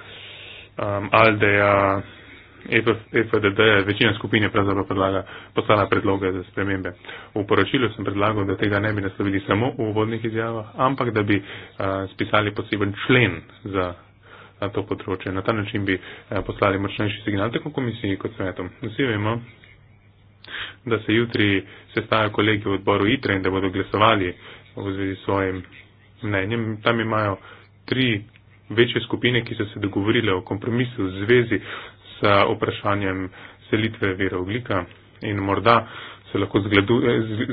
um, ALDE-ja, EFDD-ja, e večina skupine pravzaprav predlaga, poslala predloge za spremembe. V poročilu sem predlagal, da tega ne bi naslovili samo v uvodnih izjavah, ampak da bi uh, spisali poseben člen za to področje. Na ta način bi uh, poslali močnejši signal tako komisiji kot svetom. Vsi vemo, da se jutri sestajo kolegi v odboru ITRE in da bodo glasovali uh, v zvezi s svojim mnenjem. Tam imajo tri večje skupine, ki so se dogovorile o kompromisu v zvezi s vprašanjem selitve vera oglika in morda se lahko zgledu,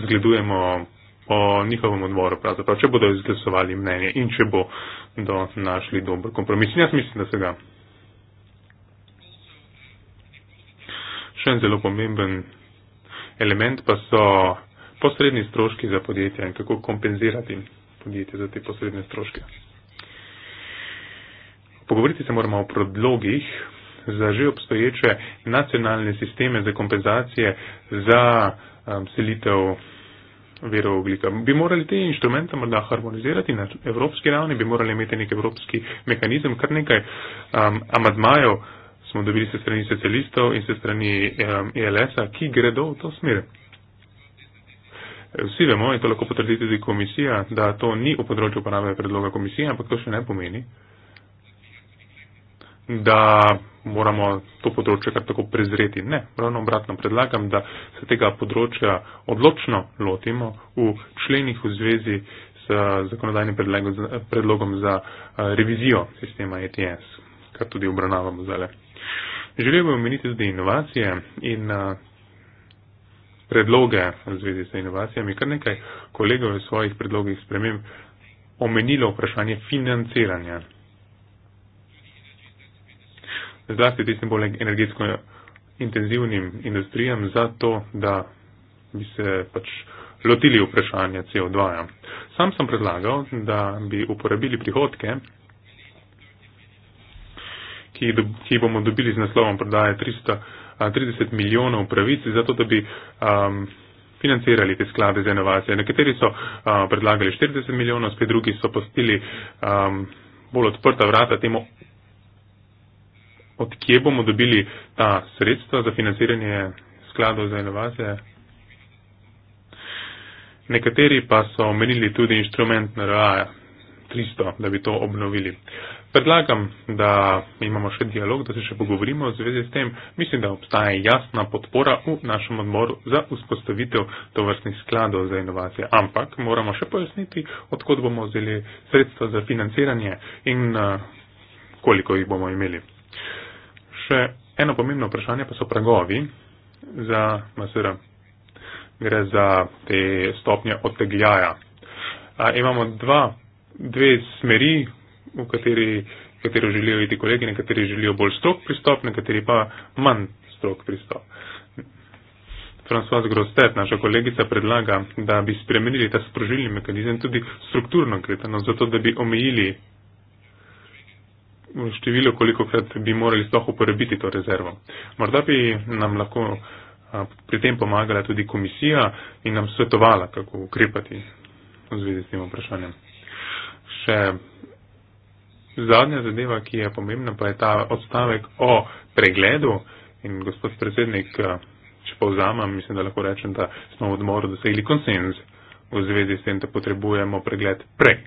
zgledujemo o njihovem odboru, pravzaprav, če bodo izglasovali mnenje in če bodo našli dober kompromis. In jaz mislim, da se ga. Še en zelo pomemben element pa so posredni stroški za podjetja in kako kompenzirati podjetje za te posredne stroške. Pogovoriti se moramo o predlogih za že obstoječe nacionalne sisteme za kompenzacije za um, selitev verov oglika. Bi morali te inštrumente morda harmonizirati na evropski ravni, bi morali imeti nek evropski mehanizem, kar nekaj um, amadmajev smo dobili se strani socialistov in se strani um, ELS-a, ki gredo v to smer. Vsi vemo in to lahko potrdi tudi komisija, da to ni v področju uporabe predloga komisije, ampak to še ne pomeni, da moramo to področje kar tako prezreti. Ne, ravno obratno predlagam, da se tega področja odločno lotimo v členih v zvezi s zakonodajnim predlogom za eh, revizijo sistema ETS, kar tudi obravnavamo zdaj. Želel bi omeniti tudi inovacije in eh, predloge v zvezi s inovacijami. Kar nekaj kolegov je v svojih predlogih sprememb omenilo vprašanje financiranja. Zlasti tistim bolj energetsko intenzivnim industrijam za to, da bi se pač lotili vprašanja CO2. -ja. Sam sem predlagal, da bi uporabili prihodke, ki jih bomo dobili z naslovom prodaje 300 30 milijonov pravic za to, da bi um, financirali te sklade za inovacije. Nekateri so uh, predlagali 40 milijonov, spet drugi so postili um, bolj odprta vrata temu, od kje bomo dobili ta sredstva za financiranje skladov za inovacije. Nekateri pa so omenili tudi inštrument na RAE 300, da bi to obnovili. Uh, Predlagam, da imamo še dialog, da se še pogovorimo v zvezi s tem. Mislim, da obstaja jasna podpora v našem odboru za vzpostavitev tovrstnih skladov za inovacije. Ampak moramo še pojasniti, odkot bomo vzeli sredstva za financiranje in eh, koliko jih bomo imeli. Še eno pomembno vprašanje pa so pragovi za MSR. Gre za te stopnje odtegljaja. Imamo dva. Dve smeri, v kateri, katero želijo iti kolegi, nekateri želijo bolj strok pristop, nekateri pa manj strok pristop. François Grostet, naša kolegica, predlaga, da bi spremenili ta sprožilni mekanizem tudi strukturno gledano, zato da bi omejili število, koliko krat bi morali sploh uporabiti to rezervo. Morda bi nam lahko pri tem pomagala tudi komisija in nam svetovala, kako ukrepati v zvezi s tem vprašanjem. Še zadnja zadeva, ki je pomembna, pa je ta odstavek o pregledu. In gospod predsednik, če povzamem, mislim, da lahko rečem, da smo v odmoru dosegli konsens v zvezi s tem, da potrebujemo pregled prej.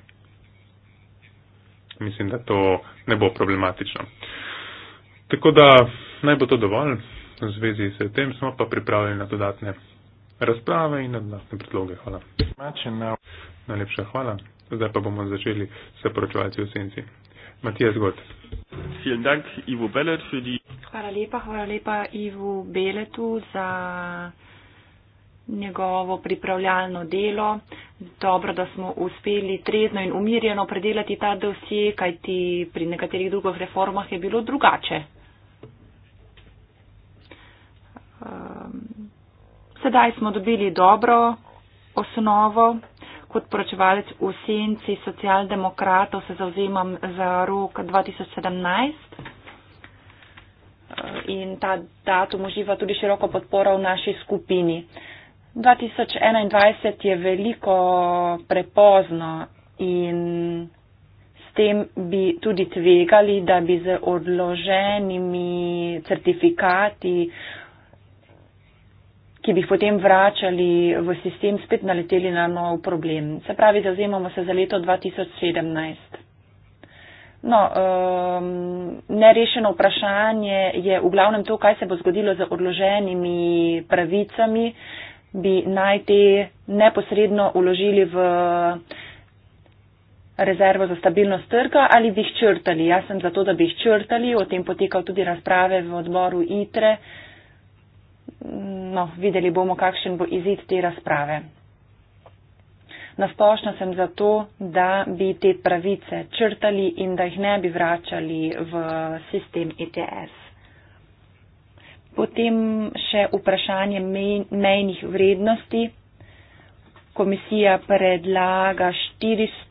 Mislim, da to ne bo problematično. Tako da naj bo to dovolj v zvezi s tem, smo pa pripravljeni na dodatne razprave in na dodatne predloge. Hvala. Najlepša hvala. Zdaj pa bomo začeli s poročevalci v senci. Matthias Gott. Vielen Dank, Ivo Bellet, für die. Hvala lepa, hvala lepa Ivu Beletu za njegovo pripravljalno delo. Dobro, da smo uspeli trezno in umirjeno predelati ta dosje, kajti pri nekaterih drugih reformah je bilo drugače. Ehm, sedaj smo dobili dobro osnovo kot poročevalec v senci socialdemokratov se zauzemam za rok 2017 eh, in ta datum uživa tudi široko podporo v naši skupini. 2021 je veliko prepozno in s tem bi tudi tvegali, da bi z odloženimi certifikati uh, ki bi jih potem vračali v sistem, spet naleteli na nov problem. Se pravi, zazemamo se za leto 2017. No, um, nerešeno vprašanje je v glavnem to, kaj se bo zgodilo z odloženimi pravicami, bi naj te neposredno uložili v rezervo za stabilnost trga ali bi jih črtali. Jaz sem za to, da bi jih črtali, o tem potekal tudi razprave v odboru ITRE. Uh, no, videli bomo, kakšen bo izid te razprave. Nasplošno sem zato, da bi te pravice črtali in da jih ne bi vračali v sistem ETS. Potem še vprašanje mejnih vrednosti komisija predlaga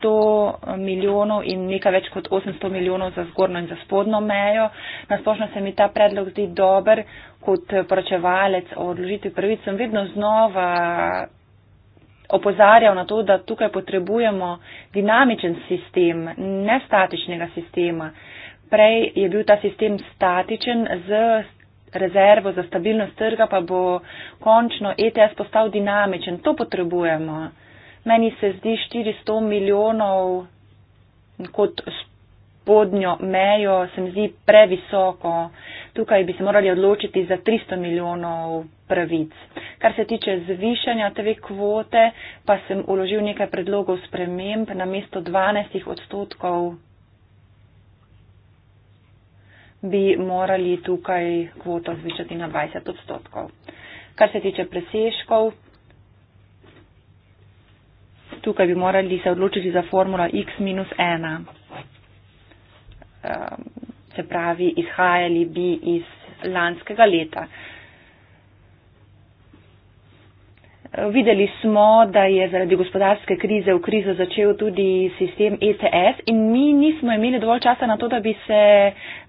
400 milijonov in nekaj več kot 800 milijonov za zgornjo in za spodnjo mejo. Nasplošno se mi ta predlog zdi dober kot poročevalec o odložitvi pravic. Sem vedno znova opozarjal na to, da tukaj potrebujemo dinamičen sistem, ne statičnega sistema. Prej je bil ta sistem statičen z rezervo za stabilnost trga, pa bo končno ETS postal dinamičen. To potrebujemo. Meni se zdi 400 milijonov kot spodnjo mejo, se mi zdi previsoko. Tukaj bi se morali odločiti za 300 milijonov pravic. Kar se tiče zvišanja TV kvote, pa sem uložil nekaj predlogov sprememb na mesto 12 odstotkov bi morali tukaj kvoto zvišati na 20 odstotkov. Kar se tiče preseškov, tukaj bi morali se odločiti za formula x minus 1. Ehm, se pravi, izhajali bi iz lanskega leta. Videli smo, da je zaradi gospodarske krize v krizo začel tudi sistem ETS in mi nismo imeli dovolj časa na to, da bi se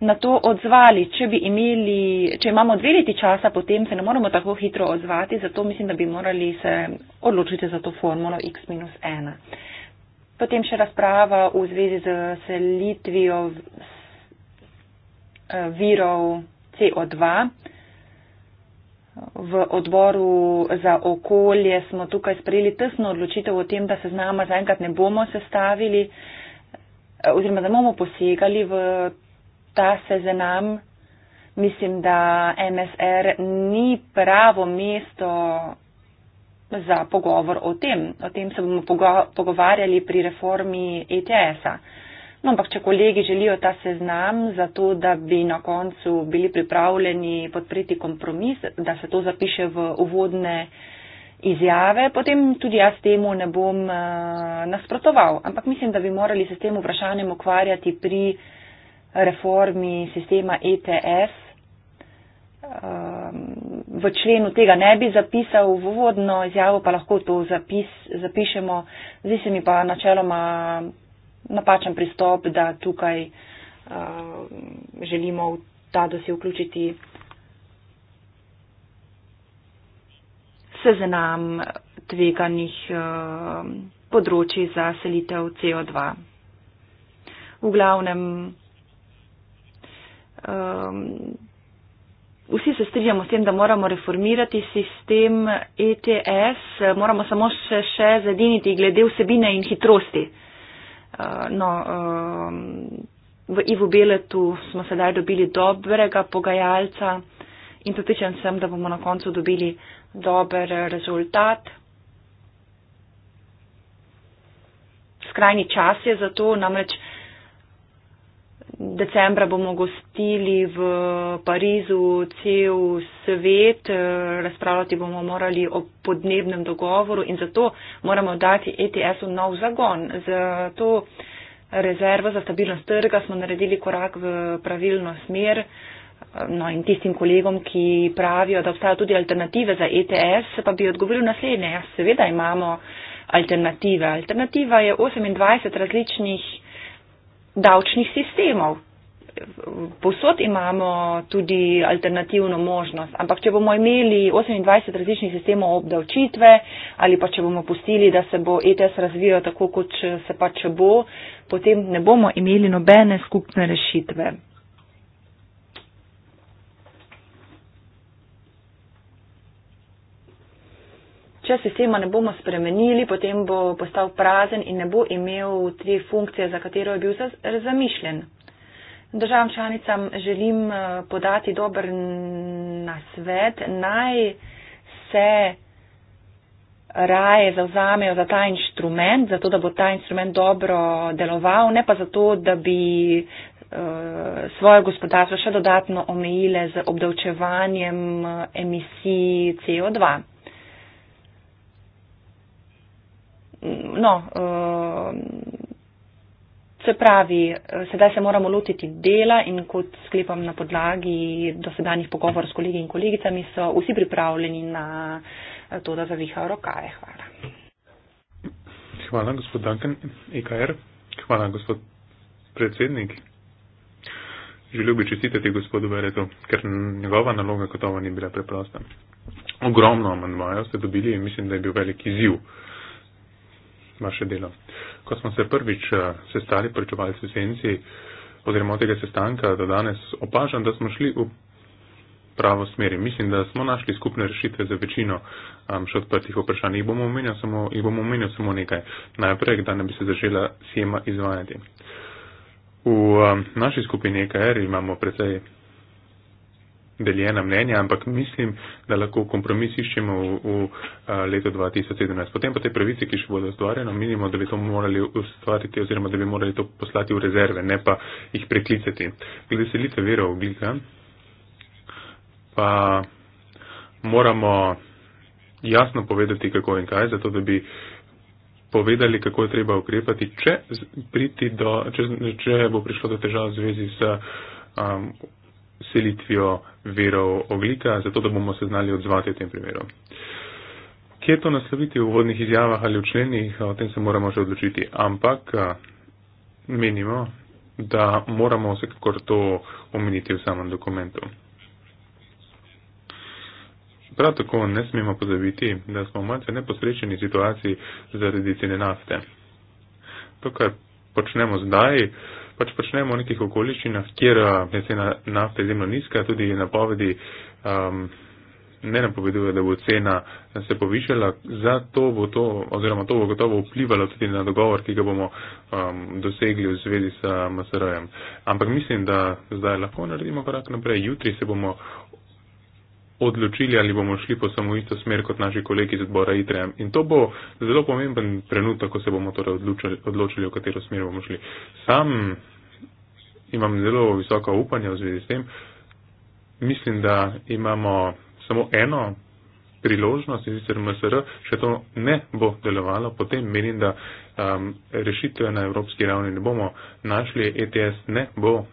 na to odzvali. Če, imeli, če imamo dve leti časa, potem se ne moramo tako hitro odzvati, zato mislim, da bi morali se odločiti za to formulo X-1. Potem še razprava v zvezi z selitvijo eh, virov CO2. V odboru za okolje smo tukaj sprejeli tesno odločitev o tem, da se z nama zaenkrat ne bomo sestavili oziroma da bomo posegali v ta seznam. Mislim, da MSR ni pravo mesto za pogovor o tem. O tem se bomo pogovarjali pri reformi ETS-a. No, ampak če kolegi želijo ta seznam, zato da bi na koncu bili pripravljeni podpreti kompromis, da se to zapiše v uvodne izjave, potem tudi jaz temu ne bom eh, nasprotoval. Ampak mislim, da bi morali se s tem vprašanjem ukvarjati pri reformi sistema ETS. Ehm, v členu tega ne bi zapisal, v uvodno izjavo pa lahko to zapis, zapišemo. Zdi se mi pa načeloma napačen pristop, da tukaj uh, želimo v ta dosi vključiti seznam tveganih uh, področji za selitev CO2. V glavnem, um, vsi se strinjamo s tem, da moramo reformirati sistem ETS, moramo samo še, še zediniti glede vsebine in hitrosti. Uh, Eh, no, v Ivo Beletu smo sedaj dobili dobrega pogajalca in pripričan sem, da bomo na koncu dobili dober rezultat. Skrajni čas je za to, namreč decembra bomo gostili v Parizu cel svet, eh, razpravljati bomo morali o podnebnem dogovoru in zato moramo dati ETS-u nov zagon. Zato rezervo za stabilnost trga smo naredili korak v pravilno smer. No in tistim kolegom, ki pravijo, da obstajajo tudi alternative za ETS, pa bi odgovoril naslednje. Ja, seveda imamo alternative. Alternativa je 28 različnih davčnih sistemov. Posod imamo tudi alternativno možnost, ampak če bomo imeli 28 različnih sistemov obdavčitve ali pa če bomo pustili, da se bo ETS razvijal tako, kot se pa če bo, potem ne bomo imeli nobene skupne rešitve. Če sistema ne bomo spremenili, potem bo postal prazen in ne bo imel te funkcije, za katero je bil zamišljen. Državam članicam želim eh, podati dober nasvet, naj se raje zavzamejo za ta inštrument, zato da bo ta inštrument dobro deloval, ne pa zato, da bi eh, svoje gospodarstvo še dodatno omejile z obdavčevanjem eh, emisij CO2. no, ehm, se pravi, eh, sedaj se moramo lotiti dela in kot sklepam na podlagi dosedanjih pogovorov s kolegi in kolegicami, so vsi pripravljeni na eh, to, da zavihajo rokaje. Hvala. Hvala, gospod Duncan, EKR. Hvala, gospod predsednik. Želel bi čestitati gospodu Beretu, ker njegova naloga kotova ni bila preprosta. Ogromno amandmajev ste dobili in mislim, da je bil velik izziv. Uh, vaše delo. Ko smo se prvič eh, sestali pričevalci senci oziroma od tega sestanka do danes, opažam, da smo šli v pravo smeri. Mislim, da smo našli skupne rešitve za večino um, še odprtih vprašanj. Jih bomo omenjali samo, jih bomo omenjali samo nekaj. Najprej, da ne bi se zažela sjema izvajati. V um, naši skupini EKR imamo precej deljena mnenja, ampak mislim, da lahko kompromis iščemo v, v letu 2017. Potem pa te pravice, ki še bodo ustvarjene, minimo, da bi to morali ustvariti oziroma da bi morali to poslati v rezerve, ne pa jih preklicati. Glede selitve vira oglika, pa moramo jasno povedati, kako in kaj, zato da bi povedali, kako je treba ukrepati, če, do, če, če bo prišlo do težav v zvezi s. Um, selitvijo verov oglika, zato da bomo se znali odzvati v tem primeru. Kje to nasloviti v uvodnih izjavah ali v členih, o tem se moramo še odločiti, ampak menimo, da moramo vsekakor to omeniti v samem dokumentu. Prav tako ne smemo pozabiti, da smo v malce neposrečeni situaciji zaradi cene nafte. To, kar počnemo zdaj, pač počnemo v nekih okoliščinah, kjer eh, je cena nafte izjemno nizka, tudi napovedi um, ne napoveduje, da bo cena eh, se povišala. Zato bo to, oziroma to bo gotovo vplivalo tudi na dogovor, ki ga bomo um, dosegli v zvezi s eh, MSR-jem. Ampak mislim, da zdaj lahko naredimo korak naprej. Jutri se bomo odločili, ali bomo šli po samo isto smer kot naši kolegi iz odbora ITREM. In to bo zelo pomemben trenutek, ko se bomo torej odločili, odločili, v katero smer bomo šli. Sam imam zelo visoka upanja v zvezi s tem. Mislim, da imamo samo eno priložnost in sicer MSR, še to ne bo delovalo, potem menim, da um, rešitve na evropski ravni ne bomo našli, ETS ne bo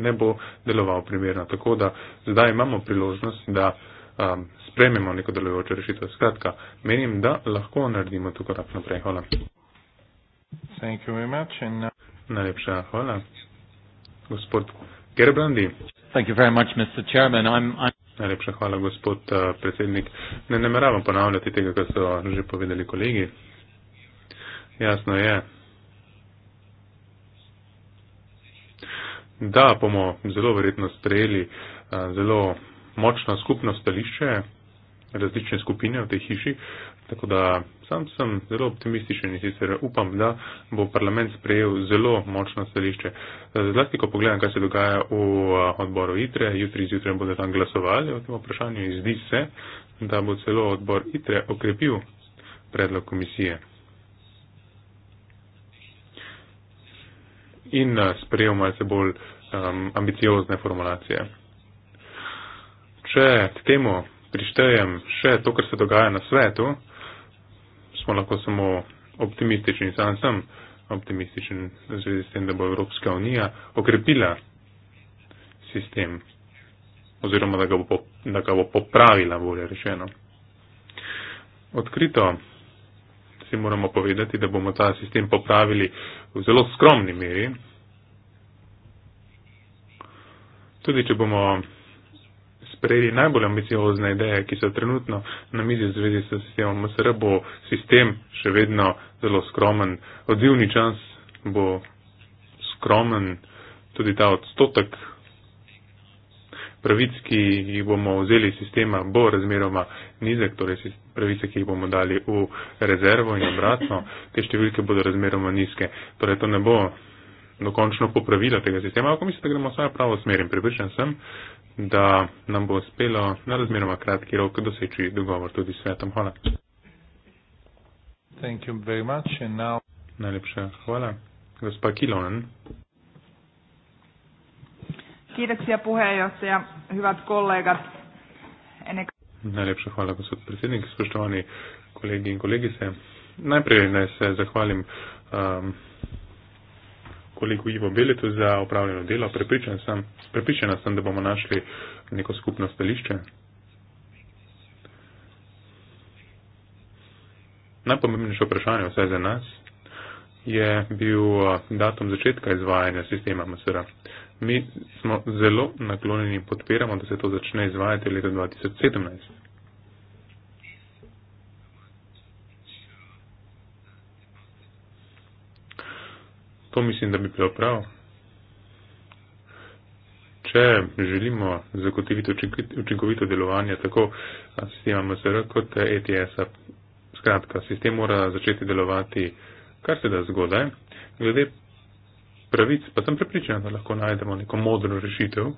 ne bo deloval primerno. Tako da zdaj imamo priložnost, da um, sprememo neko delujočo rešitev. Skratka, menim, da lahko naredimo to korak naprej. Hvala. Uh, Najlepša hvala. Gospod Gerbrandi. Najlepša hvala, gospod uh, predsednik. Ne nameravam ponavljati tega, kar so že povedali kolegi. Jasno je, da bomo zelo verjetno sprejeli eh, zelo močno skupno stališče različne skupine v tej hiši. Tako da sam sem zelo optimističen in sicer upam, da bo parlament sprejel zelo močno stališče. Eh, zlasti, ko pogledam, kaj se dogaja v eh, odboru ITRE, jutri zjutraj bodo tam glasovali o tem vprašanju in zdi se, da bo celo odbor ITRE okrepil predlog komisije. In sprejel malce bolj uh, um, ambiciozne formulacije. Če k temu prištejem še to, kar se dogaja na svetu, smo lahko samo optimistični, sam sem optimističen v zvezi s tem, da bo Evropska unija okrepila sistem oziroma da ga bo, da ga bo popravila, bolje rečeno. Odkrito si moramo povedati, da bomo ta sistem popravili v zelo skromni meri, Tudi, če bomo sprejeli najbolj ambiciozne ideje, ki so trenutno na mizi v zvezi s sistemom MSR, bo sistem še vedno zelo skromen. Odzivni čas bo skromen, tudi ta odstotek pravic, ki jih bomo vzeli iz sistema, bo razmeroma nizek, torej pravice, ki jih bomo dali v rezervo in obratno, te številke bodo razmeroma nizke. Torej, to ne bo dokončno popravilo tega sistema, ampak mislim, da gremo vsaj pravo smer in pripričan sem, da nam bo uspelo na razmeroma kratki rok doseči dogovor tudi s svetom. Hvala. Now... Najlepša hvala. Gospa Kilonen. Kiitoksia puheenjohtaja, hyvät kollegat. Ennek... Najlepša hvala, gospod predsednik, spoštovani kolegi in kolegice. Najprej naj se zahvalim um, kolegu Ivo Beletu za opravljeno delo. Prepričan sem, prepričana sem, da bomo našli neko skupno stališče. Najpomembnejše vprašanje vse za nas je bil eh, datum začetka izvajanja sistema MSR. Mi smo zelo naklonjeni in podpiramo, da se to začne izvajati leta 2017. To mislim, da bi bilo prav. Če želimo zagotoviti učinkovito delovanje tako sistema MSR kot ETS-a, skratka, sistem mora začeti delovati kar se da zgodaj. Glede pravic pa sem prepričan, da lahko najdemo neko modro rešitev,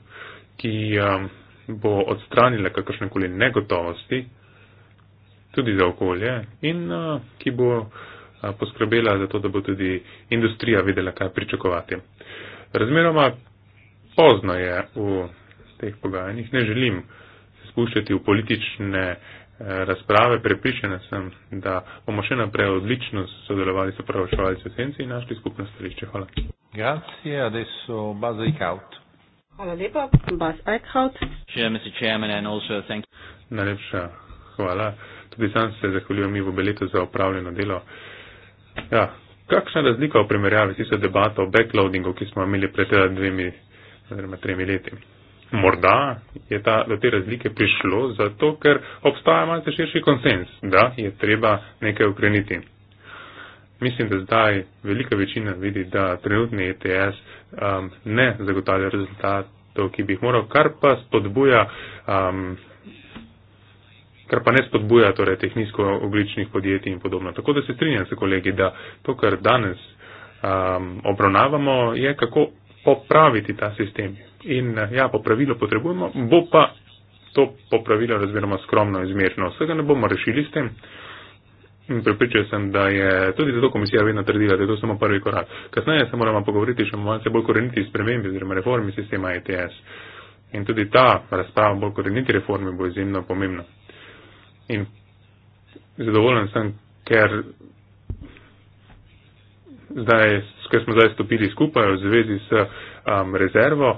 ki um, bo odstranila kakršne koli negotovosti, tudi za okolje, in uh, ki bo poskrbela za to, da bo tudi industrija vedela, kaj pričakovati. Razmeroma pozno je v teh pogajanjih, ne želim se spuščati v politične e, razprave, prepričana sem, da bomo še naprej odlično sodelovali s pravočevalci v senci in našli skupno stališče. Hvala. Grazie, adesso Baza Eichhout. Hvala lepa, Baz Eichhout. Najlepša hvala. Tudi sam se zahvaljujem Ivo Beleto za upravljeno delo. Ja, kakšna razlika v primerjavi s tisto debato o backloadingu, ki smo imeli pred eh, dvemi, oziroma tremi leti? Morda je ta, do te razlike prišlo zato, ker obstaja malce širši konsens, da je treba nekaj ukreniti. Mislim, da zdaj velika večina vidi, da trenutni ETS um, ne zagotavlja rezultatov, ki bi jih moral, kar pa spodbuja um, kar pa ne spodbuja torej, teh nizkoogličnih podjetij in podobno. Tako da se strinjam s kolegi, da to, kar danes um, obravnavamo, je kako popraviti ta sistem. In eh, ja, popravilo potrebujemo, bo pa to popravilo razmeroma skromno izmerno. Vsega ne bomo rešili s tem. In pripričal sem, da je tudi zato komisija vedno trdila, da je to samo prvi korak. Kasneje se moramo pogovoriti še malce bolj koreniti spremembi oziroma reformi sistema ETS. In tudi ta razprava bolj koreniti reformi bo izjemno pomembna in zadovoljen sem, ker zdaj, ker smo zdaj stopili skupaj v zvezi s um, rezervo,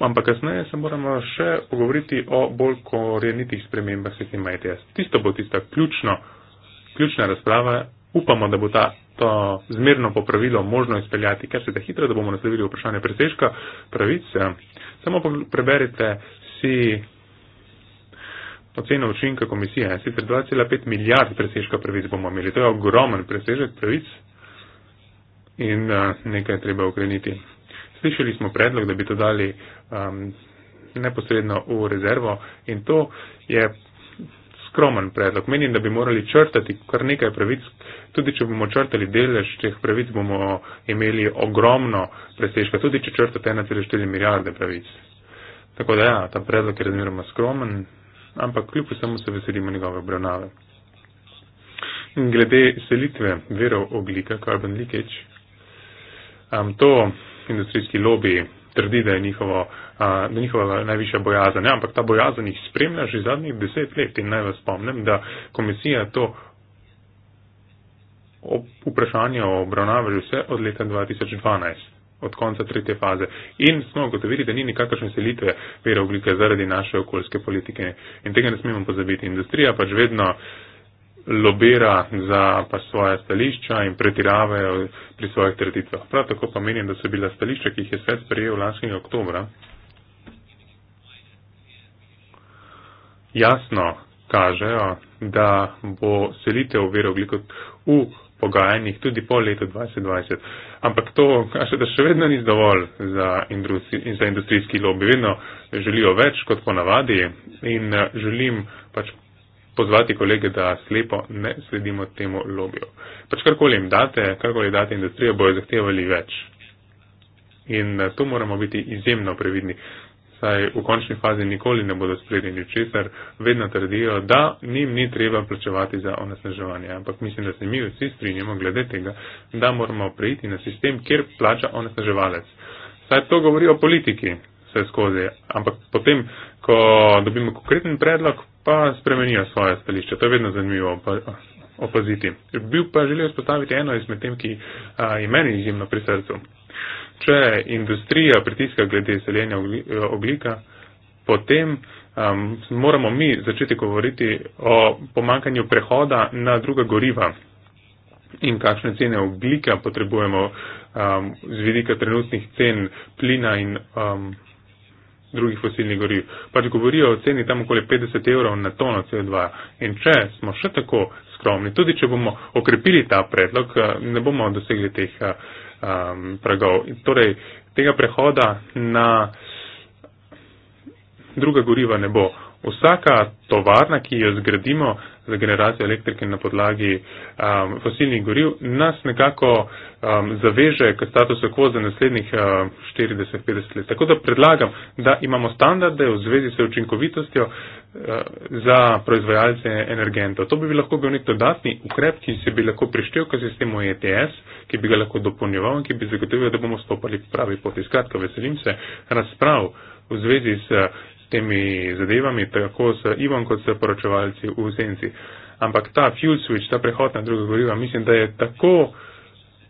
ampak kasneje se moramo še pogovoriti o bolj korenitih spremembah sistema ETS. Tisto bo tista ključno, ključna razprava. Upamo, da bo ta, to zmerno popravilo možno izpeljati, ker se da hitro, da bomo naslovili vprašanje presežka pravice. Samo preberite si. Ocena učinka komisije je ja, sicer 2,5 milijard presežka pravic bomo imeli. To je ogromen presežek pravic in uh, nekaj je treba ukreniti. Slišali smo predlog, da bi to dali um, neposredno v rezervo in to je skromen predlog. Menim, da bi morali črtati kar nekaj pravic. Tudi če bomo črtali delež teh pravic, bomo imeli ogromno presežka, tudi če črtate 1,4 milijarde pravic. Tako da ja, ta predlog je razmeroma skromen ampak kljub vsemu se veselimo njegove obravnave. Glede selitve verov oglika, carbon leakage, um, to industrijski lobi trdi, da je njihovo, uh, da njihova najvišja bojazen, ja, ampak ta bojazen jih spremlja že zadnjih deset let in naj vas spomnim, da komisija to ob vprašanje o obravnavi že vse od leta 2012 od konca tretje faze. In smo ugotovili, da ni nikakršne selitve vere oglika zaradi naše okoljske politike. In tega ne smemo pozabiti. Industrija pač vedno lobira za pa svoja stališča in pretiravajo pri svojih trditvah. Prav tako pa menim, da so bila stališča, ki jih je svet sprejel lanskega oktobra, jasno kažejo, da bo selitev vero oglika v pogajanjih tudi po letu 2020. Ampak to kaže, da še vedno ni dovolj za, industri, za industrijski lobby. Vedno želijo več kot ponavadi in eh, želim pač pozvati kolege, da slepo ne sledimo temu lobiju. Pač karkoli jim date, karkoli date industrijo, bojo zahtevali več. In eh, tu moramo biti izjemno previdni saj v končni fazi nikoli ne bodo sprejeli ničesar, vedno trdijo, da njim ni treba plačevati za onesnaževanje. Ampak mislim, da se mi vsi strinjamo glede tega, da moramo prejiti na sistem, kjer plača onesnaževalec. Saj to govori o politiki vse skozi, ampak potem, ko dobimo konkreten predlog, pa spremenijo svoje stališče. To je vedno zanimivo. Pa, opaziti. Bil pa želel izpostaviti eno izmed tem, ki a, je meni izjemno pri srcu če industrija pritiska glede izseljenja oglika, potem um, moramo mi začeti govoriti o pomankanju prehoda na druga goriva in kakšne cene oglika potrebujemo um, z vidika trenutnih cen plina in um, drugih fosilnih goriv. Pač govorijo o ceni tam okoli 50 evrov na tono CO2 in če smo še tako skromni, tudi če bomo okrepili ta predlog, uh, ne bomo dosegli teh. Uh, um, pragov. In torej, tega prehoda na druga goriva ne bo. Vsaka tovarna, ki jo zgradimo za generacijo elektrike na podlagi um, fosilnih goriv, nas nekako um, zaveže k statusu quo za naslednjih uh, um, 40-50 let. Tako da predlagam, da imamo standarde v zvezi s učinkovitostjo uh, Eh, za proizvajalce energentov. To bi lahko bil nek dodatni ukrep, ki se bi lahko prištel k sistemu ETS, ki bi ga lahko dopolnjeval in ki bi zagotovil, da bomo stopali pravi poti. Skratka, veselim se razprav v zvezi s temi zadevami, tako s Ivan kot s poročevalci v senci. Ampak ta fuel switch, ta prehod na druga goriva, mislim, da je tako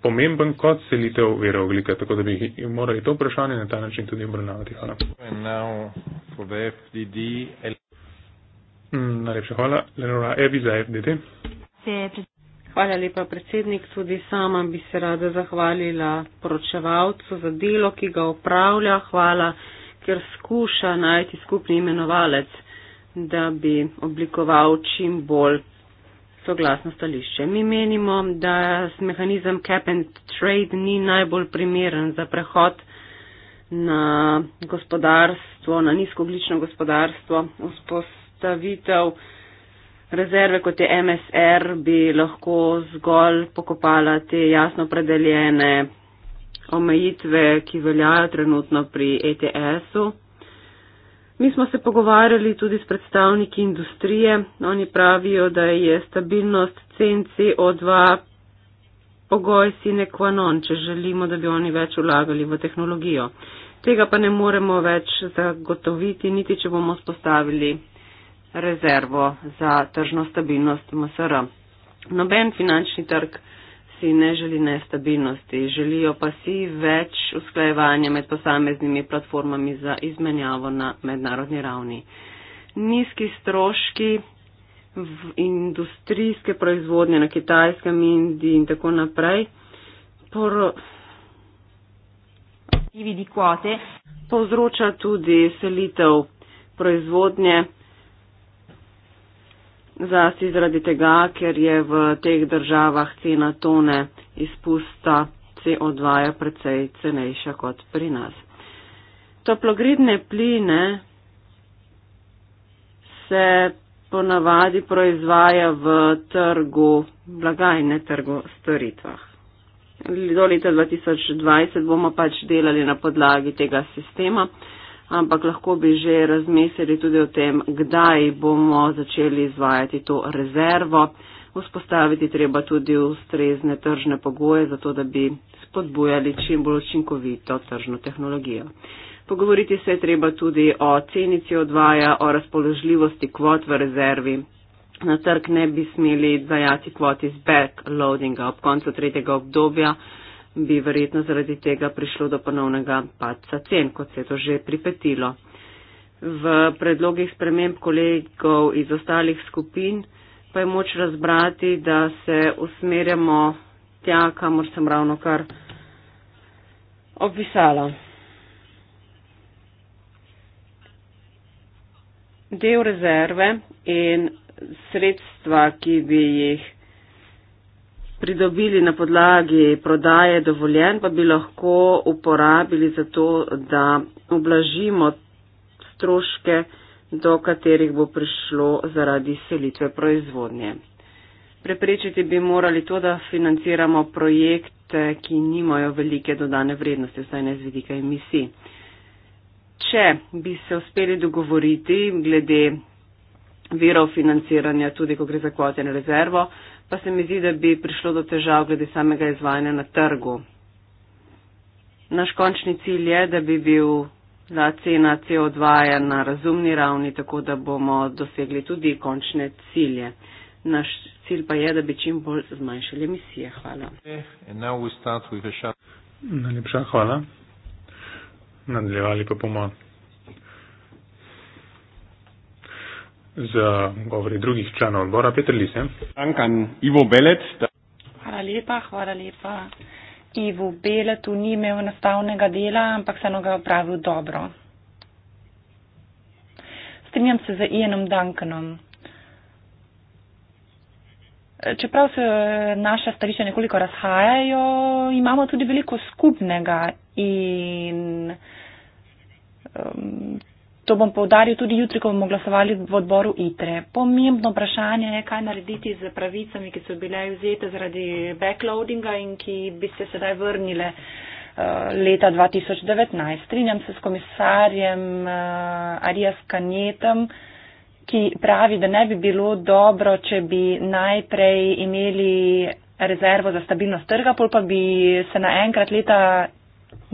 pomemben kot selitev vera oglika, tako da bi morali to vprašanje na ta način tudi obravnavati. Hvala. Mm, najlepša hvala. Lenora Evi za FDD. Hvala lepa, predsednik. Tudi sama bi se rada zahvalila poročevalcu za delo, ki ga upravlja. Hvala, ker skuša najti skupni imenovalec, da bi oblikoval čim bolj soglasno stališče. Mi menimo, da mehanizem cap and trade ni najbolj primeren za prehod na gospodarstvo, na nizkoglično gospodarstvo. Uspos predstavitev rezerve kot je MSR bi lahko zgolj pokopala te jasno predeljene omejitve, ki veljajo trenutno pri ETS-u. Mi smo se pogovarjali tudi s predstavniki industrije. Oni pravijo, da je stabilnost cen CO2 pogoj sine qua non, če želimo, da bi oni več vlagali v tehnologijo. Tega pa ne moremo več zagotoviti, niti če bomo spostavili rezervo za tržno stabilnost MSR. Noben finančni trg si ne želi nestabilnosti, želijo pa si več usklajevanja med posameznimi platformami za izmenjavo na mednarodni ravni. Nizki stroški industrijske proizvodnje na kitajskem, Indiji in tako naprej por... povzroča tudi selitev proizvodnje zlasti zaradi tega, ker je v teh državah cena tone izpusta CO2 precej cenejša kot pri nas. Toplogridne pline se ponavadi proizvaja v trgu blagajne, trgu storitvah. Do leta 2020 bomo pač delali na podlagi tega sistema ampak lahko bi že razmislili tudi o tem, kdaj bomo začeli izvajati to rezervo. Vzpostaviti treba tudi ustrezne tržne pogoje, zato da bi spodbujali čim bolj učinkovito tržno tehnologijo. Pogovoriti se je treba tudi o cenici odvaja, o razpoložljivosti kvot v rezervi. Na trg ne bi smeli dajati kvoti z backloadinga ob koncu tretjega obdobja, bi verjetno zaradi tega prišlo do ponovnega padca cen, kot se je to že pripetilo. V predlogih sprememb kolegov iz ostalih skupin pa je moč razbrati, da se usmerjamo tja, kamor sem ravno kar opisala. Del rezerve in sredstva, ki bi jih pridobili na podlagi prodaje dovoljen, pa bi lahko uporabili za to, da oblažimo stroške, do katerih bo prišlo zaradi selitve proizvodnje. Preprečiti bi morali to, da financiramo projekte, ki nimajo velike dodane vrednosti, vsaj ne z vidika emisij. Če bi se uspeli dogovoriti glede virov financiranja, tudi ko gre za kvoten rezervo, pa se mi zdi, da bi prišlo do težav glede samega izvajanja na trgu. Naš končni cilj je, da bi bil za cena CO2 na razumni ravni, tako da bomo dosegli tudi končne cilje. Naš cilj pa je, da bi čim bolj zmanjšali emisije. Hvala. Najlepša hvala. Nadaljevali pa bomo z govori drugih članov odbora, Petr Lisem. Dankan Ivo Belec. Da. Hvala lepa, hvala lepa. Ivo Beletu ni imel nastavnega dela, ampak se ga je opravil dobro. Strinjam se z Ianom Dankanom. Čeprav se naša stališča nekoliko razhajajo, imamo tudi veliko skupnega in um, To bom povdaril tudi jutri, ko bomo glasovali v odboru ITRE. Pomembno vprašanje je, kaj narediti z pravicami, ki so bile vzete zaradi backloadinga in ki bi se sedaj vrnile eh, leta 2019. Strinjam se s komisarjem eh, Arias Kanjetem, ki pravi, da ne bi bilo dobro, če bi najprej imeli rezervo za stabilnost trga, pol pa bi se naenkrat leta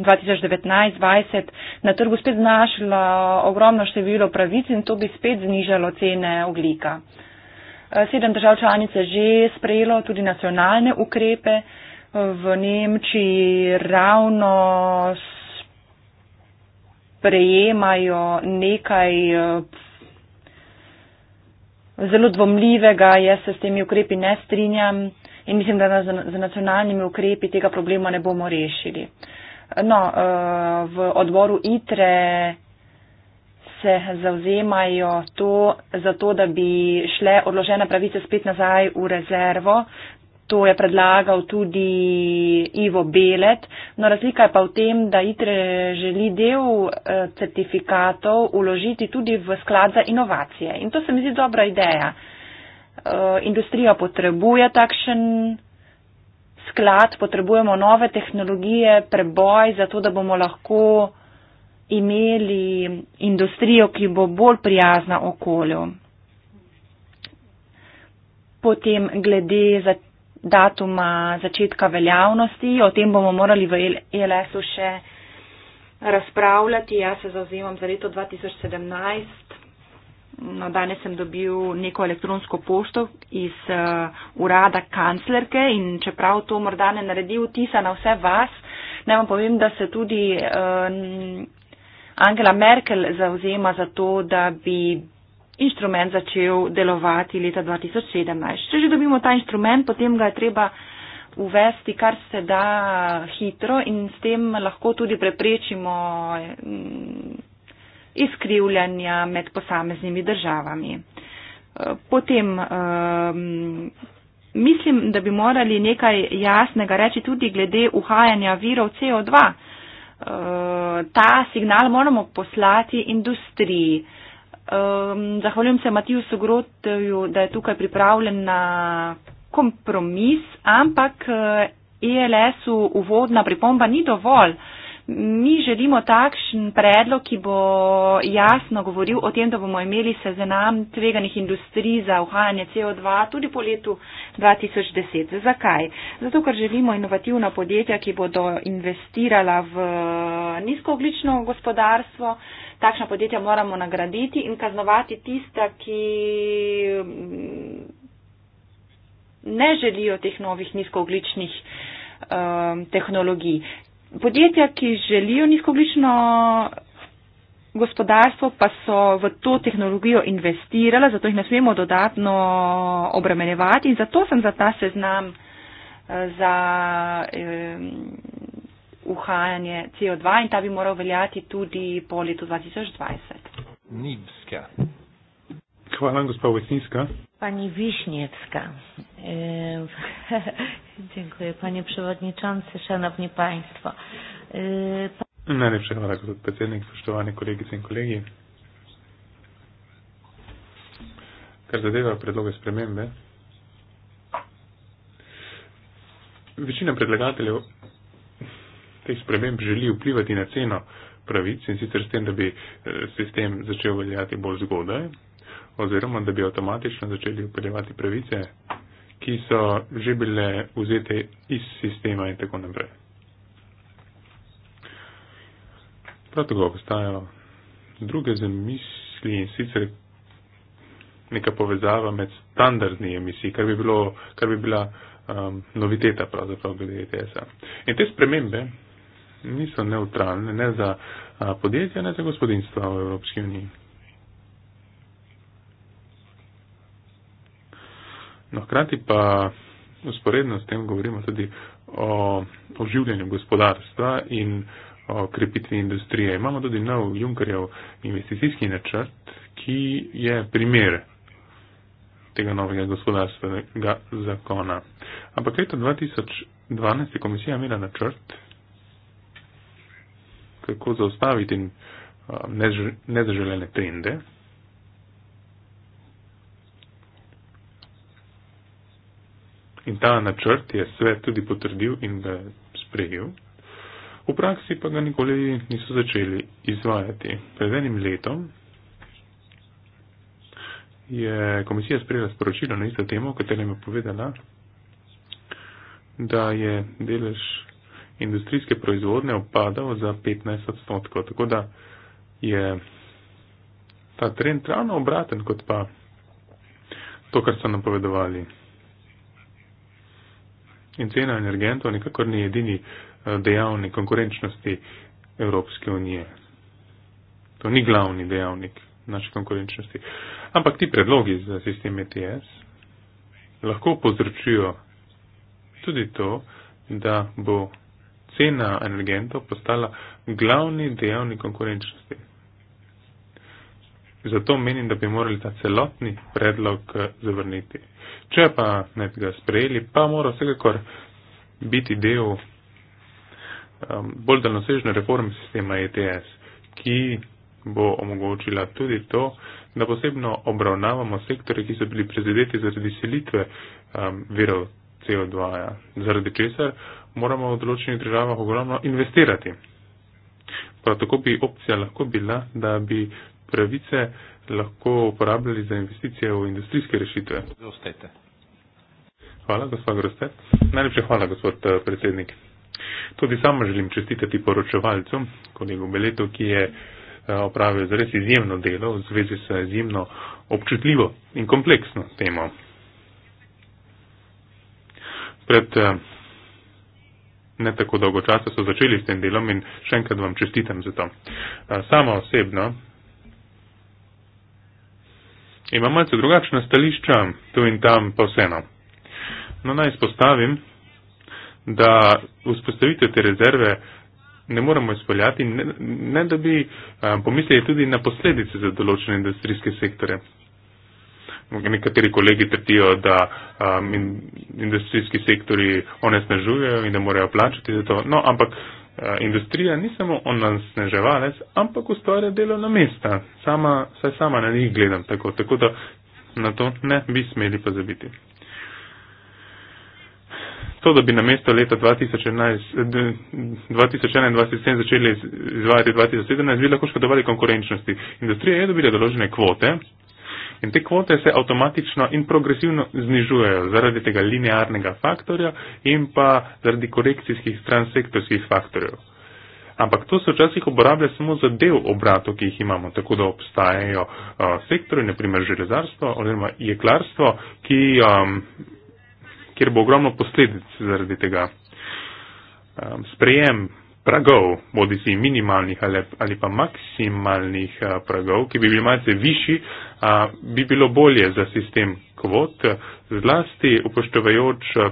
2019-2020 na trgu spet znašla ogromno število pravic in to bi spet znižalo cene oglika. Eh, sedem držav članic je že sprejelo tudi nacionalne ukrepe. V Nemčiji ravno sprejemajo nekaj eh, zelo dvomljivega. Jaz se s temi ukrepi ne strinjam in mislim, da z nacionalnimi ukrepi tega problema ne bomo rešili. No, eh, v odboru ITRE se zauzemajo to, zato, da bi šle odložene pravice spet nazaj v rezervo. To je predlagal tudi Ivo Belet. No, razlika je pa v tem, da ITRE želi del eh, certifikatov uložiti tudi v sklad za inovacije. In to se mi zdi dobra ideja. Eh, industrija potrebuje takšen sklad, potrebujemo nove tehnologije, preboj, zato da bomo lahko imeli industrijo, ki bo bolj prijazna okolju. Potem glede za datuma začetka veljavnosti, o tem bomo morali v ELS-u še razpravljati. Jaz se zauzemam za leto 2017 no, danes sem dobil neko elektronsko pošto iz uh, urada kanclerke in čeprav to morda ne naredi vtisa na vse vas, naj vam povem, da se tudi uh, Angela Merkel zauzema za to, da bi inštrument začel delovati leta 2017. Če že dobimo ta inštrument, potem ga je treba uvesti kar se da hitro in s tem lahko tudi preprečimo. Uh, izkrivljanja med posameznimi državami. Eh, potem ehm, mislim, da bi morali nekaj jasnega reči tudi glede uhajanja virov CO2. Eh, ta signal moramo poslati industriji. Ehm, zahvaljujem se Matiju Sogrotju, da je tukaj pripravljen na kompromis, ampak ELS-u eh, e uvodna pripomba ni dovolj. Mi želimo takšen predlog, ki bo jasno govoril o tem, da bomo imeli seznam tveganih industrij za uhajanje CO2 tudi po letu 2010. Zakaj? Zato, ker želimo inovativna podjetja, ki bodo investirala v nizkooglično gospodarstvo. Takšna podjetja moramo nagraditi in kaznovati tista, ki mm, ne želijo teh novih nizkoogličnih eh, tehnologij podjetja, ki želijo nizkoglično gospodarstvo, pa so v to tehnologijo investirala, zato jih ne smemo dodatno obremenjevati in zato sem za ta seznam eh, za eh, uhajanje CO2 in ta bi moral veljati tudi po letu 2020. Nibska. Hvala, gospod Vesinska. Pani Wiśniewska. Dziękuję Panie Przewodniczący, Szanowni Państwo. E, Najlepszego raku specjalnych, poszczególne kolegi i kolegi. Kar zadeva predloge spremembe, večina predlagateljev teh sprememb želi vplivati na ceno pravic in sicer s tem, da bi eh, sistem začel veljati bolj zgodaj, oziroma da bi avtomatično začeli upeljevati pravice, ki so že bile vzete iz sistema in tako naprej. Prav tako obstajajo druge zamisli in sicer neka povezava med standardni emisiji, kar bi, bilo, kar bi bila um, noviteta pravzaprav glede ETS-a. In te spremembe niso neutralne ne za a, podjetja, ne za gospodinstva v Evropski uniji. No, hkrati pa usporedno s tem govorimo tudi o oživljanju gospodarstva in o krepitvi industrije. Imamo tudi nov Junkerjev investicijski načrt, ki je primer tega novega gospodarstvenega zakona. Ampak leta 2012 je komisija imela načrt, kako zaustaviti eh, nezaželene trende, in ta načrt je svet tudi potrdil in ga sprejel, v praksi pa ga nikoli niso začeli izvajati. Pred enim letom je komisija sprejela sporočilo na isto temo, katero je povedala, da je delež industrijske proizvodnje opadal za 15 odstotkov. Tako da je ta trend ravno obraten kot pa to, kar so napovedovali. In cena energentov nikakor ni edini eh, dejavnik konkurenčnosti Evropske unije. To ni glavni dejavnik naše konkurenčnosti. Ampak ti predlogi za sistem ETS lahko povzročijo tudi to, da bo cena energentov postala glavni dejavnik konkurenčnosti. Zato menim, da bi morali ta celotni predlog eh, zavrniti. Če pa ne bi ga sprejeli, pa mora vsekakor biti del um, bolj daljnosežne reforme sistema ETS, ki bo omogočila tudi to, da posebno obravnavamo sektore, ki so bili prizadeti zaradi selitve um, virov CO2, -ja. zaradi česar moramo v določenih državah ogromno investirati. Prav tako bi opcija lahko bila, da bi pravice lahko uporabljali za investicije v industrijske rešitve. Zostajte. Hvala, gospod Grostet. Eh, Najlepše hvala, gospod predsednik. Tudi sama želim čestitati poročevalcu, kolegu Beletu, ki je eh, opravil zres izjemno delo v zvezi s izjemno občutljivo in kompleksno temo. Pred eh, ne tako dolgo časa so začeli s tem delom in še enkrat vam čestitam za to. Sama osebno ima malce drugačna stališča tu in tam pa vseeno. No naj spostavim, da vzpostavitev te rezerve ne moremo izpoljati, ne, ne da bi um, pomislili tudi na posledice za določene industrijske sektore. Nekateri kolegi trdijo, da um, in, industrijski sektori onesnažujejo in da morajo plačati za to. No, ampak industrija ni samo onesneževalec, ampak ustvarja delovna mesta. Sama, saj sama na njih gledam tako, tako da na to ne bi smeli pozabiti. To, da bi na mesto leta 2011-2017 začeli izvajati 2017, bi lahko škodovali konkurenčnosti. Industrija je dobila določene kvote, In te kvote se avtomatično in progresivno znižujejo zaradi tega linearnega faktorja in pa zaradi korekcijskih transektorskih faktorjev. Ampak to se včasih uporablja samo za del obratov, ki jih imamo, tako da obstajajo uh, sektori, naprimer železarstvo oziroma jeklarstvo, ki, um, kjer bo ogromno posledic zaradi tega um, sprejem pragov, bodi si minimalnih ali, ali pa maksimalnih uh, pragov, ki bi bili malce višji, uh, a, bi bilo bolje za sistem kvot, zlasti upoštevajoč eh,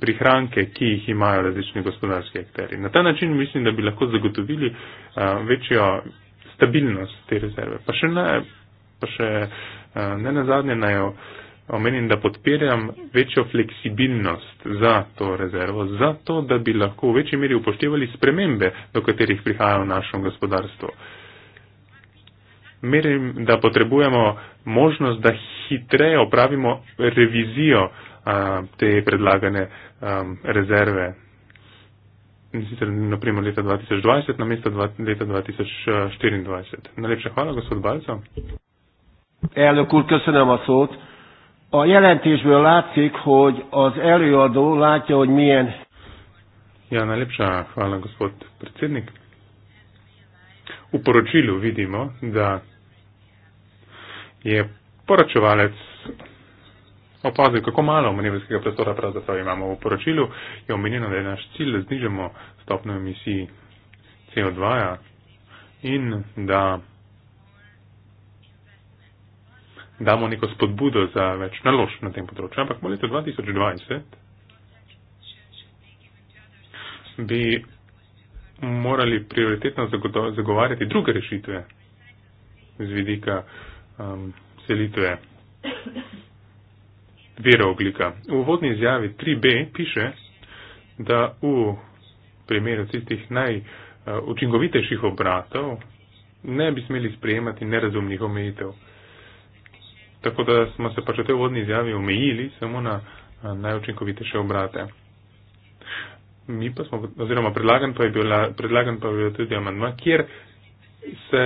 prihranke, ki jih imajo različni gospodarski akteri. Na ta način mislim, da bi lahko zagotovili a, eh, večjo stabilnost te rezerve. Pa še ne, pa še a, eh, ne nazadnje naj omenim, da podpiram večjo fleksibilnost za to rezervo, za to, da bi lahko v večji meri upoštevali spremembe, do katerih prihaja v našem gospodarstvu merim, da potrebujemo možnost, da hitreje opravimo revizijo a, te predlagane a, rezerve. In sicer, naprimer, leta 2020 na mesto dva, leta 2024. Najlepša hvala, gospod Balco. Elnök úr, köszönöm a szót. A jelentésből látszik, hogy az előadó látja, hogy milyen. Ja, najlepša hvala, gospod predsednik. V poročilu vidimo, da je poročevalec opazil, kako malo manevrskega prostora pravzaprav imamo. V poročilu je omenjeno, da je naš cilj, da znižamo stopno emisij CO2 -ja in da damo neko spodbudo za več naložb na tem področju. Ampak v letu 2020 bi morali prioritetno zagovarjati druge rešitve z vidika um, selitve vira oglika. V uvodni izjavi 3b piše, da v primeru tistih najučinkovitejših uh, obratov ne bi smeli sprejemati nerazumnih omejitev. Tako da smo se pač v tej uvodni izjavi omejili samo na uh, najučinkovitejše obrate. Mi pa smo, oziroma predlagan pa je bil, predlagan pa je bil tudi amandma, kjer se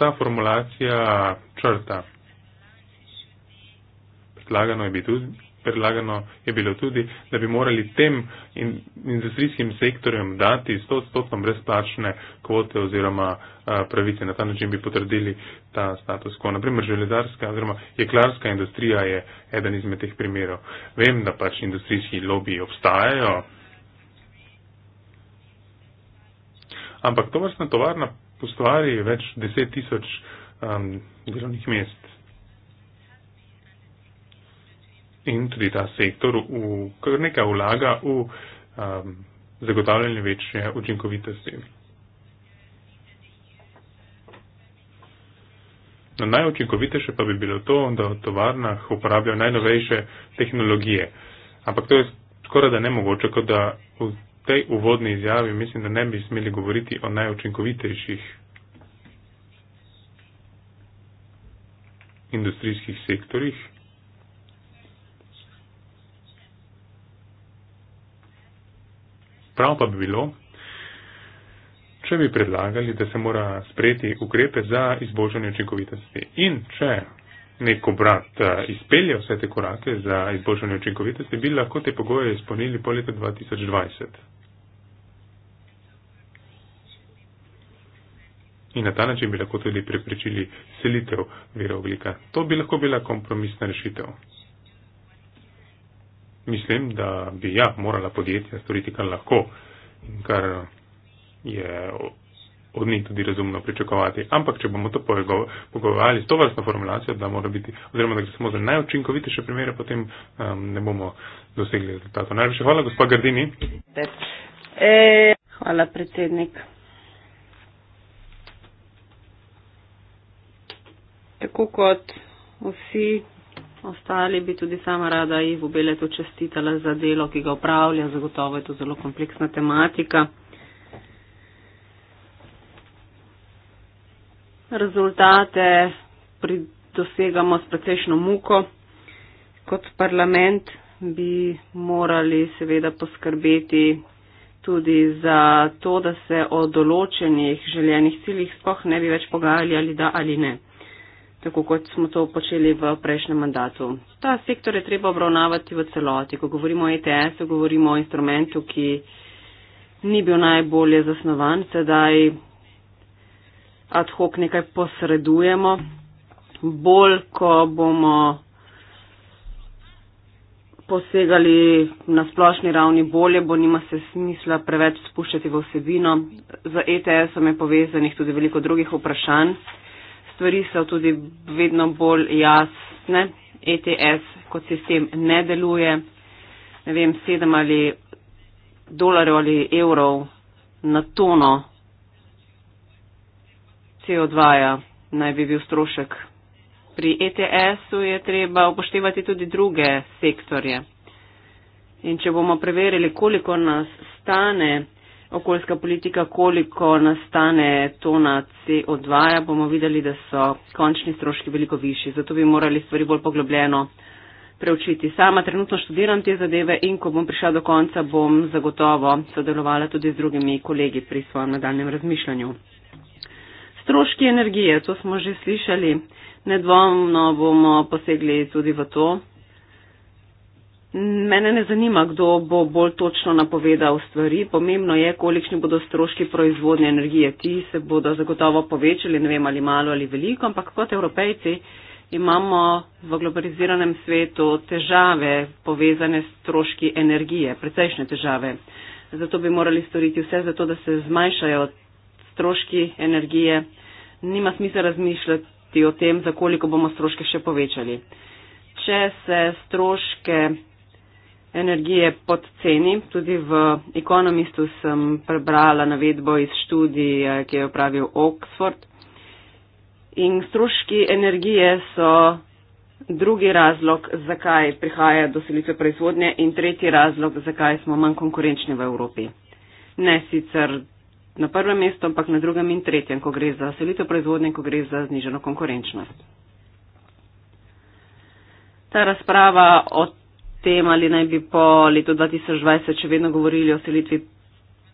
ta formulacija črta. Predlagano je, bi tudi, predlagano je bilo tudi, da bi morali tem in, industrijskim sektorjem dati 100-stotno brezplačne kvote oziroma a, eh, pravice. Na ta način bi potrdili ta status quo. Naprimer, železarska oziroma jeklarska industrija je eden izmed teh primerov. Vem, da pač industrijski lobiji obstajajo. Ampak to vrstna tovarna ustvari več deset tisoč um, delovnih mest. In tudi ta sektor v, kar nekaj vlaga v um, zagotavljanje večje učinkovitosti. No, najučinkovitejše pa bi bilo to, da v tovarnah uporabljajo najnovejše tehnologije. Ampak to je skoraj da nemogoče, kot da v tej uvodni izjavi mislim, da ne bi smeli govoriti o najučinkovitejših industrijskih sektorjih. Prav pa bi bilo, če bi predlagali, da se mora sprejeti ukrepe za izboljšanje učinkovitosti. In če nek obrat eh, izpelje vse te korake za izboljšanje učinkovitosti, bi lahko te pogoje izpolnili po letu 2020. in na ta način bi lahko tudi preprečili selitev viroglika. To bi lahko bila kompromisna rešitev. Mislim, da bi ja morala podjetja storiti, kar lahko in kar je od njih tudi razumno pričakovati. Ampak, če bomo to pogovarjali s to vrstno formulacijo, da mora biti, oziroma da gre samo za najučinkovitejše primere, potem um, ne bomo dosegli rezultatov. Najlepše hvala, gospod Gardini. Eh. Hvala, predsednik. tako kot vsi ostali bi tudi sama rada Ivo Beletu čestitala za delo, ki ga upravlja. Zagotovo je to zelo kompleksna tematika. Rezultate dosegamo s precejšno muko. Kot parlament bi morali seveda poskrbeti tudi za to, da se o določenih željenih ciljih spoh ne bi več pogajali ali da ali ne tako kot smo to počeli v prejšnjem mandatu. Ta sektor je treba obravnavati v celoti. Ko govorimo o ETS-u, govorimo o instrumentu, ki ni bil najbolje zasnovan, sedaj ad hoc nekaj posredujemo, bolj ko bomo posegali na splošni ravni bolje, bo nima se smisla preveč spuščati v vsebino. Za ETS-om je povezanih tudi veliko drugih vprašanj stvari so tudi vedno bolj jasne. ETS kot sistem ne deluje. Ne vem, sedem ali dolarjev ali evrov na tono CO2 ja, naj bi bil strošek. Pri ETS-u je treba upoštevati tudi druge sektorje. In če bomo preverili, koliko nas stane okoljska politika, koliko nastane tona CO2, ja, bomo videli, da so končni stroški veliko višji. Zato bi morali stvari bolj poglobljeno preučiti. Sama trenutno študiram te zadeve in ko bom prišla do konca, bom zagotovo sodelovala tudi z drugimi kolegi pri svojem nadaljem razmišljanju. Stroški energije, to smo že slišali, nedvomno bomo posegli tudi v to. Mene ne zanima, kdo bo bolj točno napovedal stvari. Pomembno je, kolikšni bodo stroški proizvodnje energije. Ti se bodo zagotovo povečali, ne vem ali malo ali veliko, ampak kot evropejci imamo v globaliziranem svetu težave povezane s stroški energije, precejšnje težave. Zato bi morali storiti vse za to, da se zmanjšajo stroški energije. Nima smisla razmišljati o tem, za koliko bomo stroške še povečali. Če se stroške energije podceni. Tudi v Economistu sem prebrala navedbo iz študije, ki je opravil Oxford. In stroški energije so drugi razlog, zakaj prihaja do selitve proizvodnje in tretji razlog, zakaj smo manj konkurenčni v Evropi. Ne sicer na prvem mestu, ampak na drugem in tretjem, ko gre za selitev proizvodnje, ko gre za zniženo konkurenčnost. Ta razprava o tem, ali naj bi po letu 2020 še vedno govorili o selitvi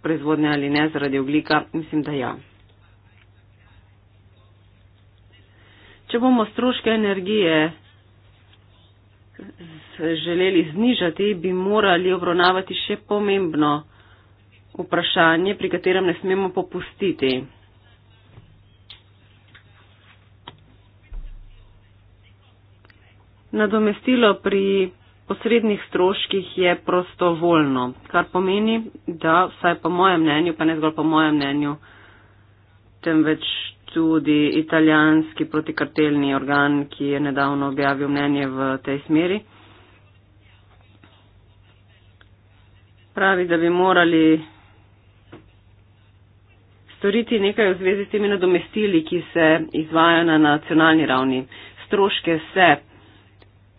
proizvodnje ali ne zaradi oglika, mislim, da ja. Če bomo stroške energije želeli znižati, bi morali obravnavati še pomembno vprašanje, pri katerem ne smemo popustiti. Nadomestilo pri osrednjih stroških je prostovoljno, kar pomeni, da vsaj po mojem mnenju, pa ne zgolj po mojem mnenju, temveč tudi italijanski protikartelni organ, ki je nedavno objavil mnenje v tej smeri, pravi, da bi morali storiti nekaj v zvezi s temi nadomestili, ki se izvajajo na nacionalni ravni. Stroške se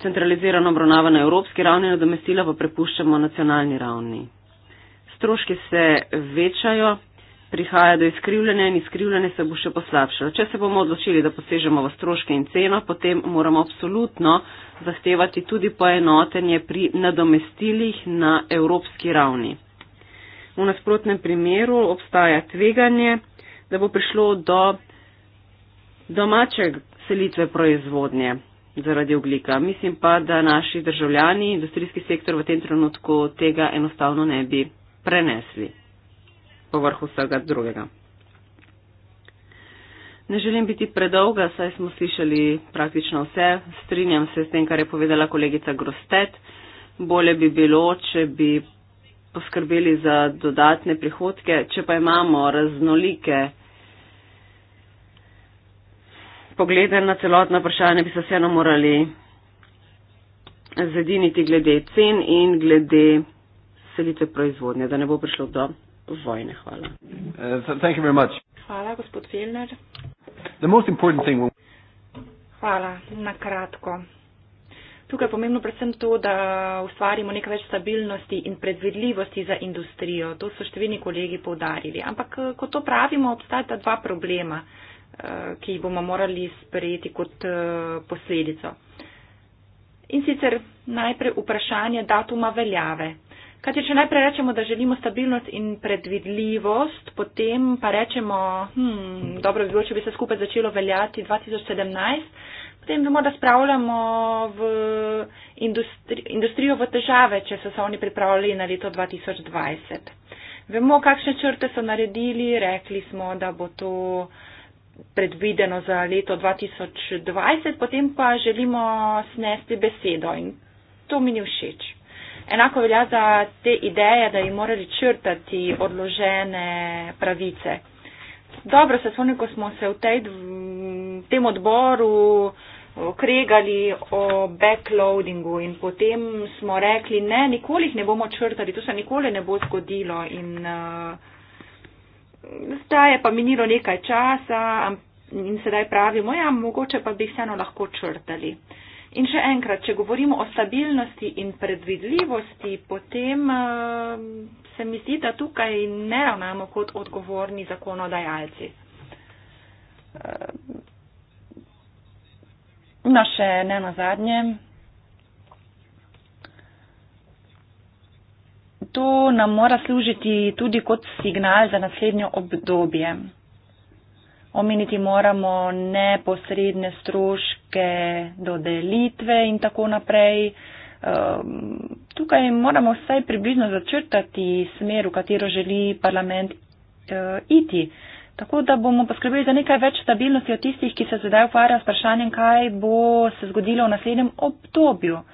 centralizirana obravnava na evropski ravni, nadomestila pa prepuščamo nacionalni ravni. Stroški se večajo, prihaja do izkrivljene in izkrivljene se bo še poslabšalo. Če se bomo odločili, da posežemo v stroške in ceno, potem moramo absolutno zahtevati tudi poenotenje pri nadomestilih na evropski ravni. V nasprotnem primeru obstaja tveganje, da bo prišlo do domačeg selitve proizvodnje zaradi oglika. Mislim pa, da naši državljani, industrijski sektor v tem trenutku tega enostavno ne bi prenesli povrhu vsega drugega. Ne želim biti predolga, saj smo slišali praktično vse. Strinjam se s tem, kar je povedala kolegica Grostet. Bolje bi bilo, če bi poskrbeli za dodatne prihodke, če pa imamo raznolike poglede na celotno vprašanje bi se vseeno morali zediniti glede cen in glede selitve proizvodnje, da ne bo prišlo do vojne. Hvala. Uh, Hvala, gospod Filner. Thing... Hvala, na kratko. Tukaj je pomembno predvsem to, da ustvarimo nekaj več stabilnosti in predvidljivosti za industrijo. To so številni kolegi povdarili. Ampak, eh, ko to pravimo, obstajata dva problema. Eh, ki jih bomo morali sprejeti kot eh, posledico. In sicer najprej vprašanje datuma veljave. Kajti, če najprej rečemo, da želimo stabilnost in predvidljivost, potem pa rečemo, hm, dobro bi bilo, če bi se skupaj začelo veljati 2017, potem vemo, da spravljamo v industri, industrijo v težave, če so se oni pripravljali na leto 2020. Vemo, kakšne črte so naredili, rekli smo, da bo to predvideno za leto 2020, potem pa želimo snesti besedo in to mi ni všeč. Enako velja za te ideje, da bi morali črtati odložene pravice. Dobro se spomnim, ko smo se v tej, tem odboru okregali o backloadingu in potem smo rekli, ne, nikoli jih ne bomo črtali, to se nikoli ne bo zgodilo. In, uh, zdaj je pa minilo nekaj časa in sedaj pravimo, ja, mogoče pa bi vseeno lahko črtali. In še enkrat, če govorimo o stabilnosti in predvidljivosti, potem eh, se mi zdi, da tukaj ne ravnamo kot odgovorni zakonodajalci. Eh, na no, še ne na zadnjem. To nam mora služiti tudi kot signal za naslednjo obdobje. Omeniti moramo neposredne stroške dodelitve in tako naprej. Ehm, tukaj moramo vsaj približno začrtati smer, v katero želi parlament eh, iti. Tako da bomo poskrbeli za nekaj več stabilnosti od tistih, ki se zdaj ukvarjajo s vprašanjem, kaj bo se zgodilo v naslednjem obdobju. Uh,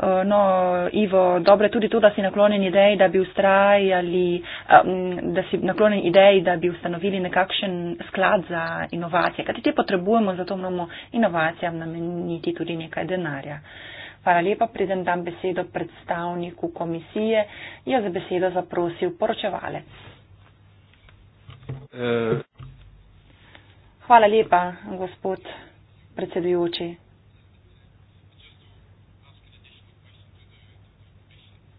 Eh, no, Ivo, dobro je tudi to, da si naklonjen ideji, da bi ustrajali, eh, da si naklonjen ideji, da bi ustanovili nekakšen sklad za inovacije. Kaj te potrebujemo, zato moramo inovacijam nameniti tudi nekaj denarja. Hvala lepa, preden dam besedo predstavniku komisije, je za besedo zaprosil poročevalec. Eh. Hvala lepa, gospod predsedujoči.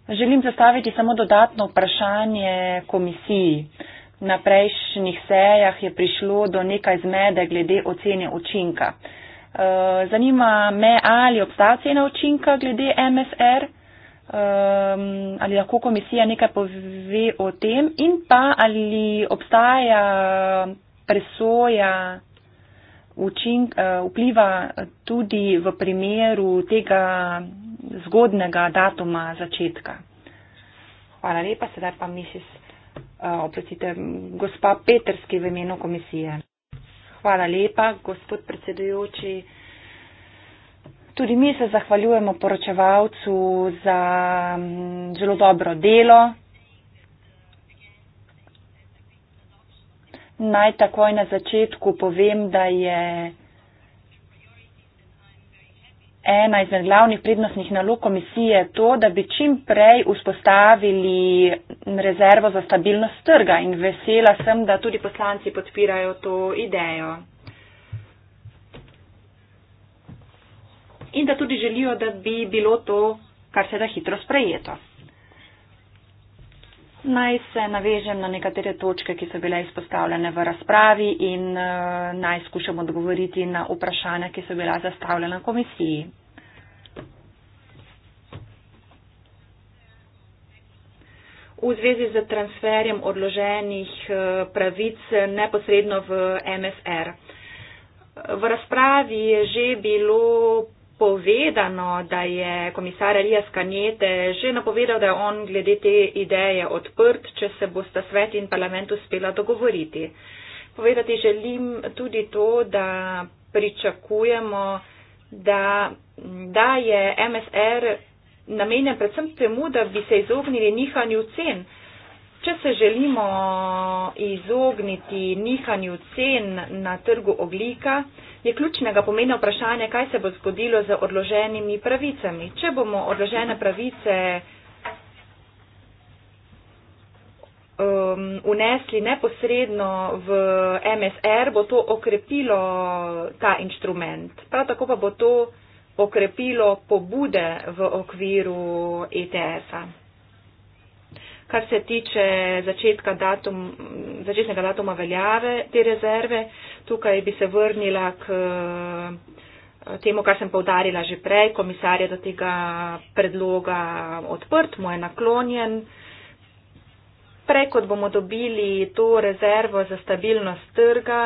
Želim zastaviti samo dodatno vprašanje komisiji. Na prejšnjih sejah je prišlo do nekaj zmede glede ocene učinka. E, zanima me, ali obstaja ocena učinka glede MSR, e, ali lahko komisija nekaj pove o tem in pa ali obstaja presoja učinka, e, vpliva tudi v primeru tega zgodnega datuma začetka. Hvala lepa, sedaj pa misis, eh, oprostite, gospa Peterski v imenu komisije. Hvala lepa, gospod predsedujoči. Tudi mi se zahvaljujemo poročevalcu za mm, zelo dobro delo. Naj takoj na začetku povem, da je ena izmed glavnih prednostnih nalog komisije to, da bi čim prej vzpostavili rezervo za stabilnost trga in vesela sem, da tudi poslanci podpirajo to idejo. In da tudi želijo, da bi bilo to kar se da hitro sprejeto. Naj se navežem na nekatere točke, ki so bile izpostavljene v razpravi in eh, naj skušam odgovoriti na vprašanja, ki so bila zastavljena komisiji. V zvezi z transferjem odloženih eh, pravic eh, neposredno v MSR. V razpravi je že bilo povedano, da je komisar Elias Kanete že napovedal, da je on glede te ideje odprt, če se bosta svet in parlament uspela dogovoriti. Povedati želim tudi to, da pričakujemo, da, da je MSR namenjen predvsem temu, da bi se izognili nihanju cen. Če se želimo izogniti nihanju cen na trgu oglika, je ključnega pomena vprašanje, kaj se bo zgodilo z odloženimi pravicami. Če bomo odložene pravice um, unesli neposredno v MSR, bo to okrepilo ta inštrument. Prav tako pa bo to okrepilo pobude v okviru ETS-a. Kar se tiče začetka datum, začetnega datuma veljave te rezerve, tukaj bi se vrnila k eh, temu, kar sem povdarila že prej. Komisar je do tega predloga odprt, mu je naklonjen. Prej, kot bomo dobili to rezervo za stabilnost trga,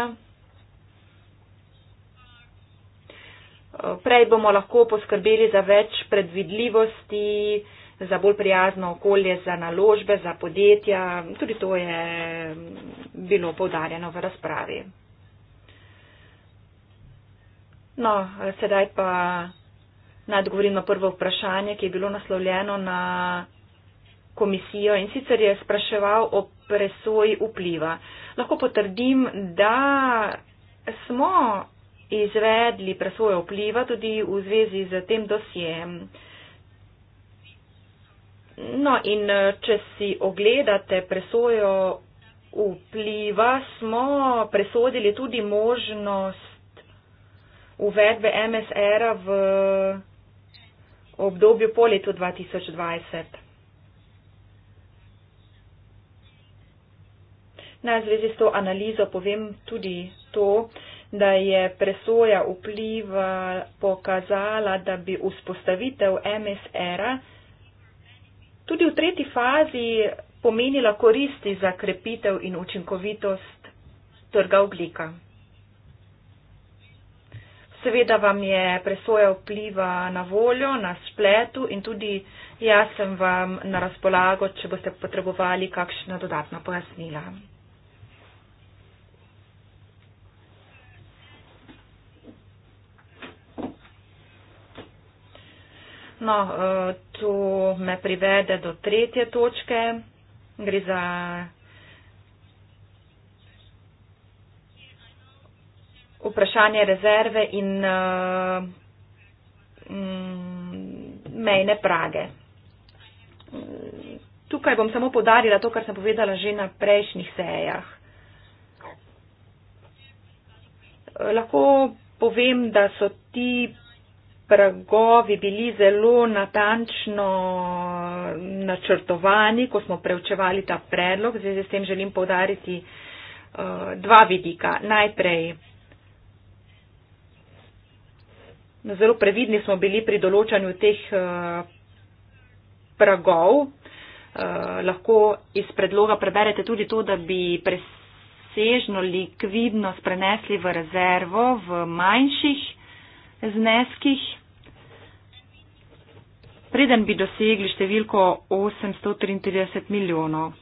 eh, prej bomo lahko poskrbeli za več predvidljivosti za bolj prijazno okolje, za naložbe, za podjetja. Tudi to je bilo povdarjeno v razpravi. No, sedaj pa naj odgovorim na prvo vprašanje, ki je bilo naslovljeno na komisijo in sicer je spraševal o presoji vpliva. Lahko potrdim, da smo izvedli presojo vpliva tudi v zvezi z tem dosjem. No in eh, če si ogledate presojo vpliva, smo presodili tudi možnost uvedbe MSR-a v obdobju po letu 2020. Na zvezi s to analizo povem tudi to, da je presoja vpliva pokazala, da bi vzpostavitev MSR-a Tudi v tretji fazi pomenila koristi za krepitev in učinkovitost trga oglika. Seveda vam je presoja vpliva na voljo, na spletu in tudi jaz sem vam na razpolago, če boste potrebovali kakšna dodatna pojasnila. No, e, to me privede do tretje točke. Gre za vprašanje rezerve in e, mejne prage. Tukaj bom samo podarila to, kar sem povedala že na prejšnjih sejah. Lahko povem, da so ti pragovi bili zelo natančno načrtovani, ko smo preučevali ta predlog. Zdaj s tem želim povdariti eh, dva vidika. Najprej, zelo previdni smo bili pri določanju teh eh, pragov. Eh, lahko iz predloga preberete tudi to, da bi presežno likvidnost prenesli v rezervo v manjših zneskih preden bi dosegli številko 833 milijonov.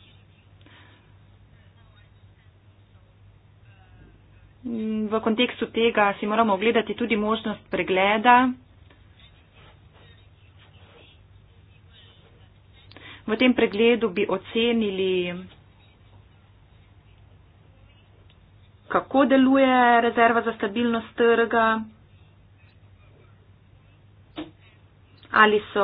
V kontekstu tega si moramo ogledati tudi možnost pregleda. V tem pregledu bi ocenili, kako deluje rezerva za stabilnost trga. ali so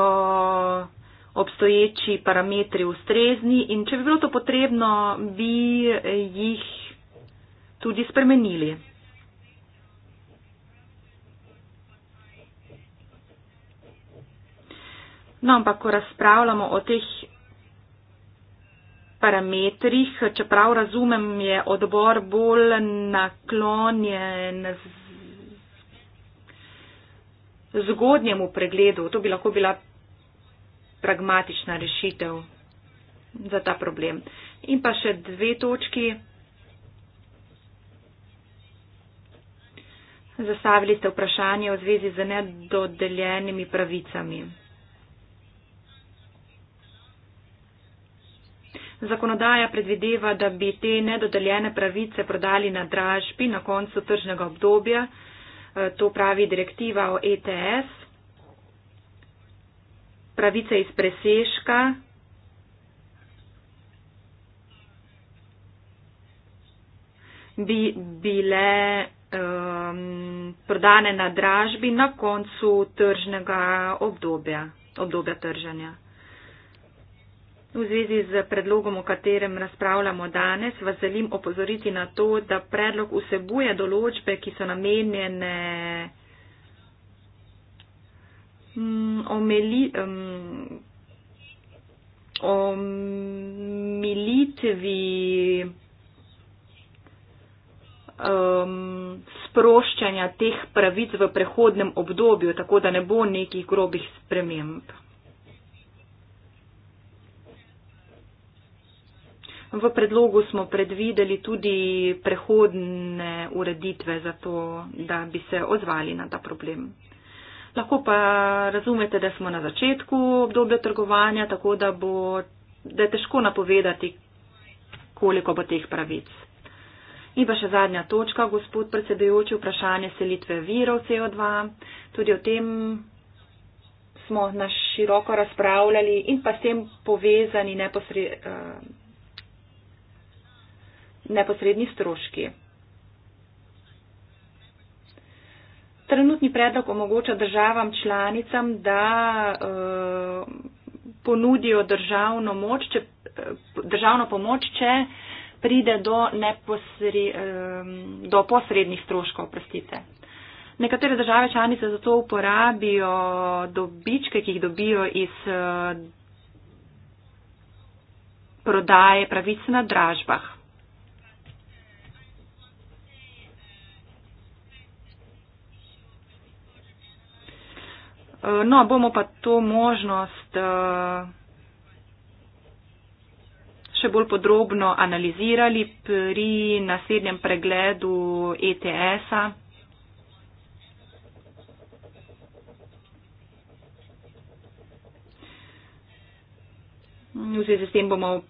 obstoječi parametri ustrezni in če bi bilo to potrebno, bi jih tudi spremenili. No, ampak ko razpravljamo o teh parametrih, čeprav razumem, je odbor bolj naklonjen z zgodnjemu pregledu. To bi lahko bila pragmatična rešitev za ta problem. In pa še dve točki. Zastavili ste vprašanje v zvezi z nedodeljenimi pravicami. Zakonodaja predvideva, da bi te nedodeljene pravice prodali na dražbi na koncu tržnega obdobja to pravi direktiva o ETS, pravice iz preseška. bi bile um, prodane na dražbi na koncu tržnega obdobja, obdobja trženja. V zvezi z predlogom, o katerem razpravljamo danes, vas želim opozoriti na to, da predlog vsebuje določbe, ki so namenjene mm, mm, omilitvi um, sproščanja teh pravic v prehodnem obdobju, tako da ne bo nekih grobih sprememb. V predlogu smo predvideli tudi prehodne ureditve za to, da bi se ozvali na ta problem. Lahko pa razumete, da smo na začetku obdobja trgovanja, tako da, bo, da je težko napovedati, koliko bo teh pravic. In pa še zadnja točka, gospod predsedujoči, vprašanje selitve virov CO2. Tudi o tem smo na široko razpravljali in pa s tem povezani neposredno. Uh, eh, neposredni stroški. Trenutni predlog omogoča državam članicam, da eh, ponudijo državno, moč, če, eh, državno pomoč, če pride do, neposri, eh, do posrednih stroškov. Prostite. Nekatere države članice zato uporabijo dobičke, ki jih dobijo iz prodaje pravic na dražbah. Eh, no, bomo pa to možnost eh, še bolj podrobno analizirali pri naslednjem pregledu ETS-a. V zvezi s tem bomo.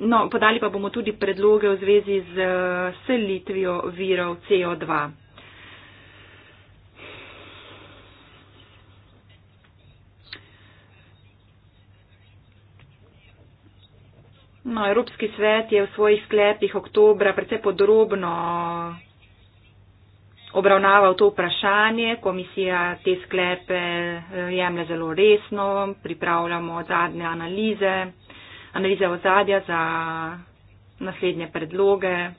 No, podali pa bomo tudi predloge v zvezi z selitvijo virov CO2. No, Evropski svet je v svojih sklepih oktobra predvsej podrobno obravnaval to vprašanje. Komisija te sklepe eh, jemlje zelo resno, pripravljamo zadnje analize, analize ozadja za naslednje predloge.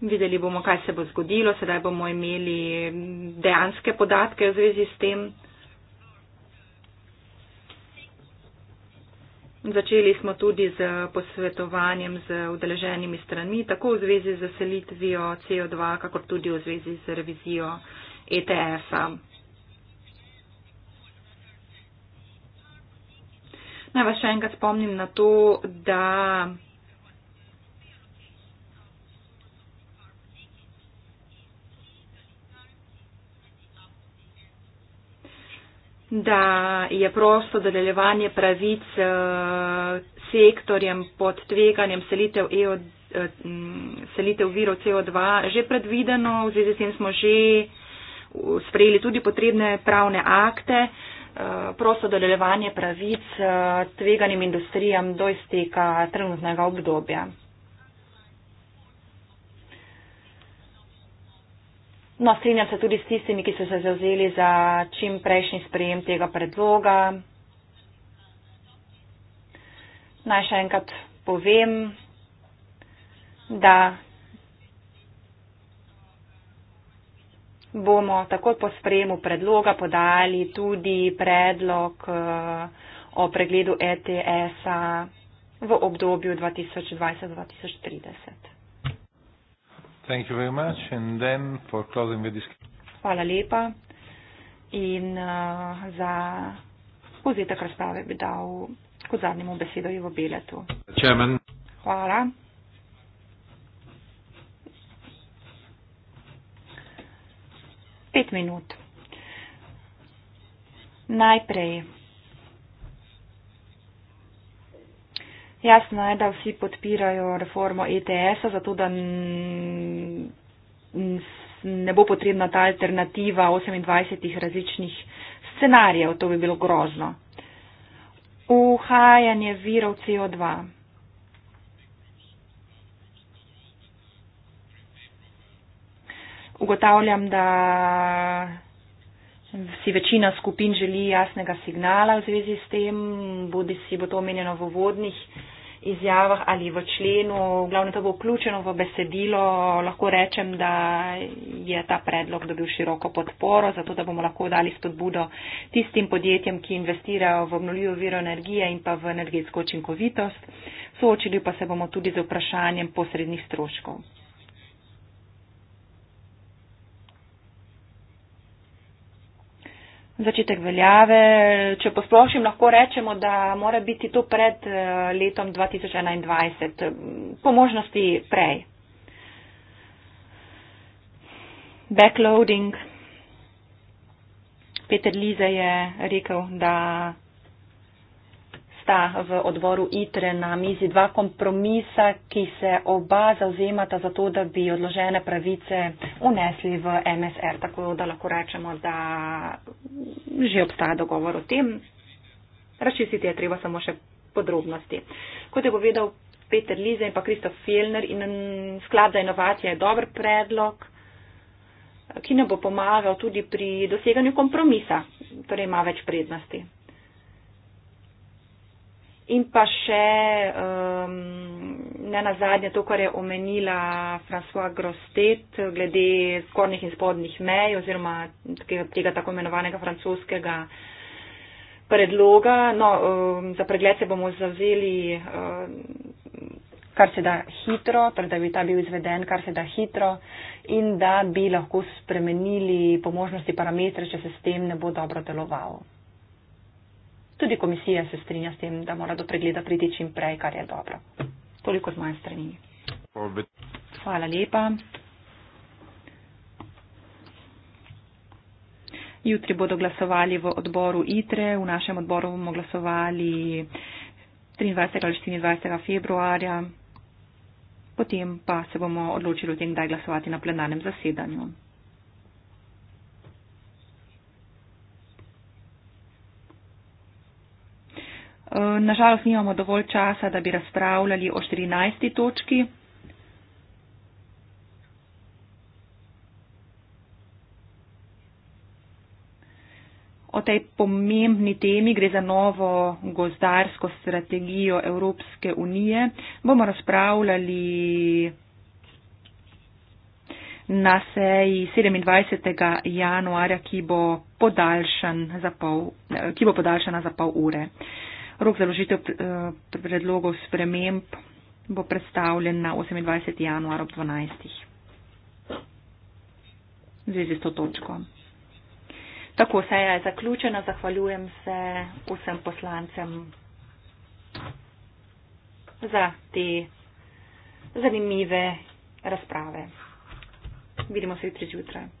Videli bomo, kaj se bo zgodilo, sedaj bomo imeli dejanske podatke v zvezi s tem. Začeli smo tudi z posvetovanjem z udeleženimi stranmi, tako v zvezi z selitvijo CO2, kakor tudi v zvezi z revizijo ETF-a. Naj vas še enkrat spomnim na to, da da je prosto dodeljevanje pravic eh, sektorjem pod tveganjem selitev, EO, eh, mm, selitev virov CO2 že predvideno. V zvezi s tem smo že sprejeli tudi potrebne pravne akte. Eh, prosto dodeljevanje pravic tveganim industrijam do izteka trenutnega obdobja. No, strinjam se tudi s tistimi, ki so se zauzeli za čim prejšnji sprejem tega predloga. Naj še enkrat povem, da bomo tako po sprejemu predloga podali tudi predlog eh, o pregledu ETS-a v obdobju 2020-2030. Thank you very much. Then for Hvala lepa. In uh, za povzetek razprave bi dal kot zadnjemu besedo Ivo Beletu. Chairman. Hvala. Pet minut. Najprej Jasno je, da vsi podpirajo reformo ETS-a, zato da ne bo potrebna ta alternativa 28 različnih scenarijev. To bi bilo grozno. Uhajanje virov CO2. Ugotavljam, da si večina skupin želi jasnega signala v zvezi s tem, bodi si bo to omenjeno v vodnih izjavah ali v členu, glavno to bo vključeno v besedilo, lahko rečem, da je ta predlog dobil široko podporo, zato da bomo lahko dali spodbudo tistim podjetjem, ki investirajo v obnoljivo viro energije in pa v energetsko učinkovitost, soočili pa se bomo tudi z vprašanjem posrednih stroškov. začetek veljave, če posplošim lahko rečemo, da mora biti to pred eh, letom 2021, po možnosti prej. Backloading. Peter Lize je rekel, da sta v odboru ITRE na mizi dva kompromisa, ki se oba zauzemata za to, da bi odložene pravice unesli v MSR. Tako da lahko rečemo, da že obstaja dogovor o tem. Razčistiti je treba samo še podrobnosti. Kot je povedal Peter Lize in pa Kristof Fjellner, in sklad za inovacije je dober predlog ki nam bo pomagal tudi pri doseganju kompromisa, torej ima več prednosti. In pa še um, ne na zadnje to, kar je omenila François Grostet glede zgornjih in spodnjih mej oziroma tega, tega tako imenovanega francoskega predloga. No, um, za pregled se bomo zavzeli um, kar se da hitro, torej da bi ta bil izveden kar se da hitro in da bi lahko spremenili po možnosti parametre, če se s tem ne bo dobro delovalo. Tudi komisija se strinja s tem, da mora do pregleda priti čim prej, kar je dobro. Toliko z moje strani. Hvala lepa. Jutri bodo glasovali v odboru ITRE. V našem odboru bomo glasovali 23. ali 24. februarja. Potem pa se bomo odločili o tem, kdaj glasovati na plenarnem zasedanju. Eh, Nažalost nimamo dovolj časa, da bi razpravljali o 14. točki. O tej pomembni temi gre za novo gozdarsko strategijo Evropske unije. Bomo razpravljali na seji 27. januarja, ki bo, za pol, eh, ki bo podaljšana za pol ure. Rok za ložitev eh, predlogov sprememb bo predstavljen na 28. januar ob 12. v zvezi s to točko. Tako, seja je zaključena. Zahvaljujem se vsem poslancem za te zanimive razprave. Vidimo se jutri zjutraj.